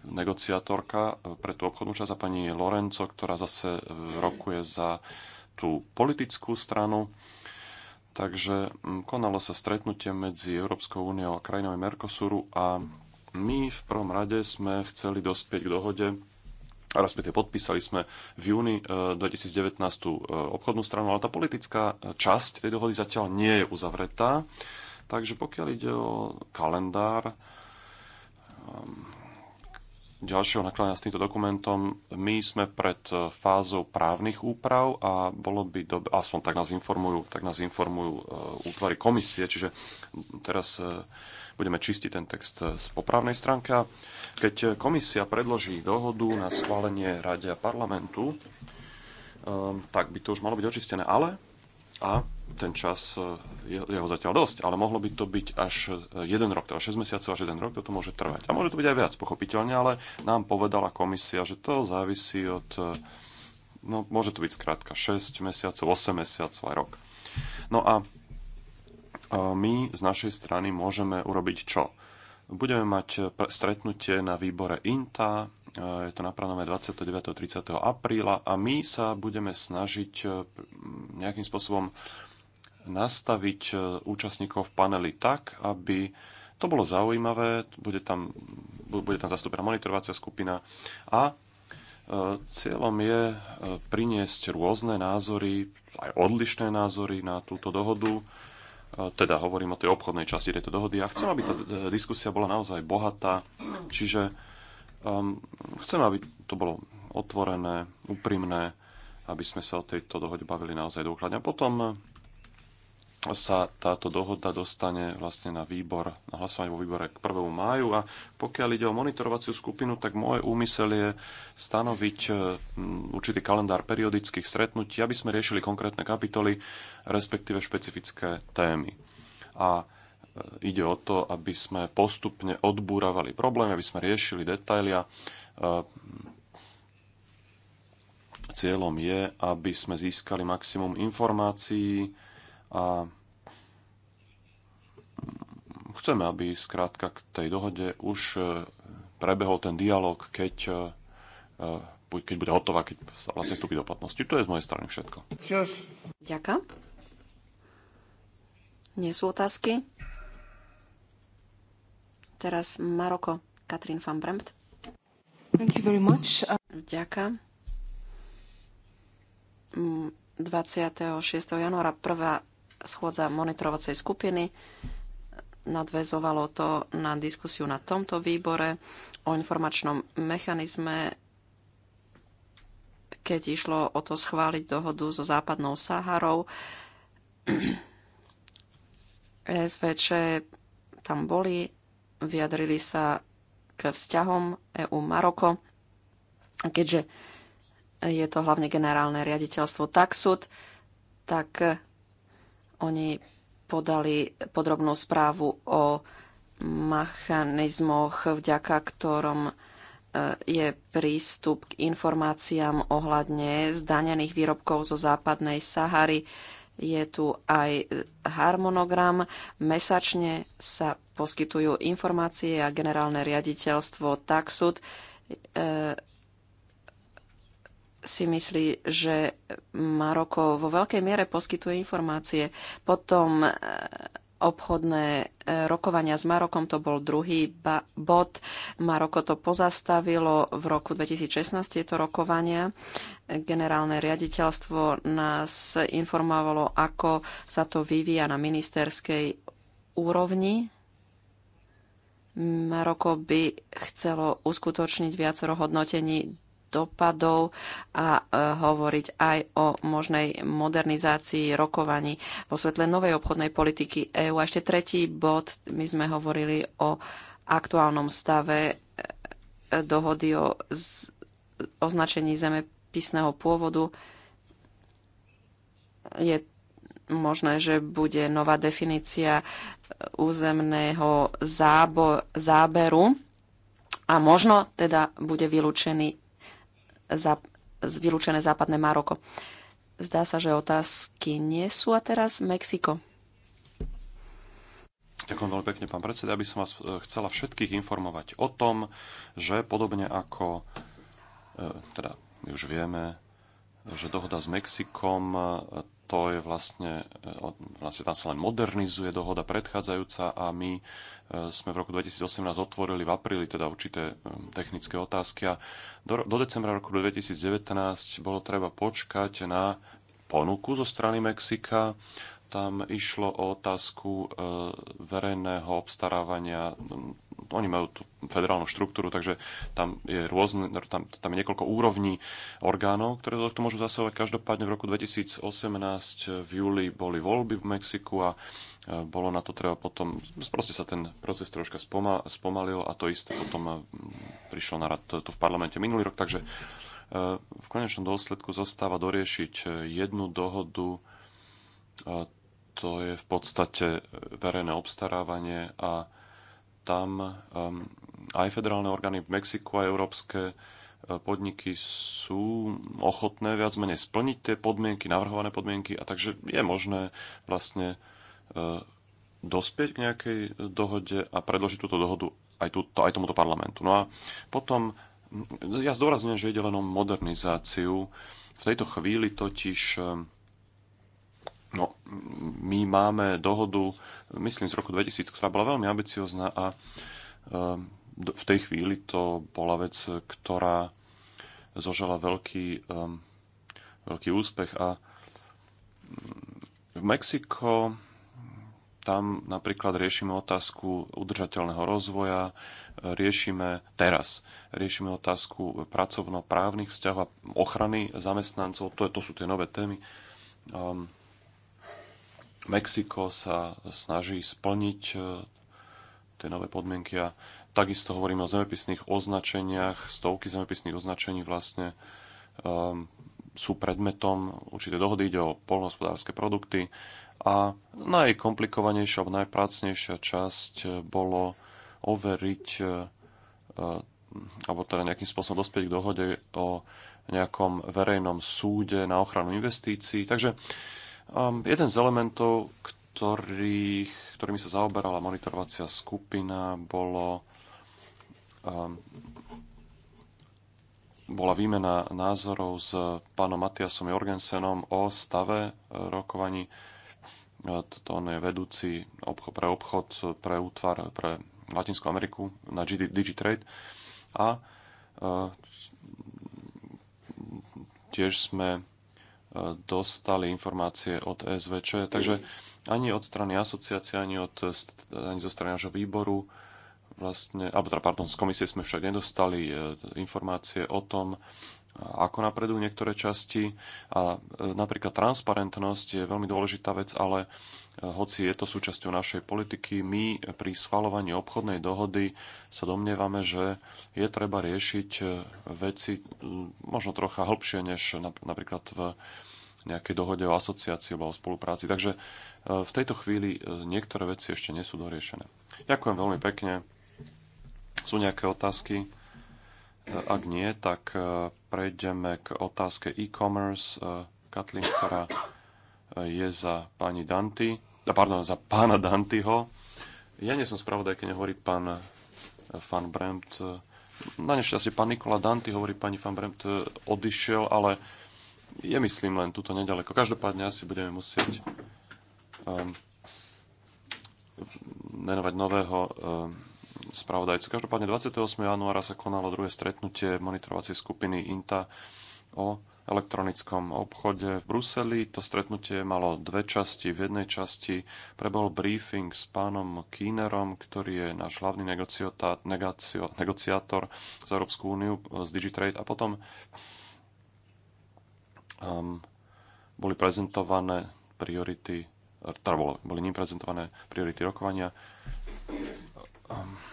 negociátorka pre tú obchodnú časť a pani Lorenzo, ktorá zase rokuje za tú politickú stranu. Takže hm, konalo sa stretnutie medzi Európskou úniou a krajinami Mercosuru a my v prvom rade sme chceli dospieť k dohode respektive podpísali sme v júni 2019 e, e, obchodnú stranu, ale tá politická e, časť tej dohody zatiaľ nie je uzavretá. Takže pokiaľ ide o kalendár ďalšieho nakladania s týmto dokumentom, my sme pred fázou právnych úprav a bolo by dobre, aspoň tak nás informujú, tak nás informujú útvary komisie, čiže teraz budeme čistiť ten text eh, z popravnej stránky. keď eh, komisia predloží dohodu na schválenie Rade a parlamentu, ehm, tak by to už malo byť očistené. Ale a ten čas eh, je, ho zatiaľ dosť, ale mohlo by to byť až jeden rok, teda 6 mesiacov až jeden rok, to môže trvať. A môže to byť aj viac, pochopiteľne, ale nám povedala komisia, že to závisí od, no môže to byť skrátka 6 mesiacov, 8 mesiacov aj rok. No a my z našej strany môžeme urobiť čo? Budeme mať stretnutie na výbore INTA, e, je to naplánované 29. 30. apríla a my sa budeme snažiť e, nejakým spôsobom nastaviť e, účastníkov v paneli tak, aby to bolo zaujímavé, bude tam, bude tam zastúpená monitorovacia skupina a cieľom je priniesť rôzne názory, aj odlišné názory na túto dohodu teda hovorím o tej obchodnej časti tejto dohody a chcem, aby tá diskusia bola naozaj bohatá, čiže um, chcem, aby to bolo otvorené, úprimné, aby sme sa o tejto dohode bavili naozaj dôkladne. A potom sa táto dohoda dostane vlastne na výbor, na hlasovanie vo výbore k 1. máju. A pokiaľ ide o monitorovaciu skupinu, tak môj úmysel je stanoviť e, určitý kalendár periodických stretnutí, aby sme riešili konkrétne kapitoly, respektíve špecifické témy. A e, ide o to, aby sme postupne odbúravali problémy, aby sme riešili detaily a e, cieľom je, aby sme získali maximum informácií, a chceme, aby skrátka k tej dohode už e, prebehol ten dialog, keď, e, e, keď bude hotová, keď sa vlastne vstúpi do platnosti. To je z mojej strany všetko. Ďakujem. Nie sú otázky? Teraz Maroko, Katrin van Bremt. Thank you very much. Ďakujem. 26. Mm, januára prvá schôdza monitorovacej skupiny. Nadvezovalo to na diskusiu na tomto výbore o informačnom mechanizme, keď išlo o to schváliť dohodu so západnou Saharou. SVČ *clears throat* tam boli, vyjadrili sa k vzťahom EU-Maroko, keďže je to hlavne generálne riaditeľstvo Taxud, tak oni podali podrobnú správu o mechanizmoch, vďaka ktorom e, je prístup k informáciám ohľadne zdanených výrobkov zo západnej Sahary. Je tu aj harmonogram. Mesačne sa poskytujú informácie a generálne riaditeľstvo Taxud e, si myslí, že Maroko vo veľkej miere poskytuje informácie. Potom e, obchodné e, rokovania s Marokom, to bol druhý bod. Maroko to pozastavilo v roku 2016 tieto rokovania. Generálne riaditeľstvo nás informovalo, ako sa to vyvíja na ministerskej úrovni. Maroko by chcelo uskutočniť viacero hodnotení dopadov a e, hovoriť aj o možnej modernizácii rokovaní vo svetle novej obchodnej politiky EÚ. A ešte tretí bod, my sme hovorili o aktuálnom stave e, dohody o označení zemepisného pôvodu. Je možné, že bude nová definícia e, územného zábo, záberu a možno teda bude vylúčený za, vylúčené západné Maroko. Zdá sa, že otázky nie sú. A teraz Mexiko. Ďakujem veľmi pekne, pán predseda. aby som vás e, chcela všetkých informovať o tom, že podobne ako, e, teda my už vieme, že dohoda s Mexikom e, to je vlastne, e, vlastne tam sa len modernizuje dohoda predchádzajúca a my e, sme v roku 2018 otvorili v apríli teda určité e, technické otázky a do, do decembra roku 2019 bolo treba počkať na ponuku zo strany Mexika tam išlo o otázku e, verejného obstarávania. Oni majú tú federálnu štruktúru, takže tam je, rôzne, tam, tam je niekoľko úrovní orgánov, ktoré do tohto môžu zasahovať. Každopádne v roku 2018 v júli boli voľby v Mexiku a e, bolo na to treba potom, proste sa ten proces troška spoma, spomalil a to isté potom e, prišlo na rad tu v parlamente minulý rok, takže v konečnom dôsledku zostáva doriešiť jednu dohodu to je v podstate e, verejné obstarávanie a tam e, aj federálne orgány v Mexiku, aj európske e, podniky sú ochotné viac menej splniť tie podmienky, navrhované podmienky a takže je možné vlastne dospieť k nejakej dohode a predložiť túto dohodu aj, tú, aj tomuto parlamentu. No a potom ja zdôrazňujem, že ide len o modernizáciu. V tejto chvíli totiž No, my máme dohodu, myslím, z roku 2000, ktorá bola veľmi ambiciozná a e, v tej chvíli to bola vec, ktorá zožala veľký, e, veľký úspech. A mm, v Mexiko tam napríklad riešime otázku udržateľného rozvoja, riešime teraz, riešime otázku pracovnoprávnych vzťahov a ochrany zamestnancov, to, je, to sú tie nové témy. Ehm, Mexiko sa snaží splniť e, tie nové podmienky a takisto hovoríme o zemepisných označeniach, stovky zemepisných označení vlastne um, sú predmetom určité dohody, ide o polnohospodárske produkty a najkomplikovanejšia alebo najprácnejšia časť e, bolo overiť e, alebo teda nejakým spôsobom dospieť k dohode o nejakom verejnom súde na ochranu investícií. Takže Um, jeden z elementov, ktorý, ktorými sa zaoberala monitorovacia skupina, bolo, um, bola výmena názorov s pánom Matiasom Jorgensenom o stave e, rokovaní. E, toto on je vedúci obchod, pre obchod, pre útvar, pre Latinskú Ameriku na Digitrade. A uh, tiež sme dostali informácie od SVČ. Takže ani od strany asociácie, ani, od, ani zo strany nášho výboru, vlastne, alebo teda, pardon, z komisie sme však nedostali e, informácie o tom, ako napredujú niektoré časti a e, napríklad transparentnosť je veľmi dôležitá vec, ale e, hoci je to súčasťou našej politiky, my pri schvalovaní obchodnej dohody sa domnievame, že je treba riešiť e, veci možno trocha hĺbšie než napríklad v nejakej dohode o asociácii alebo o spolupráci. Takže v tejto chvíli niektoré veci ešte nie sú doriešené. Ďakujem veľmi pekne. Sú nejaké otázky? Ak nie, tak e, prejdeme k otázke e-commerce. E, Katlin, ktorá e, je za pani Danty, no, pardon, za pána Dantyho. Ja nie som spravodaj, keď nehovorí pán Fan Bremt. Na nešťastie pán Nikola Danty, hovorí pani Fan Bremt, odišiel, ale je myslím len tuto nedaleko. Každopádne asi budeme musieť um, menovať nového um, spravodajcu. Každopádne 28. januára sa konalo druhé stretnutie monitorovacej skupiny INTA o elektronickom obchode v Bruseli. To stretnutie malo dve časti. V jednej časti prebol briefing s pánom Kínerom, ktorý je náš hlavný negociátor z Európsku úniu eh, z Digitrade a potom um, boli prezentované priority, eh, teda boli, boli ním prezentované priority rokovania. Um,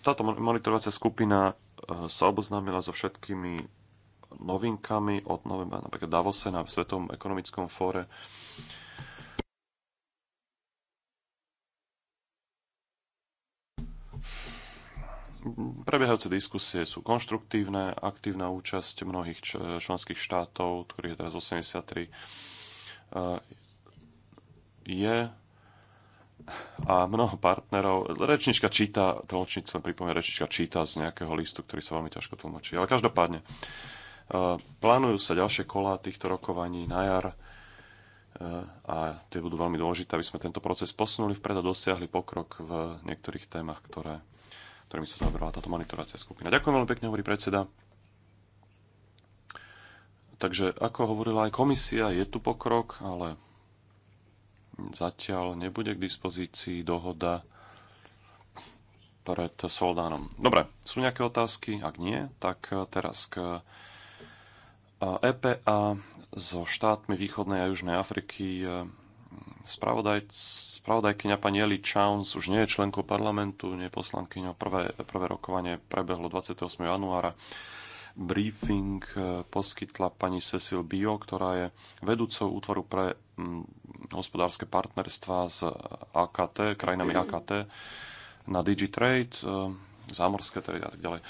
táto monitorovacia skupina e, sa oboznámila so všetkými novinkami od novembra, napríklad Davose na Svetovom ekonomickom fóre. Prebiehajúce diskusie sú konštruktívne, aktívna účasť mnohých členských štátov, ktorých je teraz 83, e, je a mnoho partnerov. Rečnička číta, tlmočník som rečnička číta z nejakého listu, ktorý sa veľmi ťažko tlmočí. Ale každopádne, eh, plánujú sa ďalšie kola týchto rokovaní na jar eh, a tie budú veľmi dôležité, aby sme tento proces posunuli vpred a dosiahli pokrok v niektorých témach, ktoré, ktorými sa zaoberala táto monitorácia skupina. Ďakujem veľmi pekne, hovorí predseda. Takže ako hovorila aj komisia, je tu pokrok, ale zatiaľ nebude k dispozícii dohoda pred Soldánom. Dobre, sú nejaké otázky? Ak nie, tak teraz k EPA e so štátmi východnej a južnej Afriky. Spravodaj, spravodajkyňa pani Eli Chowns už nie je členkou parlamentu, nie je poslankyňou. Prvé, prvé rokovanie prebehlo 28. januára briefing eh, poskytla pani Cecil Bio, ktorá je vedúcou útvaru pre mm, hospodárske partnerstva s AKT, krajinami AKT na Digitrade, eh, zámorské trade a tak ďalej.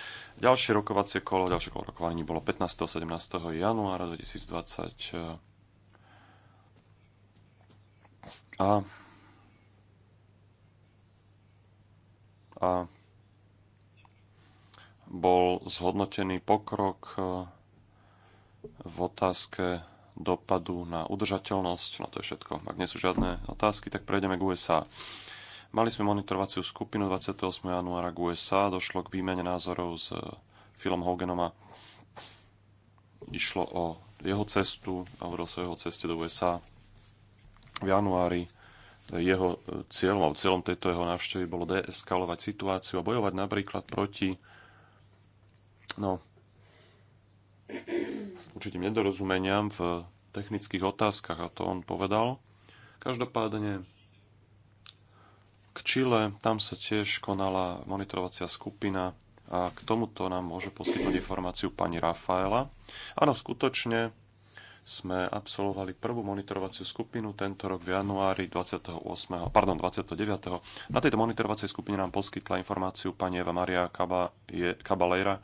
Ďalšie rokovacie kolo, ďalšie kolo rokovaní bolo 15. 17. januára 2020. Eh, a a bol zhodnotený pokrok e, v otázke dopadu na udržateľnosť. No to je všetko. Ak nie sú žiadne otázky, tak prejdeme k USA. Mali sme monitorovaciu skupinu 28. januára k USA. Došlo k výmene názorov s e, Philom Hoganom a išlo o jeho cestu, hovoril sa o jeho ceste do USA v januári. Jeho e, cieľom, alebo cieľom tejto jeho návštevy bolo deeskalovať situáciu a bojovať napríklad proti No, určitým nedorozumeniam v technických otázkach, a to on povedal. Každopádne k Čile, tam sa tiež konala monitorovacia skupina a k tomuto nám môže poskytnúť informáciu pani Rafaela. Áno, skutočne sme absolvovali prvú monitorovaciu skupinu tento rok v januári 28, pardon, 29. Na tejto monitorovacej skupine nám poskytla informáciu pani Eva Maria Kabalera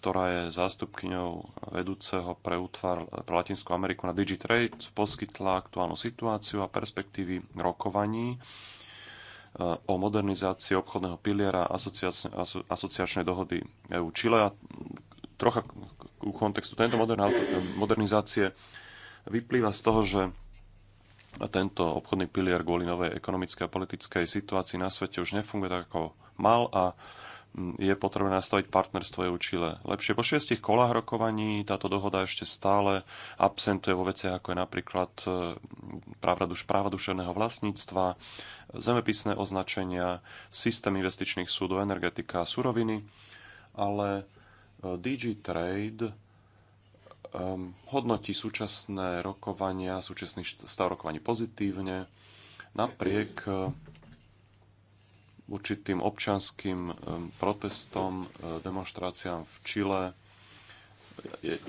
ktorá je zástupkyňou vedúceho pre útvar pre Latinskú Ameriku na Digitrade, poskytla aktuálnu situáciu a perspektívy rokovaní e, o modernizácii obchodného piliera asociačne, asociačnej dohody EU-Čile. A trocha ku kontextu tento modernizácie vyplýva z toho, že tento obchodný pilier kvôli novej ekonomickej a politickej situácii na svete už nefunguje tak, ako mal a je potrebné nastaviť partnerstvo EU-Čile. Lepšie po šiestich kolách rokovaní táto dohoda ešte stále absentuje vo veciach ako je napríklad e, práva, duš, práva duševného vlastníctva, zemepisné označenia, systém investičných súdov, energetika a suroviny, ale e, DG Trade e, hodnotí súčasné rokovania, súčasný stav rokovaní pozitívne, napriek určitým občanským protestom, eh, demonstráciám v Čile.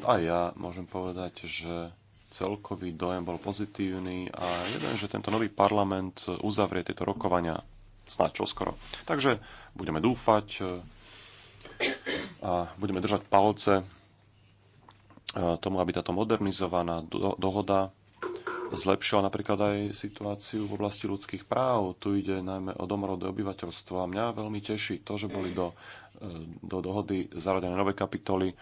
A ja môžem povedať, že celkový dojem bol pozitívny a jeden, že tento nový parlament eh, uzavrie tieto rokovania snáď čoskoro. Takže budeme dúfať eh, a budeme držať palce tomu, aby táto modernizovaná dohoda zlepšila napríklad aj situáciu v oblasti ľudských práv. Tu ide najmä o domorodé obyvateľstvo a mňa veľmi teší to, že boli do, eh, do dohody zaradené nové kapitoly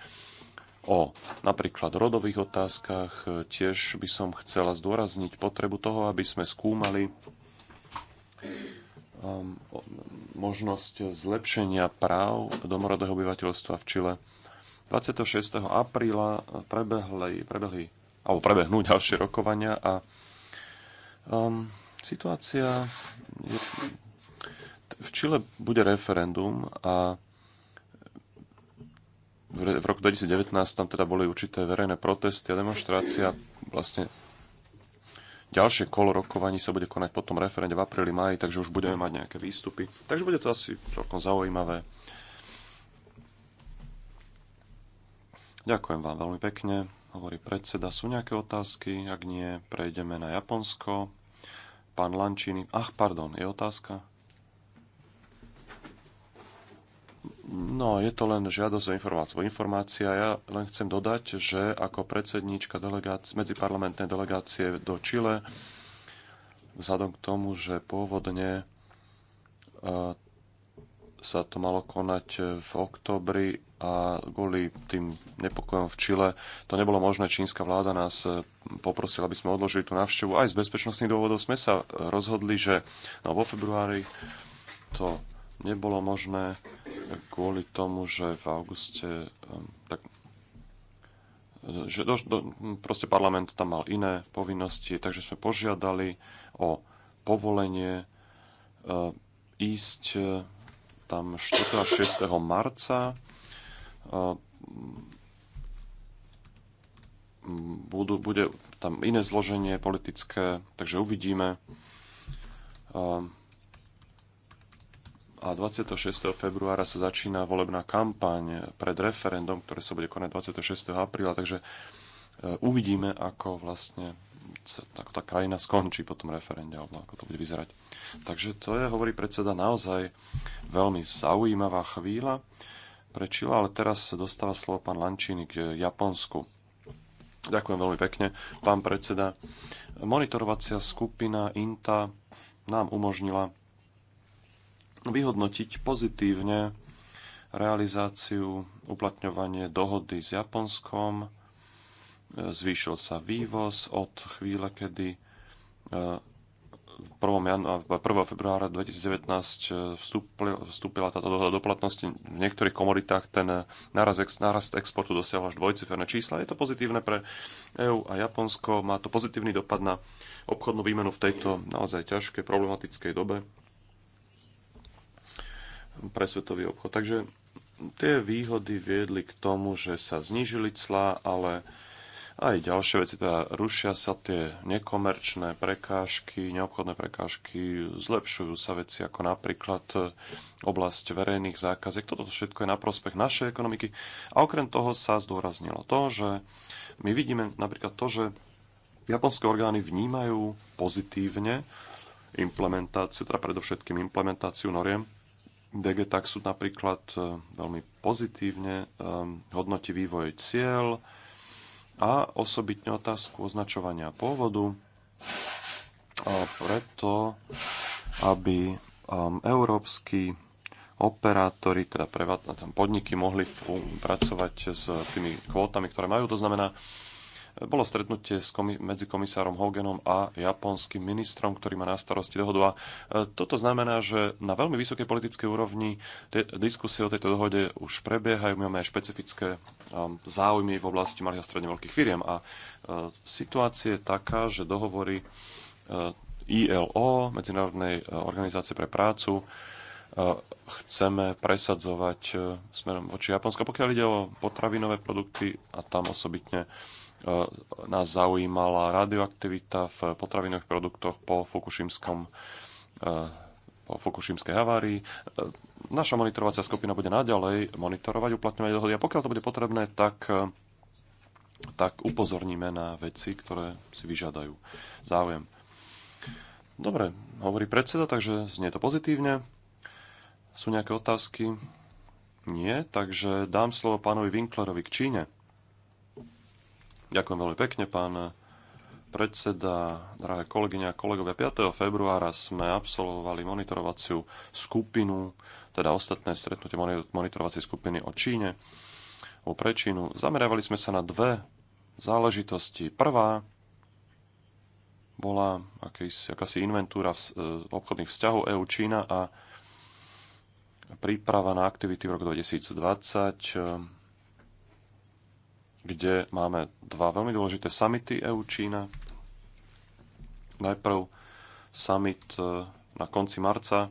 o napríklad rodových otázkach. Tiež by som chcela zdôrazniť potrebu toho, aby sme skúmali um, možnosť zlepšenia práv domorodého obyvateľstva v Čile. 26. apríla prebehli, prebehli alebo prebehnú ďalšie rokovania a um, situácia je, v Čile bude referendum a v, v roku 2019 tam teda boli určité verejné protesty a demonstrácia vlastne ďalšie kolo rokovaní sa bude konať po tom referende v apríli, maji, takže už budeme mať nejaké výstupy. Takže bude to asi celkom zaujímavé. Ďakujem vám veľmi pekne hovorí predseda. Sú nejaké otázky? Ak nie, prejdeme na Japonsko. Pán Lančiny. Ach, pardon, je otázka? No, je to len žiadosť o informáciu. Informácia, ja len chcem dodať, že ako predsedníčka delegácie, medziparlamentnej delegácie do Čile, vzhľadom k tomu, že pôvodne e, sa to malo konať v oktobri, a kvôli tým nepokojom v Čile to nebolo možné. Čínska vláda nás e, poprosila, aby sme odložili tú návštevu. Aj z bezpečnostných dôvodov sme sa rozhodli, že no, vo februári to nebolo možné kvôli tomu, že v auguste tak, e, že do, do, proste parlament tam mal iné povinnosti, takže sme požiadali o povolenie e, ísť e, tam 4. a 6. marca budú, bude tam iné zloženie politické, takže uvidíme. A 26. februára sa začína volebná kampaň pred referendum, ktoré sa bude konať 26. apríla, takže e, uvidíme, ako vlastne ako tá krajina skončí po tom referende, alebo ako to bude vyzerať. Takže to je, hovorí predseda, naozaj veľmi zaujímavá chvíľa prečila, ale teraz dostáva slovo pán Lančíny k Japonsku. Ďakujem veľmi pekne, pán predseda. Monitorovacia skupina INTA nám umožnila vyhodnotiť pozitívne realizáciu uplatňovanie dohody s Japonskom. Zvýšil sa vývoz od chvíle, kedy 1. Januára, 1. februára 2019 e, vstúpila, vstúpila táto dohoda do platnosti. V niektorých komoditách ten e, narast nárast exportu dosiahol až dvojciferné čísla. Je to pozitívne pre EÚ a Japonsko. Má to pozitívny dopad na obchodnú výmenu v tejto naozaj ťažkej, problematickej dobe pre svetový obchod. Takže tie výhody viedli k tomu, že sa znížili clá, ale aj ďalšie veci, teda rušia sa tie nekomerčné prekážky, neobchodné prekážky, zlepšujú sa veci ako napríklad e, oblasť verejných zákaziek. Toto všetko je na prospech našej ekonomiky. A okrem toho sa zdôraznilo to, že my vidíme napríklad to, že japonské orgány vnímajú pozitívne implementáciu, teda predovšetkým implementáciu noriem DG tak sú napríklad e, veľmi pozitívne e, hodnotí vývoj cieľ, a osobitne otázku označovania pôvodu, preto aby um, európsky operátori, teda prevádza, podniky mohli pracovať s tými kvótami, ktoré majú. To znamená, bolo stretnutie s komi- medzi komisárom Hoganom a japonským ministrom, ktorý má na starosti dohodu. A e, toto znamená, že na veľmi vysokej politickej úrovni te- diskusie o tejto dohode už prebiehajú. My máme aj špecifické um, záujmy v oblasti malých a stredne veľkých firiem. A uh, situácia je taká, že dohovory uh, ILO, Medzinárodnej organizácie pre prácu, chceme presadzovať smerom voči Japonsku, Pokiaľ ide o potravinové produkty a tam osobitne E, nás zaujímala radioaktivita v potravinových produktoch po fukušimskom e, po fukušimskej havárii. E, naša monitorovacia skupina bude naďalej monitorovať uplatňovanie dohody a pokiaľ to bude potrebné, tak, tak upozorníme na veci, ktoré si vyžiadajú záujem. Dobre, hovorí predseda, takže znie to pozitívne. Sú nejaké otázky? Nie, takže dám slovo pánovi Winklerovi k Číne. Ďakujem veľmi pekne, pán predseda, drahé kolegyne a kolegovia. 5. februára sme absolvovali monitorovaciu skupinu, teda ostatné stretnutie monitorovacej skupiny o Číne, o prečínu. Zameriavali sme sa na dve záležitosti. Prvá bola akási inventúra e, obchodných vzťahov EU-Čína a príprava na aktivity v roku 2020 kde máme dva veľmi dôležité samity EU-Čína. Najprv summit e, na konci marca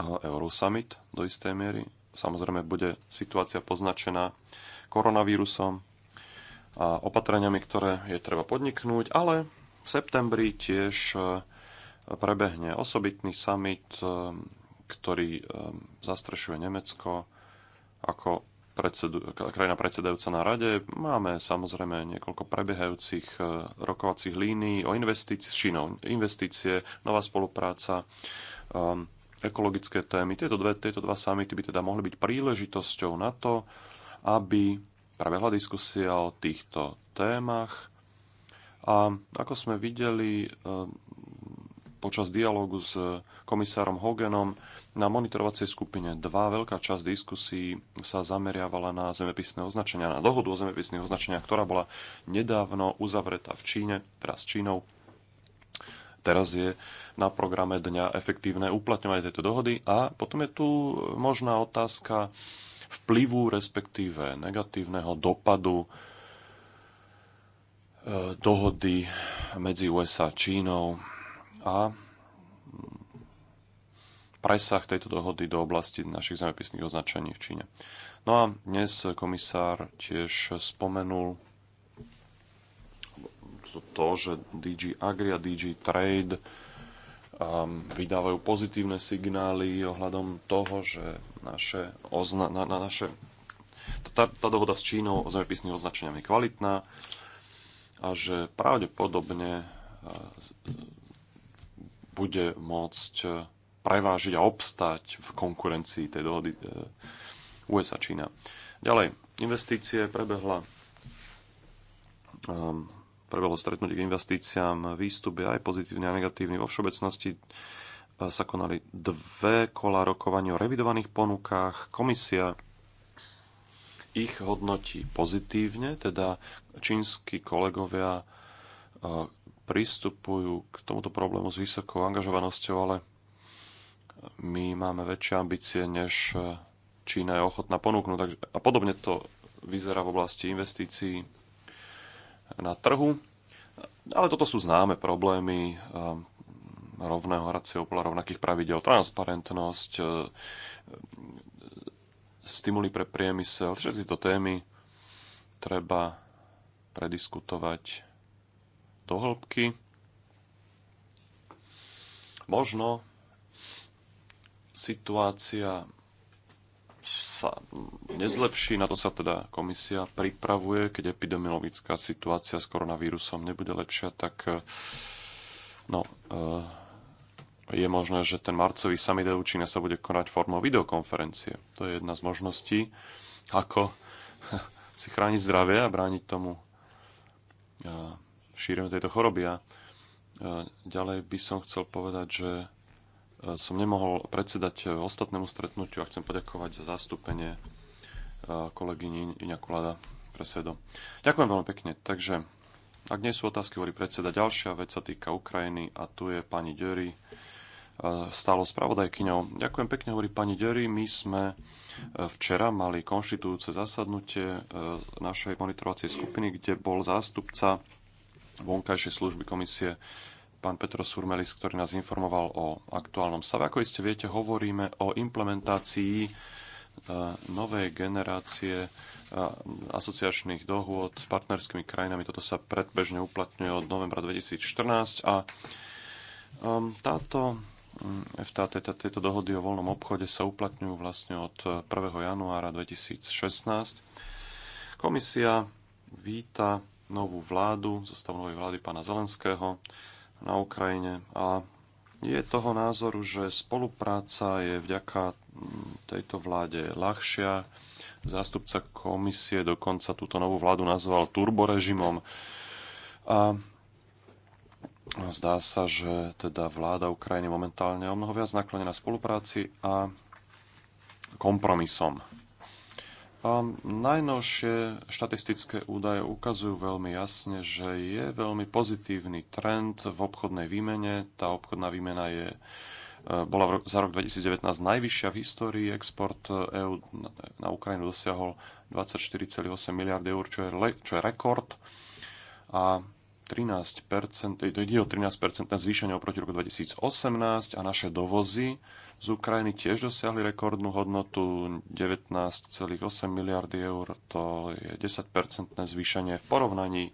Eurosummit do istej miery. Samozrejme bude situácia poznačená koronavírusom a opatreniami, ktoré je treba podniknúť, ale v septembri tiež e, prebehne osobitný summit e, ktorý um, zastrešuje Nemecko ako predsedu, krajina predsedajúca na rade. Máme samozrejme niekoľko prebiehajúcich uh, rokovacích línií o investície s Čínou. Investície, nová spolupráca, um, ekologické témy. Tieto, dve, tieto dva samity by teda mohli byť príležitosťou na to, aby prebehla diskusia o týchto témach. A ako sme videli, um, počas dialógu s eh, komisárom Hoganom na monitorovacej skupine 2 veľká časť diskusí sa zameriavala na zemepisné označenia, na dohodu o zemepisných označeniach, ktorá bola nedávno uzavretá v Číne, teraz Čínou. Teraz je na programe dňa efektívne uplatňovanie tejto dohody a potom je tu možná otázka vplyvu, respektíve negatívneho dopadu eh, dohody medzi USA a Čínou a presah tejto dohody do oblasti našich zemepisných označení v Číne. No a dnes komisár tiež spomenul to, že DG Agri a DG Trade um, vydávajú pozitívne signály ohľadom toho, že naše, ozna- na, na naše tá, tá dohoda s Čínou o zemepisných označeniach je kvalitná a že pravdepodobne uh, bude môcť e, prevážiť a obstať v konkurencii tej dohody e, USA-Čína. Ďalej, investície prebehla um, prebehlo stretnutie k investíciám, výstup je aj pozitívny a negatívny. Vo všeobecnosti e, sa konali dve kola rokovaní o revidovaných ponukách. Komisia ich hodnotí pozitívne, teda čínsky kolegovia pristupujú k tomuto problému s vysokou angažovanosťou, ale my máme väčšie ambície, než eh, Čína je ochotná ponúknuť. a podobne to vyzerá v oblasti investícií na trhu. Ale toto sú známe problémy eh, rovného hracieho pola, rovnakých pravidel, transparentnosť, eh, stimuly pre priemysel, všetky tieto témy treba prediskutovať do hĺbky. Možno situácia sa nezlepší, na to sa teda komisia pripravuje, keď epidemiologická situácia s koronavírusom nebude lepšia, tak no, eh, je možné, že ten marcový summit do Čína sa bude konať formou videokonferencie. To je jedna z možností, ako *laughs* si chrániť zdravie a brániť tomu eh, šíreniu tejto choroby. A e, ďalej by som chcel povedať, že e, som nemohol predsedať e, ostatnému stretnutiu a chcem poďakovať za zastúpenie kolegyni Iňakulada presedo. Ďakujem veľmi pekne. Takže, ak nie sú otázky, hovorí predseda. Ďalšia vec sa týka Ukrajiny a tu je pani Dery stálo spravodajkyňou. Ďakujem pekne, hovorí pani Dery. My sme včera mali konštitujúce zasadnutie našej monitorovacej skupiny, kde bol zástupca vonkajšej služby komisie, pán Petro Surmelis, ktorý nás informoval o aktuálnom stave. Ako iste viete, hovoríme o implementácii e, novej generácie e, asociačných dohôd s partnerskými krajinami. Toto sa predbežne uplatňuje od novembra 2014 a um, táto mm, FTA, tieto dohody o voľnom obchode sa uplatňujú vlastne od 1. januára 2016. Komisia víta novú vládu, zostav novej vlády pána Zelenského na Ukrajine a je toho názoru, že spolupráca je vďaka tejto vláde ľahšia. Zástupca komisie dokonca túto novú vládu nazval turborežimom. A zdá sa, že teda vláda Ukrajiny momentálne o mnoho viac naklonená spolupráci a kompromisom Najnovšie štatistické údaje ukazujú veľmi jasne, že je veľmi pozitívny trend v obchodnej výmene. Tá obchodná výmena je, e, bola za rok 2019 najvyššia v histórii. Export EÚ e na Ukrajinu dosiahol 24,8 miliard eur, čo je, čo je rekord. A 13%, to ide o 13% zvýšenie oproti roku 2018 a naše dovozy z Ukrajiny tiež dosiahli rekordnú hodnotu 19,8 miliardy eur, to je 10% zvýšenie v porovnaní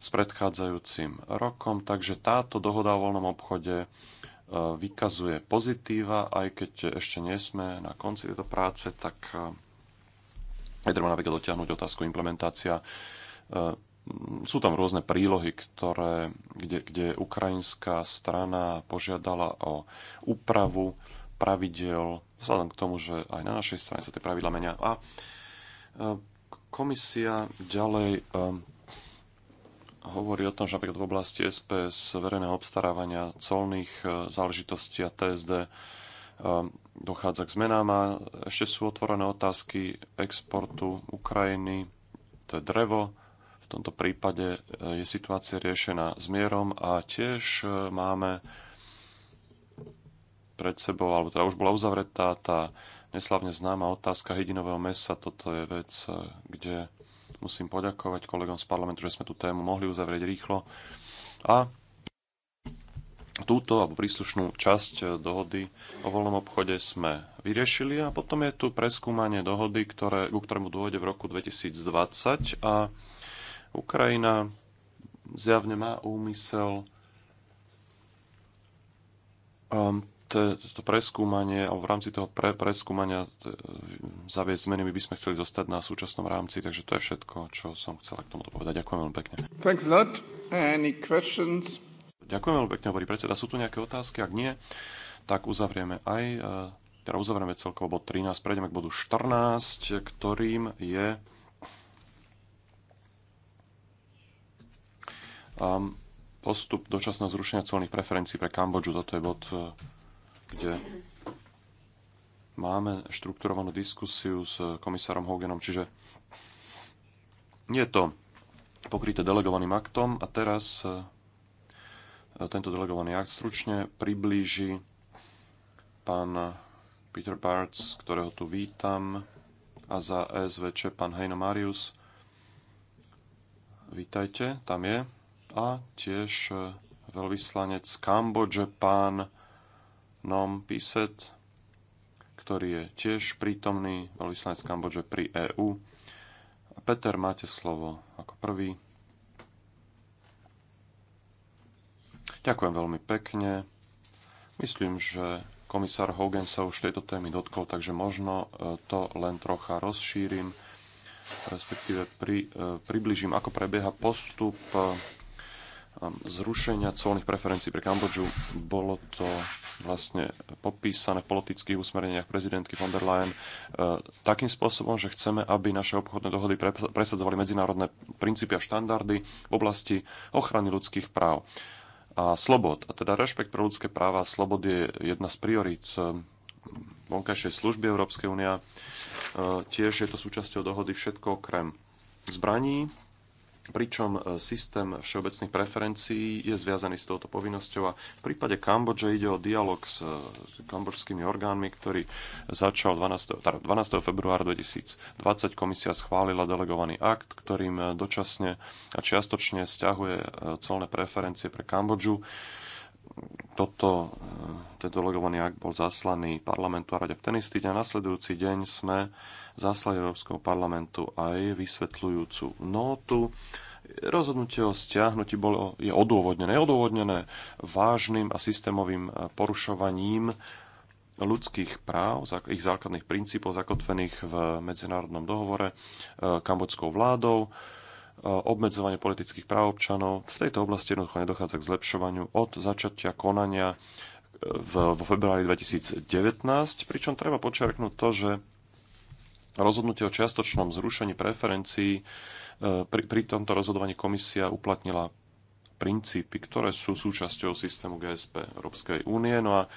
s predchádzajúcim rokom, takže táto dohoda o voľnom obchode e, vykazuje pozitíva, aj keď ešte nie sme na konci tejto práce, tak e, je treba napríklad dotiahnuť otázku implementácia e, sú tam rôzne prílohy, ktoré, kde, kde ukrajinská strana požiadala o úpravu pravidel, vzhľadom k tomu, že aj na našej strane sa tie pravidla menia. A e, komisia ďalej e, hovorí o tom, že napríklad v oblasti SPS, verejného obstarávania, colných e, záležitostí a TSD dochádza k zmenám a ešte sú otvorené otázky exportu Ukrajiny, to je drevo, v tomto prípade e, je situácia riešená s mierom a tiež e, máme pred sebou, alebo teda už bola uzavretá tá neslavne známa otázka hydinového mesa. Toto je vec, e, kde musím poďakovať kolegom z parlamentu, že sme tú tému mohli uzavrieť rýchlo. A túto alebo príslušnú časť dohody o voľnom obchode sme vyriešili a potom je tu preskúmanie dohody, ktoré, ku ktorému dôjde v roku 2020 a Ukrajina zjavne má úmysel um, to preskúmanie, alebo v rámci toho pre preskúmania zaviesť zmeny, my by sme chceli zostať na súčasnom rámci, takže to je všetko, čo som chcela k tomuto povedať. Ďakujem veľmi pekne. Thanks a lot. Any questions? Ďakujem veľmi pekne, hovorí predseda. Sú tu nejaké otázky? Ak nie, tak uzavrieme aj, e, teda uzavrieme celkovo bod 13, prejdeme k bodu 14, ktorým je Um, postup dočasného zrušenia colných preferencií pre Kambodžu. Toto je bod, eh, kde máme štrukturovanú diskusiu s komisárom Hoganom, čiže je to pokryté delegovaným aktom a teraz eh, eh, tento delegovaný akt stručne priblíži pán Peter Bartz, ktorého tu vítam, a za SVČ pán Heino Marius. Vítajte, tam je a tiež veľvyslanec Kambodže pán Nom Piset, ktorý je tiež prítomný veľvyslanec Kambodže pri EÚ. Peter, máte slovo ako prvý. Ďakujem veľmi pekne. Myslím, že komisár Hogan sa už tejto témy dotkol, takže možno e, to len trocha rozšírim, respektíve pri, e, približím, ako prebieha postup e, zrušenia colných preferencií pre Kambodžu. Bolo to vlastne popísané v politických usmereniach prezidentky von der Leyen e, takým spôsobom, že chceme, aby naše obchodné dohody presadzovali medzinárodné princípy a štandardy v oblasti ochrany ľudských práv a slobod. A teda rešpekt pre ľudské práva a slobod je jedna z priorít e, vonkajšej služby Európskej únia. E, tiež je to súčasťou dohody všetko okrem zbraní, pričom e, systém všeobecných preferencií je zviazaný s touto povinnosťou a v prípade Kambodže ide o dialog s e, kambodžskými orgánmi, ktorý začal 12. 12. Teda februára 2020. Komisia schválila delegovaný akt, ktorým e, dočasne a čiastočne stiahuje colné preferencie pre Kambodžu toto, e, ten delegovaný akt bol zaslaný parlamentu a rade v ten istý deň. Nasledujúci deň sme zaslali Európskom parlamentu aj vysvetľujúcu notu. Rozhodnutie o stiahnutí bolo, je odôvodnené. Je odôvodnené vážnym a systémovým e, porušovaním ľudských práv, ich základných princípov zakotvených v medzinárodnom dohovore e, kambodskou vládou obmedzovanie politických práv občanov. V tejto oblasti jednoducho nedochádza k zlepšovaniu od začatia konania e, vo februári 2019, pričom treba počiarknúť to, že rozhodnutie o čiastočnom zrušení preferencií e, pri, pri tomto rozhodovaní komisia uplatnila princípy, ktoré sú súčasťou systému GSP Európskej únie. No a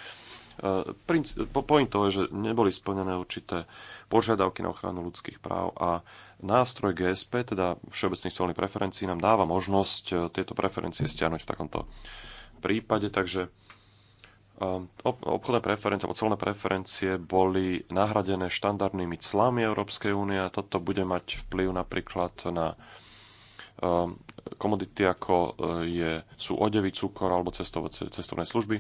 Eh, to je, že neboli splnené určité požiadavky na ochranu ľudských práv a nástroj GSP, teda všeobecných colných preferencií, nám dáva možnosť eh, tieto preferencie stiahnuť v takomto prípade, takže eh, obchodné preferencie alebo colné preferencie boli nahradené štandardnými clami Európskej únie a toto bude mať vplyv napríklad na komodity ako je, sú odevy, cukor alebo cestovné služby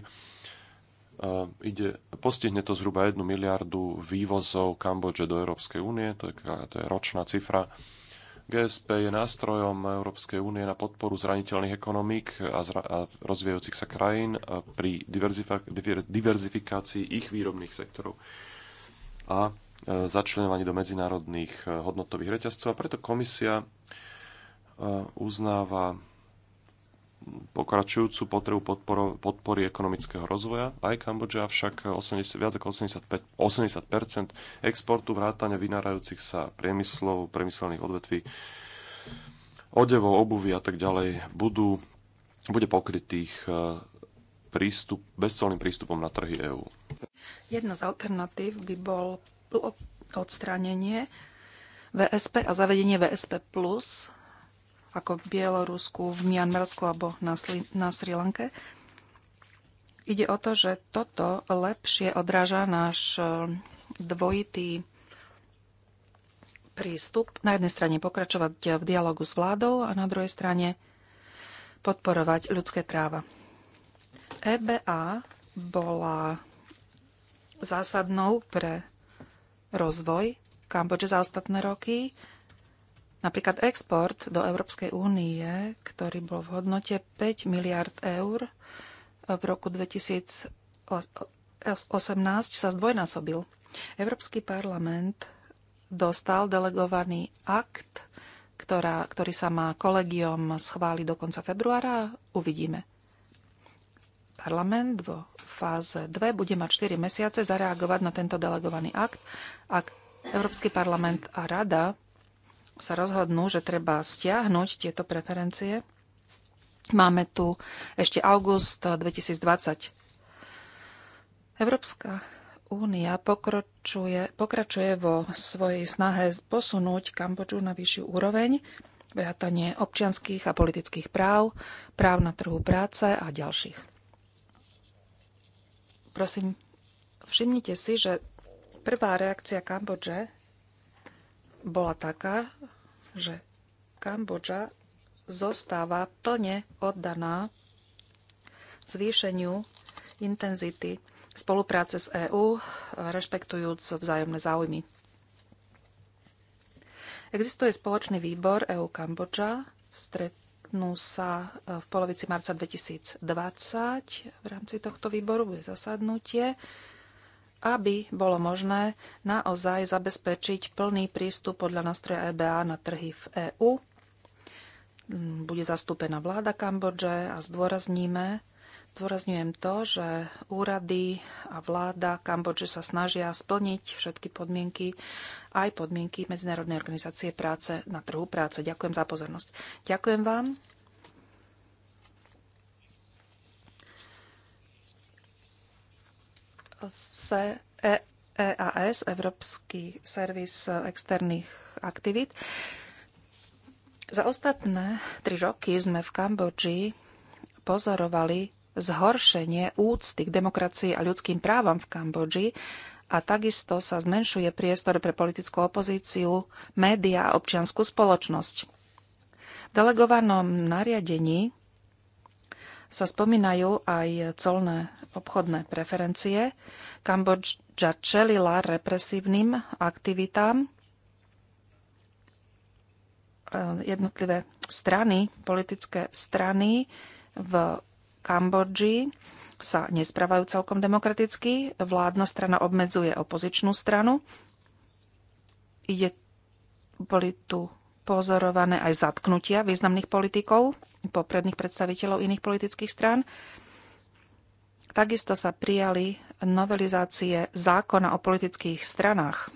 ide, postihne to zhruba 1 miliardu vývozov Kambodže do Európskej únie, to je, to je ročná cifra. GSP je nástrojom Európskej únie na podporu zraniteľných ekonomík a, zra- a rozvíjajúcich sa krajín pri diverzifikácii ich výrobných sektorov a e, začlenovaní do medzinárodných e, hodnotových reťazcov. A preto komisia e, uznáva pokračujúcu potrebu podporo, podpory ekonomického rozvoja. Aj Kambodža však 80, viac ako 85, 80 exportu vrátane vynárajúcich sa priemyslov, priemyselných odvetví, odevov, obuvy a tak ďalej budú, bude pokrytých e, prístup, bezcelným prístupom na trhy EÚ. Jedna z alternatív by bol odstránenie VSP a zavedenie VSP plus ako v Bielorusku, v Mianmarsku alebo na, Sli- na Sri Lanke. Ide o to, že toto lepšie odráža náš e, dvojitý prístup. Na jednej strane pokračovať v dialogu s vládou a na druhej strane podporovať ľudské práva. EBA bola zásadnou pre rozvoj Kambodže za ostatné roky Napríklad export do Európskej únie, ktorý bol v hodnote 5 miliard eur v roku 2018, sa zdvojnásobil. Európsky parlament dostal delegovaný akt, ktorá, ktorý sa má kolegium schváliť do konca februára. Uvidíme. Parlament vo fáze 2 bude mať 4 mesiace zareagovať na tento delegovaný akt. Ak Európsky parlament a Rada sa rozhodnú, že treba stiahnuť tieto preferencie. Máme tu ešte august 2020. Európska únia pokračuje, pokračuje vo svojej snahe posunúť Kambodžu na vyššiu úroveň, vrátanie občianských a politických práv, práv na trhu práce a ďalších. Prosím, všimnite si, že prvá reakcia Kambodže bola taká, že Kambodža zostáva plne oddaná zvýšeniu intenzity spolupráce s EÚ, rešpektujúc vzájomné záujmy. Existuje spoločný výbor EÚ Kambodža, stretnú sa e, v polovici marca 2020 v rámci tohto výboru, bude zasadnutie aby bolo možné naozaj zabezpečiť plný prístup podľa nástroja EBA na trhy v EÚ. Bude zastúpená vláda Kambodže a zdôrazníme, zdôrazňujem to, že úrady a vláda Kambodže sa snažia splniť všetky podmienky, aj podmienky Medzinárodnej organizácie práce na trhu práce. Ďakujem za pozornosť. Ďakujem vám. EAS, e, e Európsky servis externých aktivít. Za ostatné tri roky sme v Kambodži pozorovali zhoršenie úcty k demokracii a ľudským právam v Kambodži a takisto sa zmenšuje priestor pre politickú opozíciu, média a občianskú spoločnosť. V delegovanom nariadení sa spomínajú aj colné obchodné preferencie. Kambodža čelila represívnym aktivitám. Eh, jednotlivé strany, politické strany v Kambodži sa nesprávajú celkom demokraticky. Vládna strana obmedzuje opozičnú stranu. Ide, boli tu pozorované aj zatknutia významných politikov popredných predstaviteľov iných politických strán. Takisto sa prijali novelizácie zákona o politických stranách.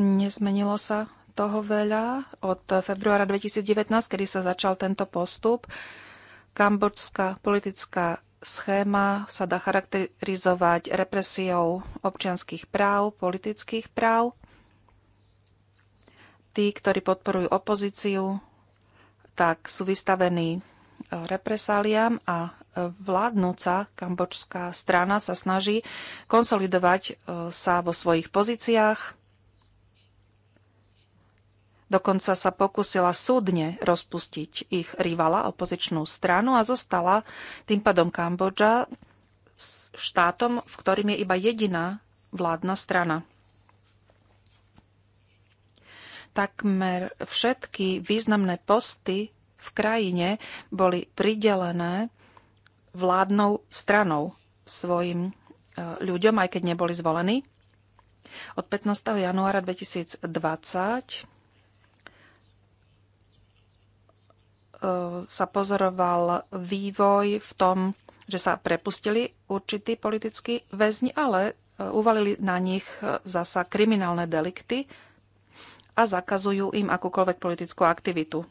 Nezmenilo sa toho veľa od februára 2019, kedy sa začal tento postup. Kambodžská politická schéma sa dá charakterizovať represiou občianských práv, politických práv tí, ktorí podporujú opozíciu, tak sú vystavení e, represáliám a e, vládnúca kambočská strana sa snaží konsolidovať e, sa vo svojich pozíciách. Dokonca sa pokusila súdne rozpustiť ich rivala, opozičnú stranu a zostala tým pádom Kambodža štátom, v ktorým je iba jediná vládna strana. Takmer všetky významné posty v krajine boli pridelené vládnou stranou svojim e, ľuďom, aj keď neboli zvolení. Od 15. januára 2020 e, sa pozoroval vývoj v tom, že sa prepustili určití politickí väzni, ale e, uvalili na nich zasa kriminálne delikty a zakazujú im akúkoľvek politickú aktivitu.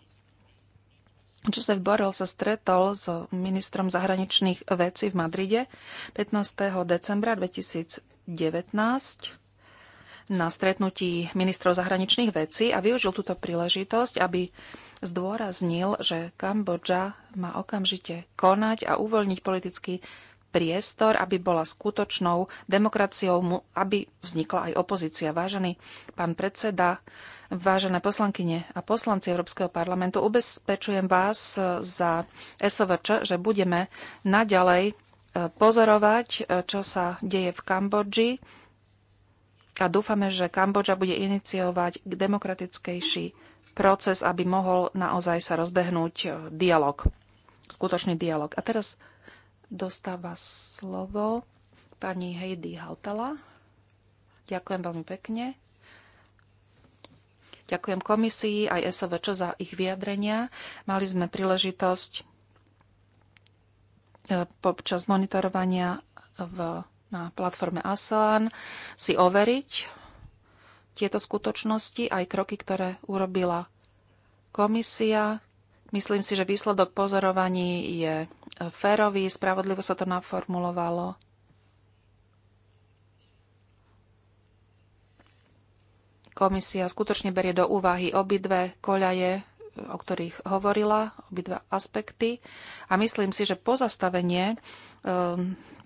Joseph Borrell sa stretol s ministrom zahraničných vecí v Madride 15. decembra 2019 na stretnutí ministrov zahraničných vecí a využil túto príležitosť, aby zdôraznil, že Kambodža má okamžite konať a uvoľniť politický priestor, aby bola skutočnou demokraciou, aby vznikla aj opozícia. Vážený pán predseda, Vážené poslankyne a poslanci Európskeho parlamentu, ubezpečujem vás za SOVČ, že budeme naďalej e, pozorovať, e, čo sa deje v Kambodži a dúfame, že Kambodža bude iniciovať k demokratickejší proces, aby mohol naozaj sa rozbehnúť e, dialog, skutočný dialog. A teraz dostáva slovo pani Heidi Hautala. Ďakujem veľmi pekne. Ďakujem komisii aj SOVČ za ich vyjadrenia. Mali sme príležitosť e, počas monitorovania v, na platforme ASEAN si overiť tieto skutočnosti, aj kroky, ktoré urobila komisia. Myslím si, že výsledok pozorovaní je e, férový, spravodlivo sa to naformulovalo Komisia skutočne berie do úvahy obidve koľaje, e, o ktorých hovorila, obidva aspekty. A myslím si, že pozastavenie e,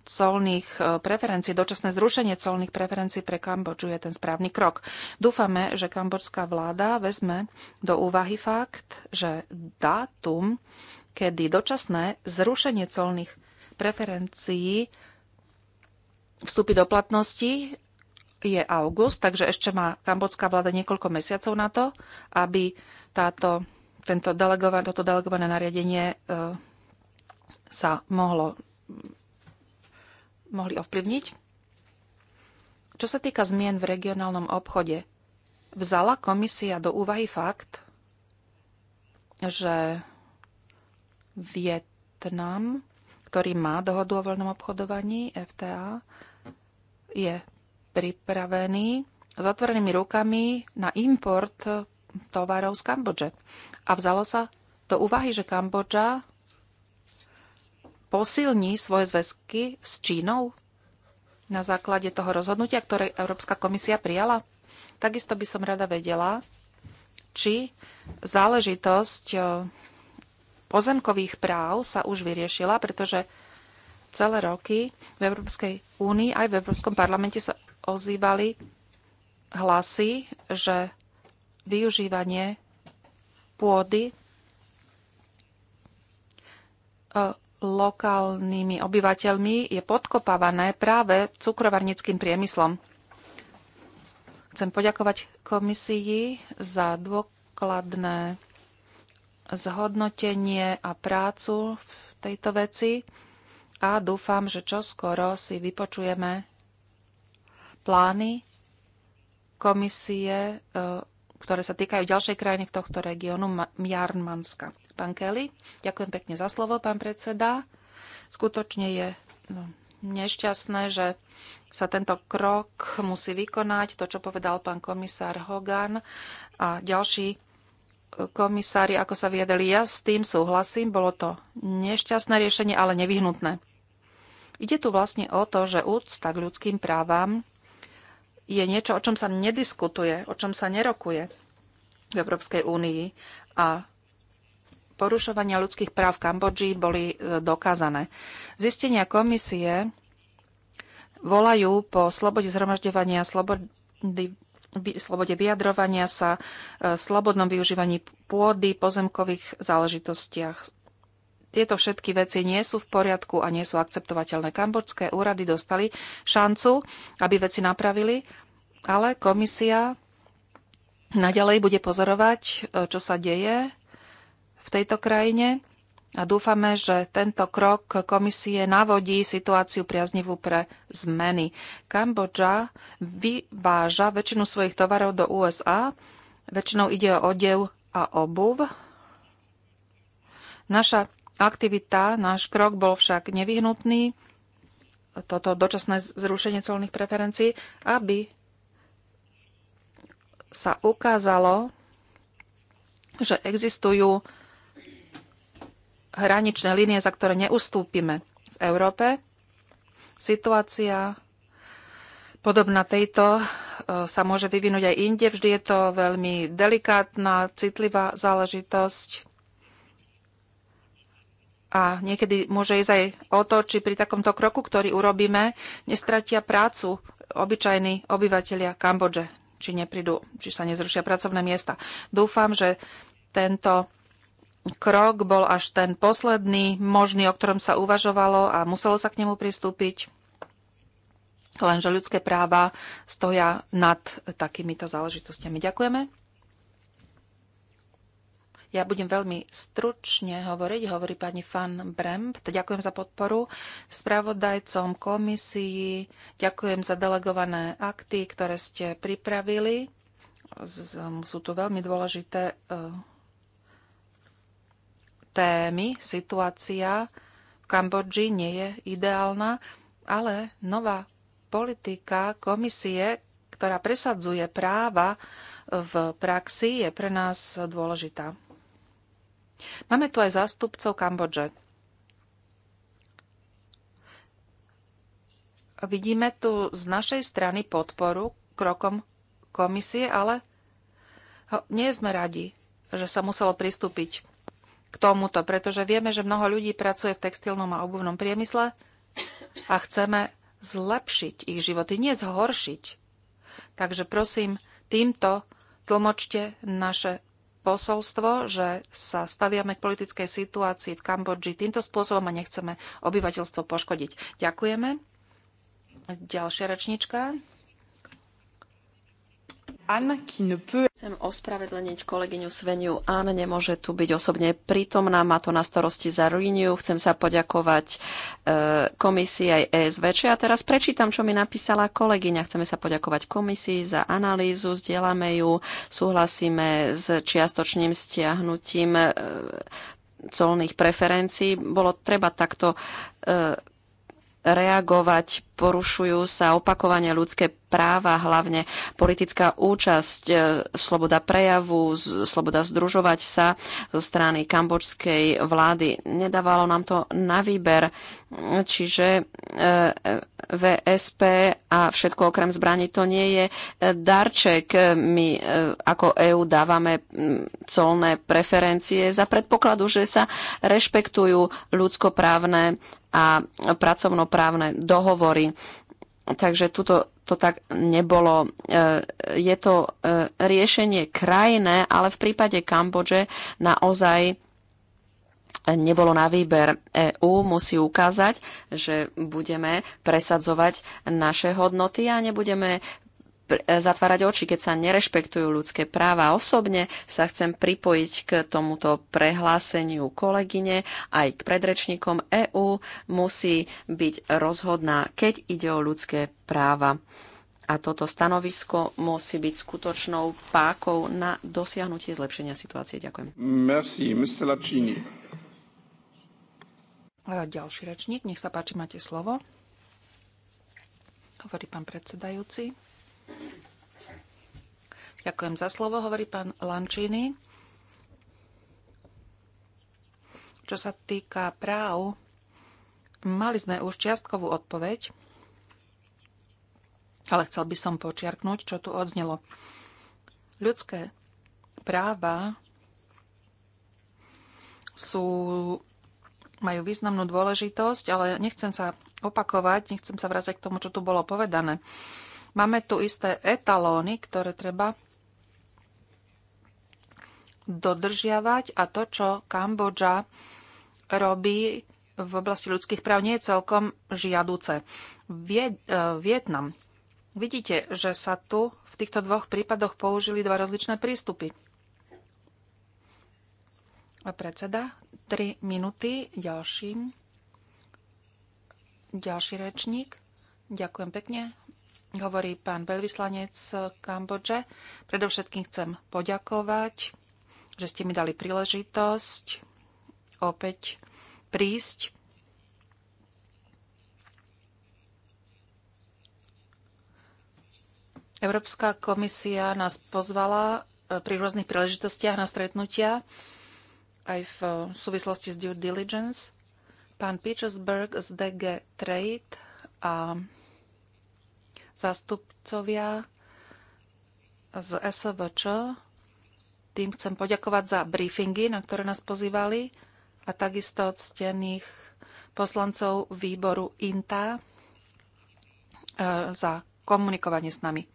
colných e, preferencií, dočasné zrušenie colných preferencií pre Kambodžu je ten správny krok. Dúfame, že kambodžská vláda vezme do úvahy fakt, že dátum, kedy dočasné zrušenie colných preferencií vstúpi do platnosti, je august, takže ešte má kambodská vláda niekoľko mesiacov na to, aby táto, tento delegované, toto delegované nariadenie e, sa mohlo, mohli ovplyvniť. Čo sa týka zmien v regionálnom obchode, vzala komisia do úvahy fakt, že Vietnam, ktorý má dohodu o voľnom obchodovaní, FTA, je pripravení s otvorenými rukami na import tovarov z Kambodže. A vzalo sa do úvahy, že Kambodža posilní svoje zväzky s Čínou na základe toho rozhodnutia, ktoré Európska komisia prijala. Takisto by som rada vedela, či záležitosť e, pozemkových práv sa už vyriešila, pretože celé roky v Európskej únii aj v Európskom parlamente sa ozývali hlasy, že využívanie pôdy e, lokálnymi obyvateľmi je podkopávané práve cukrovarnickým priemyslom. Chcem poďakovať komisii za dôkladné zhodnotenie a prácu v tejto veci a dúfam, že čoskoro si vypočujeme plány komisie, eh, ktoré sa týkajú ďalšej krajiny v tohto regiónu, Mjarmanska. Pán Kelly, ďakujem pekne za slovo, pán predseda. Skutočne je no, nešťastné, že sa tento krok musí vykonať, to, čo povedal pán komisár Hogan a ďalší eh, komisári, ako sa viedeli, Ja s tým súhlasím, bolo to nešťastné riešenie, ale nevyhnutné. Ide tu vlastne o to, že úcta k ľudským právam je niečo, o čom sa nediskutuje, o čom sa nerokuje v Európskej únii. A porušovania ľudských práv v Kambodži boli e, dokázané. Zistenia komisie volajú po slobode zhromažďovania, slobody, slobode vyjadrovania sa, e, slobodnom využívaní pôdy, pozemkových záležitostiach. Tieto všetky veci nie sú v poriadku a nie sú akceptovateľné. Kambodžské úrady dostali šancu, aby veci napravili ale komisia naďalej bude pozorovať, e, čo sa deje v tejto krajine a dúfame, že tento krok komisie navodí situáciu priaznivú pre zmeny. Kambodža vyváža väčšinu svojich tovarov do USA, väčšinou ide o odev a obuv. Naša aktivita, náš krok bol však nevyhnutný, toto dočasné zrušenie colných preferencií, aby sa ukázalo, že existujú hraničné línie, za ktoré neustúpime v Európe. Situácia podobná tejto e, sa môže vyvinúť aj inde. Vždy je to veľmi delikátna, citlivá záležitosť. A niekedy môže ísť aj o to, či pri takomto kroku, ktorý urobíme, nestratia prácu obyčajní obyvateľia Kambodže či neprídu, či sa nezrušia pracovné miesta. Dúfam, že tento krok bol až ten posledný možný, o ktorom sa uvažovalo a muselo sa k nemu pristúpiť. Lenže ľudské práva stoja nad takýmito záležitostiami. Ďakujeme. Ja budem veľmi stručne hovoriť, hovorí pani Fan Bremp. Ďakujem za podporu spravodajcom komisii, ďakujem za delegované akty, ktoré ste pripravili. Sú tu veľmi dôležité e, témy. Situácia v Kambodži nie je ideálna, ale nová politika komisie, ktorá presadzuje práva v praxi, je pre nás dôležitá. Máme tu aj zástupcov Kambodže. Vidíme tu z našej strany podporu krokom komisie, ale nie sme radi, že sa muselo pristúpiť k tomuto, pretože vieme, že mnoho ľudí pracuje v textilnom a obuvnom priemysle a chceme zlepšiť ich životy, nie zhoršiť. Takže prosím, týmto tlmočte naše posolstvo, že sa staviame k politickej situácii v Kambodži týmto spôsobom a nechceme obyvateľstvo poškodiť. Ďakujeme. Ďalšia rečnička. Chcem ospravedlniť kolegyňu Sveniu An, nemôže tu byť osobne prítomná, má to na starosti za Renew. Chcem sa poďakovať e, komisii aj ESVČ. A teraz prečítam, čo mi napísala kolegyňa. Chceme sa poďakovať komisii za analýzu, zdieľame ju, súhlasíme s čiastočným stiahnutím e, colných preferencií. Bolo treba takto e, reagovať. Porušujú sa opakovane ľudské práva, hlavne politická účasť, e, sloboda prejavu, sloboda združovať sa zo strany kambočskej vlády. Nedávalo nám to na výber, čiže e, e, VSP a všetko okrem zbraní, to nie je e, darček. E, my e, ako EÚ dávame colné preferencie za predpokladu, že sa rešpektujú ľudskoprávne a pracovnoprávne dohovory. Takže tuto to tak nebolo. Je to riešenie krajné, ale v prípade Kambodže naozaj nebolo na výber. EÚ musí ukázať, že budeme presadzovať naše hodnoty a nebudeme zatvárať oči, keď sa nerešpektujú ľudské práva. Osobne sa chcem pripojiť k tomuto prehláseniu kolegyne aj k predrečníkom. EÚ musí byť rozhodná, keď ide o ľudské práva. A toto stanovisko musí byť skutočnou pákou na dosiahnutie zlepšenia situácie. Ďakujem. Merci, Mr. Lacini. E, ďalší rečník, nech sa páči, máte slovo. Hovorí pán predsedajúci. Ďakujem za slovo, hovorí pán Lančíny. Čo sa týka práv, mali sme už čiastkovú odpoveď, ale chcel by som počiarknúť, čo tu odznelo. Ľudské práva sú majú významnú dôležitosť, ale nechcem sa opakovať, nechcem sa vrácať k tomu, čo tu bolo povedané. Máme tu isté etalóny, ktoré treba dodržiavať a to, čo Kambodža robí v oblasti ľudských práv, nie je celkom žiaduce. Vied, uh, e, Vietnam. Vidíte, že sa tu v týchto dvoch prípadoch použili dva rozličné prístupy predseda. 3 minúty ďalším. Ďalší rečník. Ďakujem pekne. Hovorí pán veľvyslanec Kambodže. Predovšetkým chcem poďakovať, že ste mi dali príležitosť opäť prísť. Európska komisia nás pozvala pri rôznych príležitostiach na stretnutia aj v súvislosti s due diligence. Pán Petersburg z DG Trade a zástupcovia z SVČ. Tým chcem poďakovať za briefingy, na ktoré nás pozývali a takisto od stených poslancov výboru INTA e, za komunikovanie s nami.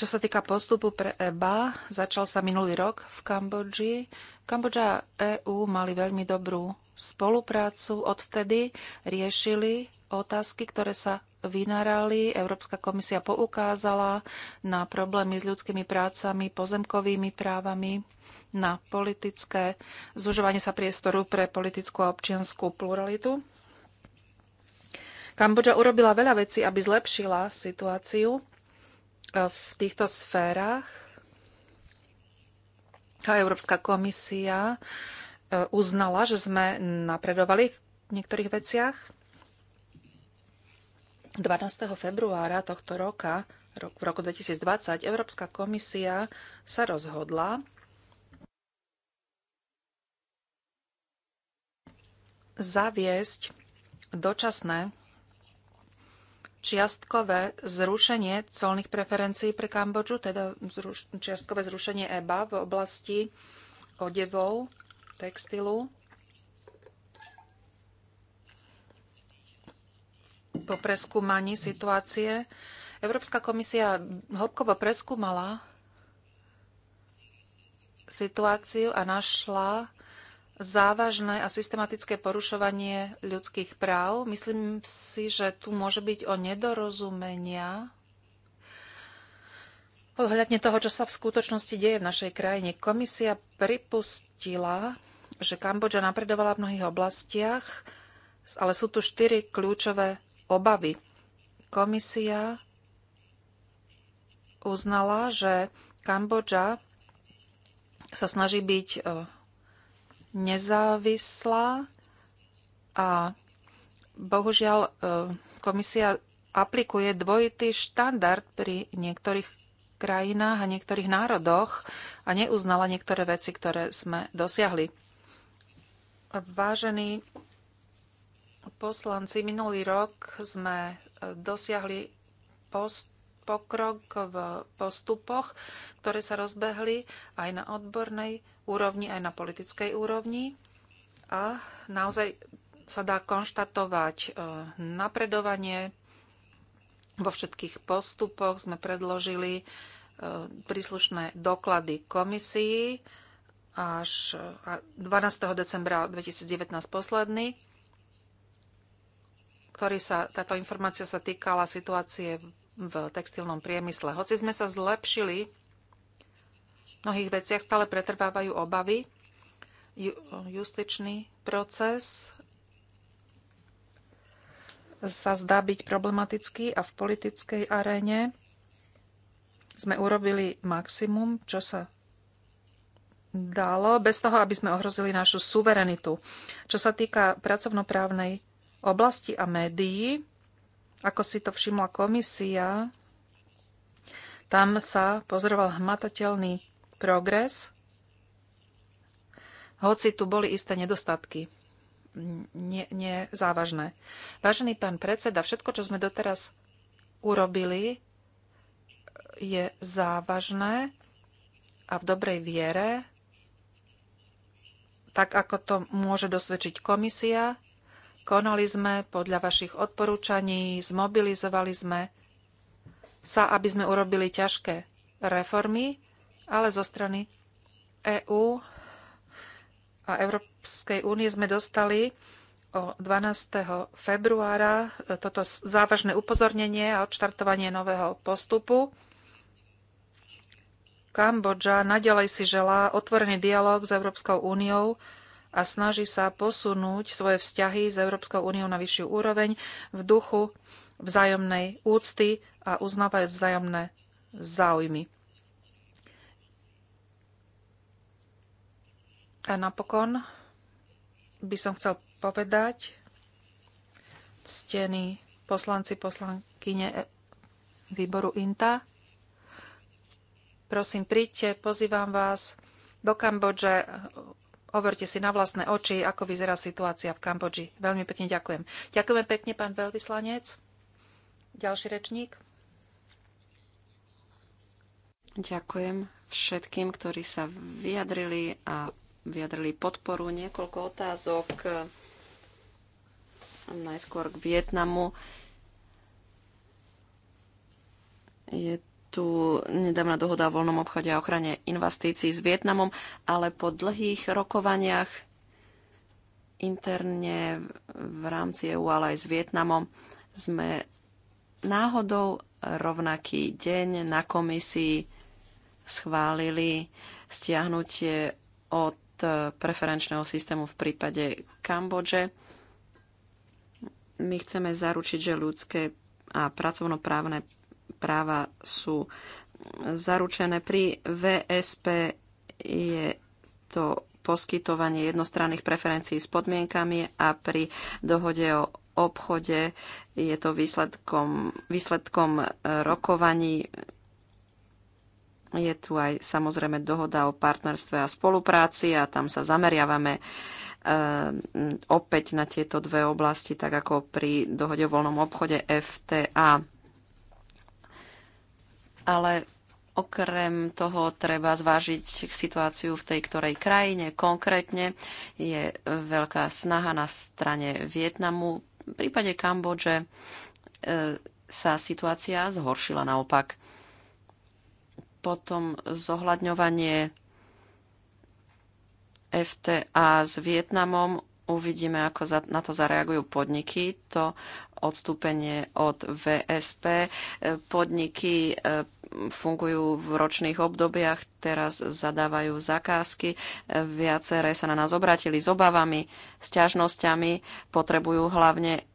Čo sa týka postupu pre EBA, začal sa minulý rok v Kambodži. Kambodža a EÚ mali veľmi dobrú spoluprácu. Odvtedy riešili otázky, ktoré sa vynarali. Európska komisia poukázala na problémy s ľudskými prácami, pozemkovými právami, na politické zužovanie sa priestoru pre politickú a občianskú pluralitu. Kambodža urobila veľa vecí, aby zlepšila situáciu E, v týchto sférach. A Európska komisia e, uznala, že sme napredovali v niektorých veciach. 12. februára tohto roka, v roku 2020, Európska komisia sa rozhodla zaviesť dočasné čiastkové zrušenie colných preferencií pre Kambodžu, teda zruš- čiastkové zrušenie EBA v oblasti odevov, textilu. Po preskúmaní situácie Európska komisia hlbkovo preskúmala situáciu a našla závažné a systematické porušovanie ľudských práv. Myslím si, že tu môže byť o nedorozumenia ohľadne toho, čo sa v skutočnosti deje v našej krajine. Komisia pripustila, že Kambodža napredovala v mnohých oblastiach, ale sú tu štyri kľúčové obavy. Komisia uznala, že Kambodža sa snaží byť e, nezávislá a bohužiaľ e, komisia aplikuje dvojitý štandard pri niektorých krajinách a niektorých národoch a neuznala niektoré veci, ktoré sme dosiahli. Vážení poslanci, minulý rok sme e, dosiahli post, pokrok v postupoch, ktoré sa rozbehli aj na odbornej úrovni, aj na politickej úrovni. A naozaj sa dá konštatovať e, napredovanie. Vo všetkých postupoch sme predložili e, príslušné doklady komisii až 12. E, decembra 2019 posledný, ktorý sa, táto informácia sa týkala situácie v textilnom priemysle. Hoci sme sa zlepšili mnohých veciach stále pretrvávajú obavy. Justičný proces sa zdá byť problematický a v politickej aréne sme urobili maximum, čo sa dalo, bez toho, aby sme ohrozili našu suverenitu. Čo sa týka pracovnoprávnej oblasti a médií, ako si to všimla komisia, tam sa pozoroval hmatateľný progres, hoci tu boli isté nedostatky. Nie, nie závažné. Vážený pán predseda, všetko, čo sme doteraz urobili, je závažné a v dobrej viere, tak ako to môže dosvedčiť komisia. Konali sme podľa vašich odporúčaní, zmobilizovali sme sa, aby sme urobili ťažké reformy ale zo strany EÚ a Európskej únie sme dostali o 12. februára toto závažné upozornenie a odštartovanie nového postupu. Kambodža nadalej si želá otvorený dialog s Európskou úniou a snaží sa posunúť svoje vzťahy s Európskou úniou na vyššiu úroveň v duchu vzájomnej úcty a uznávajúc vzájomné záujmy. A napokon by som chcel povedať, ctení poslanci, poslankyne výboru INTA, prosím, príďte, pozývam vás do Kambodže, overte si na vlastné oči, ako vyzerá situácia v Kambodži. Veľmi pekne ďakujem. Ďakujeme pekne, pán veľvyslanec. Ďalší rečník. Ďakujem všetkým, ktorí sa vyjadrili a vyjadrili podporu. Niekoľko otázok najskôr k Vietnamu. Je tu nedávna dohoda o voľnom obchode a ochrane investícií s Vietnamom, ale po dlhých rokovaniach interne v rámci EU, ale aj s Vietnamom sme náhodou rovnaký deň na komisii schválili stiahnutie od Eh, preferenčného systému v prípade Kambodže. My chceme zaručiť, že ľudské a pracovnoprávne práva sú zaručené. Pri VSP je to poskytovanie jednostranných preferencií s podmienkami a pri dohode o obchode je to výsledkom, výsledkom eh, rokovaní je tu aj samozrejme dohoda o partnerstve a spolupráci a tam sa zameriavame eh, opäť na tieto dve oblasti, tak ako pri dohode o voľnom obchode FTA. Ale okrem toho treba zvážiť situáciu v tej ktorej krajine. Konkrétne je eh, veľká snaha na strane Vietnamu. V prípade Kambodže eh, sa situácia zhoršila naopak potom zohľadňovanie FTA s Vietnamom. Uvidíme, ako na to zareagujú podniky. To odstúpenie od VSP. E, podniky e, fungujú v ročných obdobiach, teraz zadávajú zakázky. E, viaceré sa na nás obratili s obavami, s ťažnosťami. Potrebujú hlavne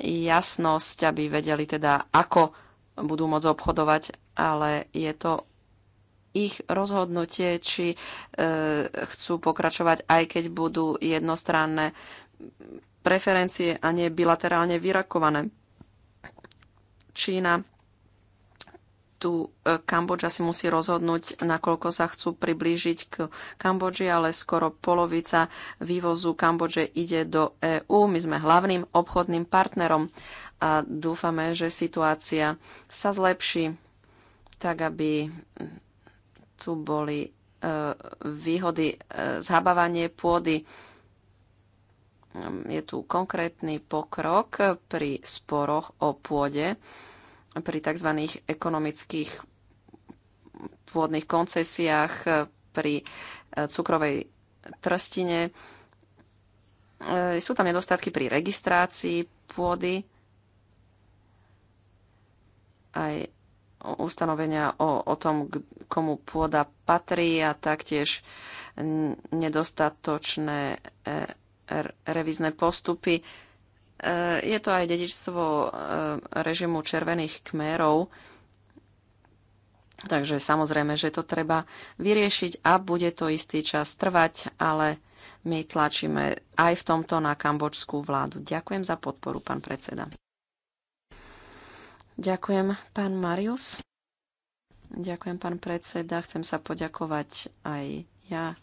jasnosť, aby vedeli teda, ako budú môcť obchodovať, ale je to ich rozhodnutie, či e, chcú pokračovať, aj keď budú jednostranné preferencie a nie bilaterálne vyrakované. Čína tu e, Kambodža si musí rozhodnúť, nakoľko sa chcú priblížiť k Kambodži, ale skoro polovica vývozu Kambodže ide do EÚ. My sme hlavným obchodným partnerom a dúfame, že situácia sa zlepší tak, aby tu boli e, výhody e, zhabávanie pôdy. Ehm, je tu konkrétny pokrok pri sporoch o pôde, pri tzv. ekonomických pôdnych koncesiách, e, pri cukrovej trstine. Sú tam nedostatky pri registrácii pôdy, aj ustanovenia o, o tom, komu pôda patrí a taktiež nedostatočné e, revizné postupy. E, je to aj dedičstvo e, režimu červených kmerov, takže samozrejme, že to treba vyriešiť a bude to istý čas trvať, ale my tlačíme aj v tomto na kambočskú vládu. Ďakujem za podporu, pán predseda. Ďakujem, pán Marius. Ďakujem, pán predseda. Chcem sa poďakovať aj ja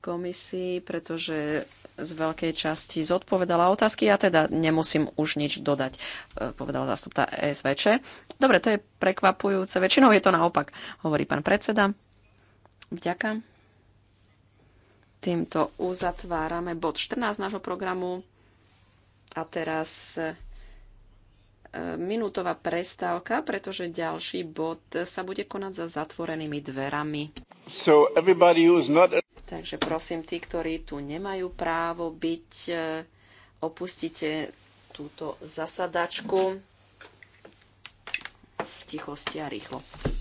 komisii, pretože z veľkej časti zodpovedala otázky. Ja teda nemusím už nič dodať, e, povedal zástupca SVČ. Dobre, to je prekvapujúce. Väčšinou je to naopak, hovorí pán predseda. Vďaka. Týmto uzatvárame bod 14 nášho programu. A teraz minútová prestávka, pretože ďalší bod sa bude konať za zatvorenými dverami. So not... Takže prosím, tí, ktorí tu nemajú právo byť, e, opustite túto zasadačku v tichosti a rýchlo.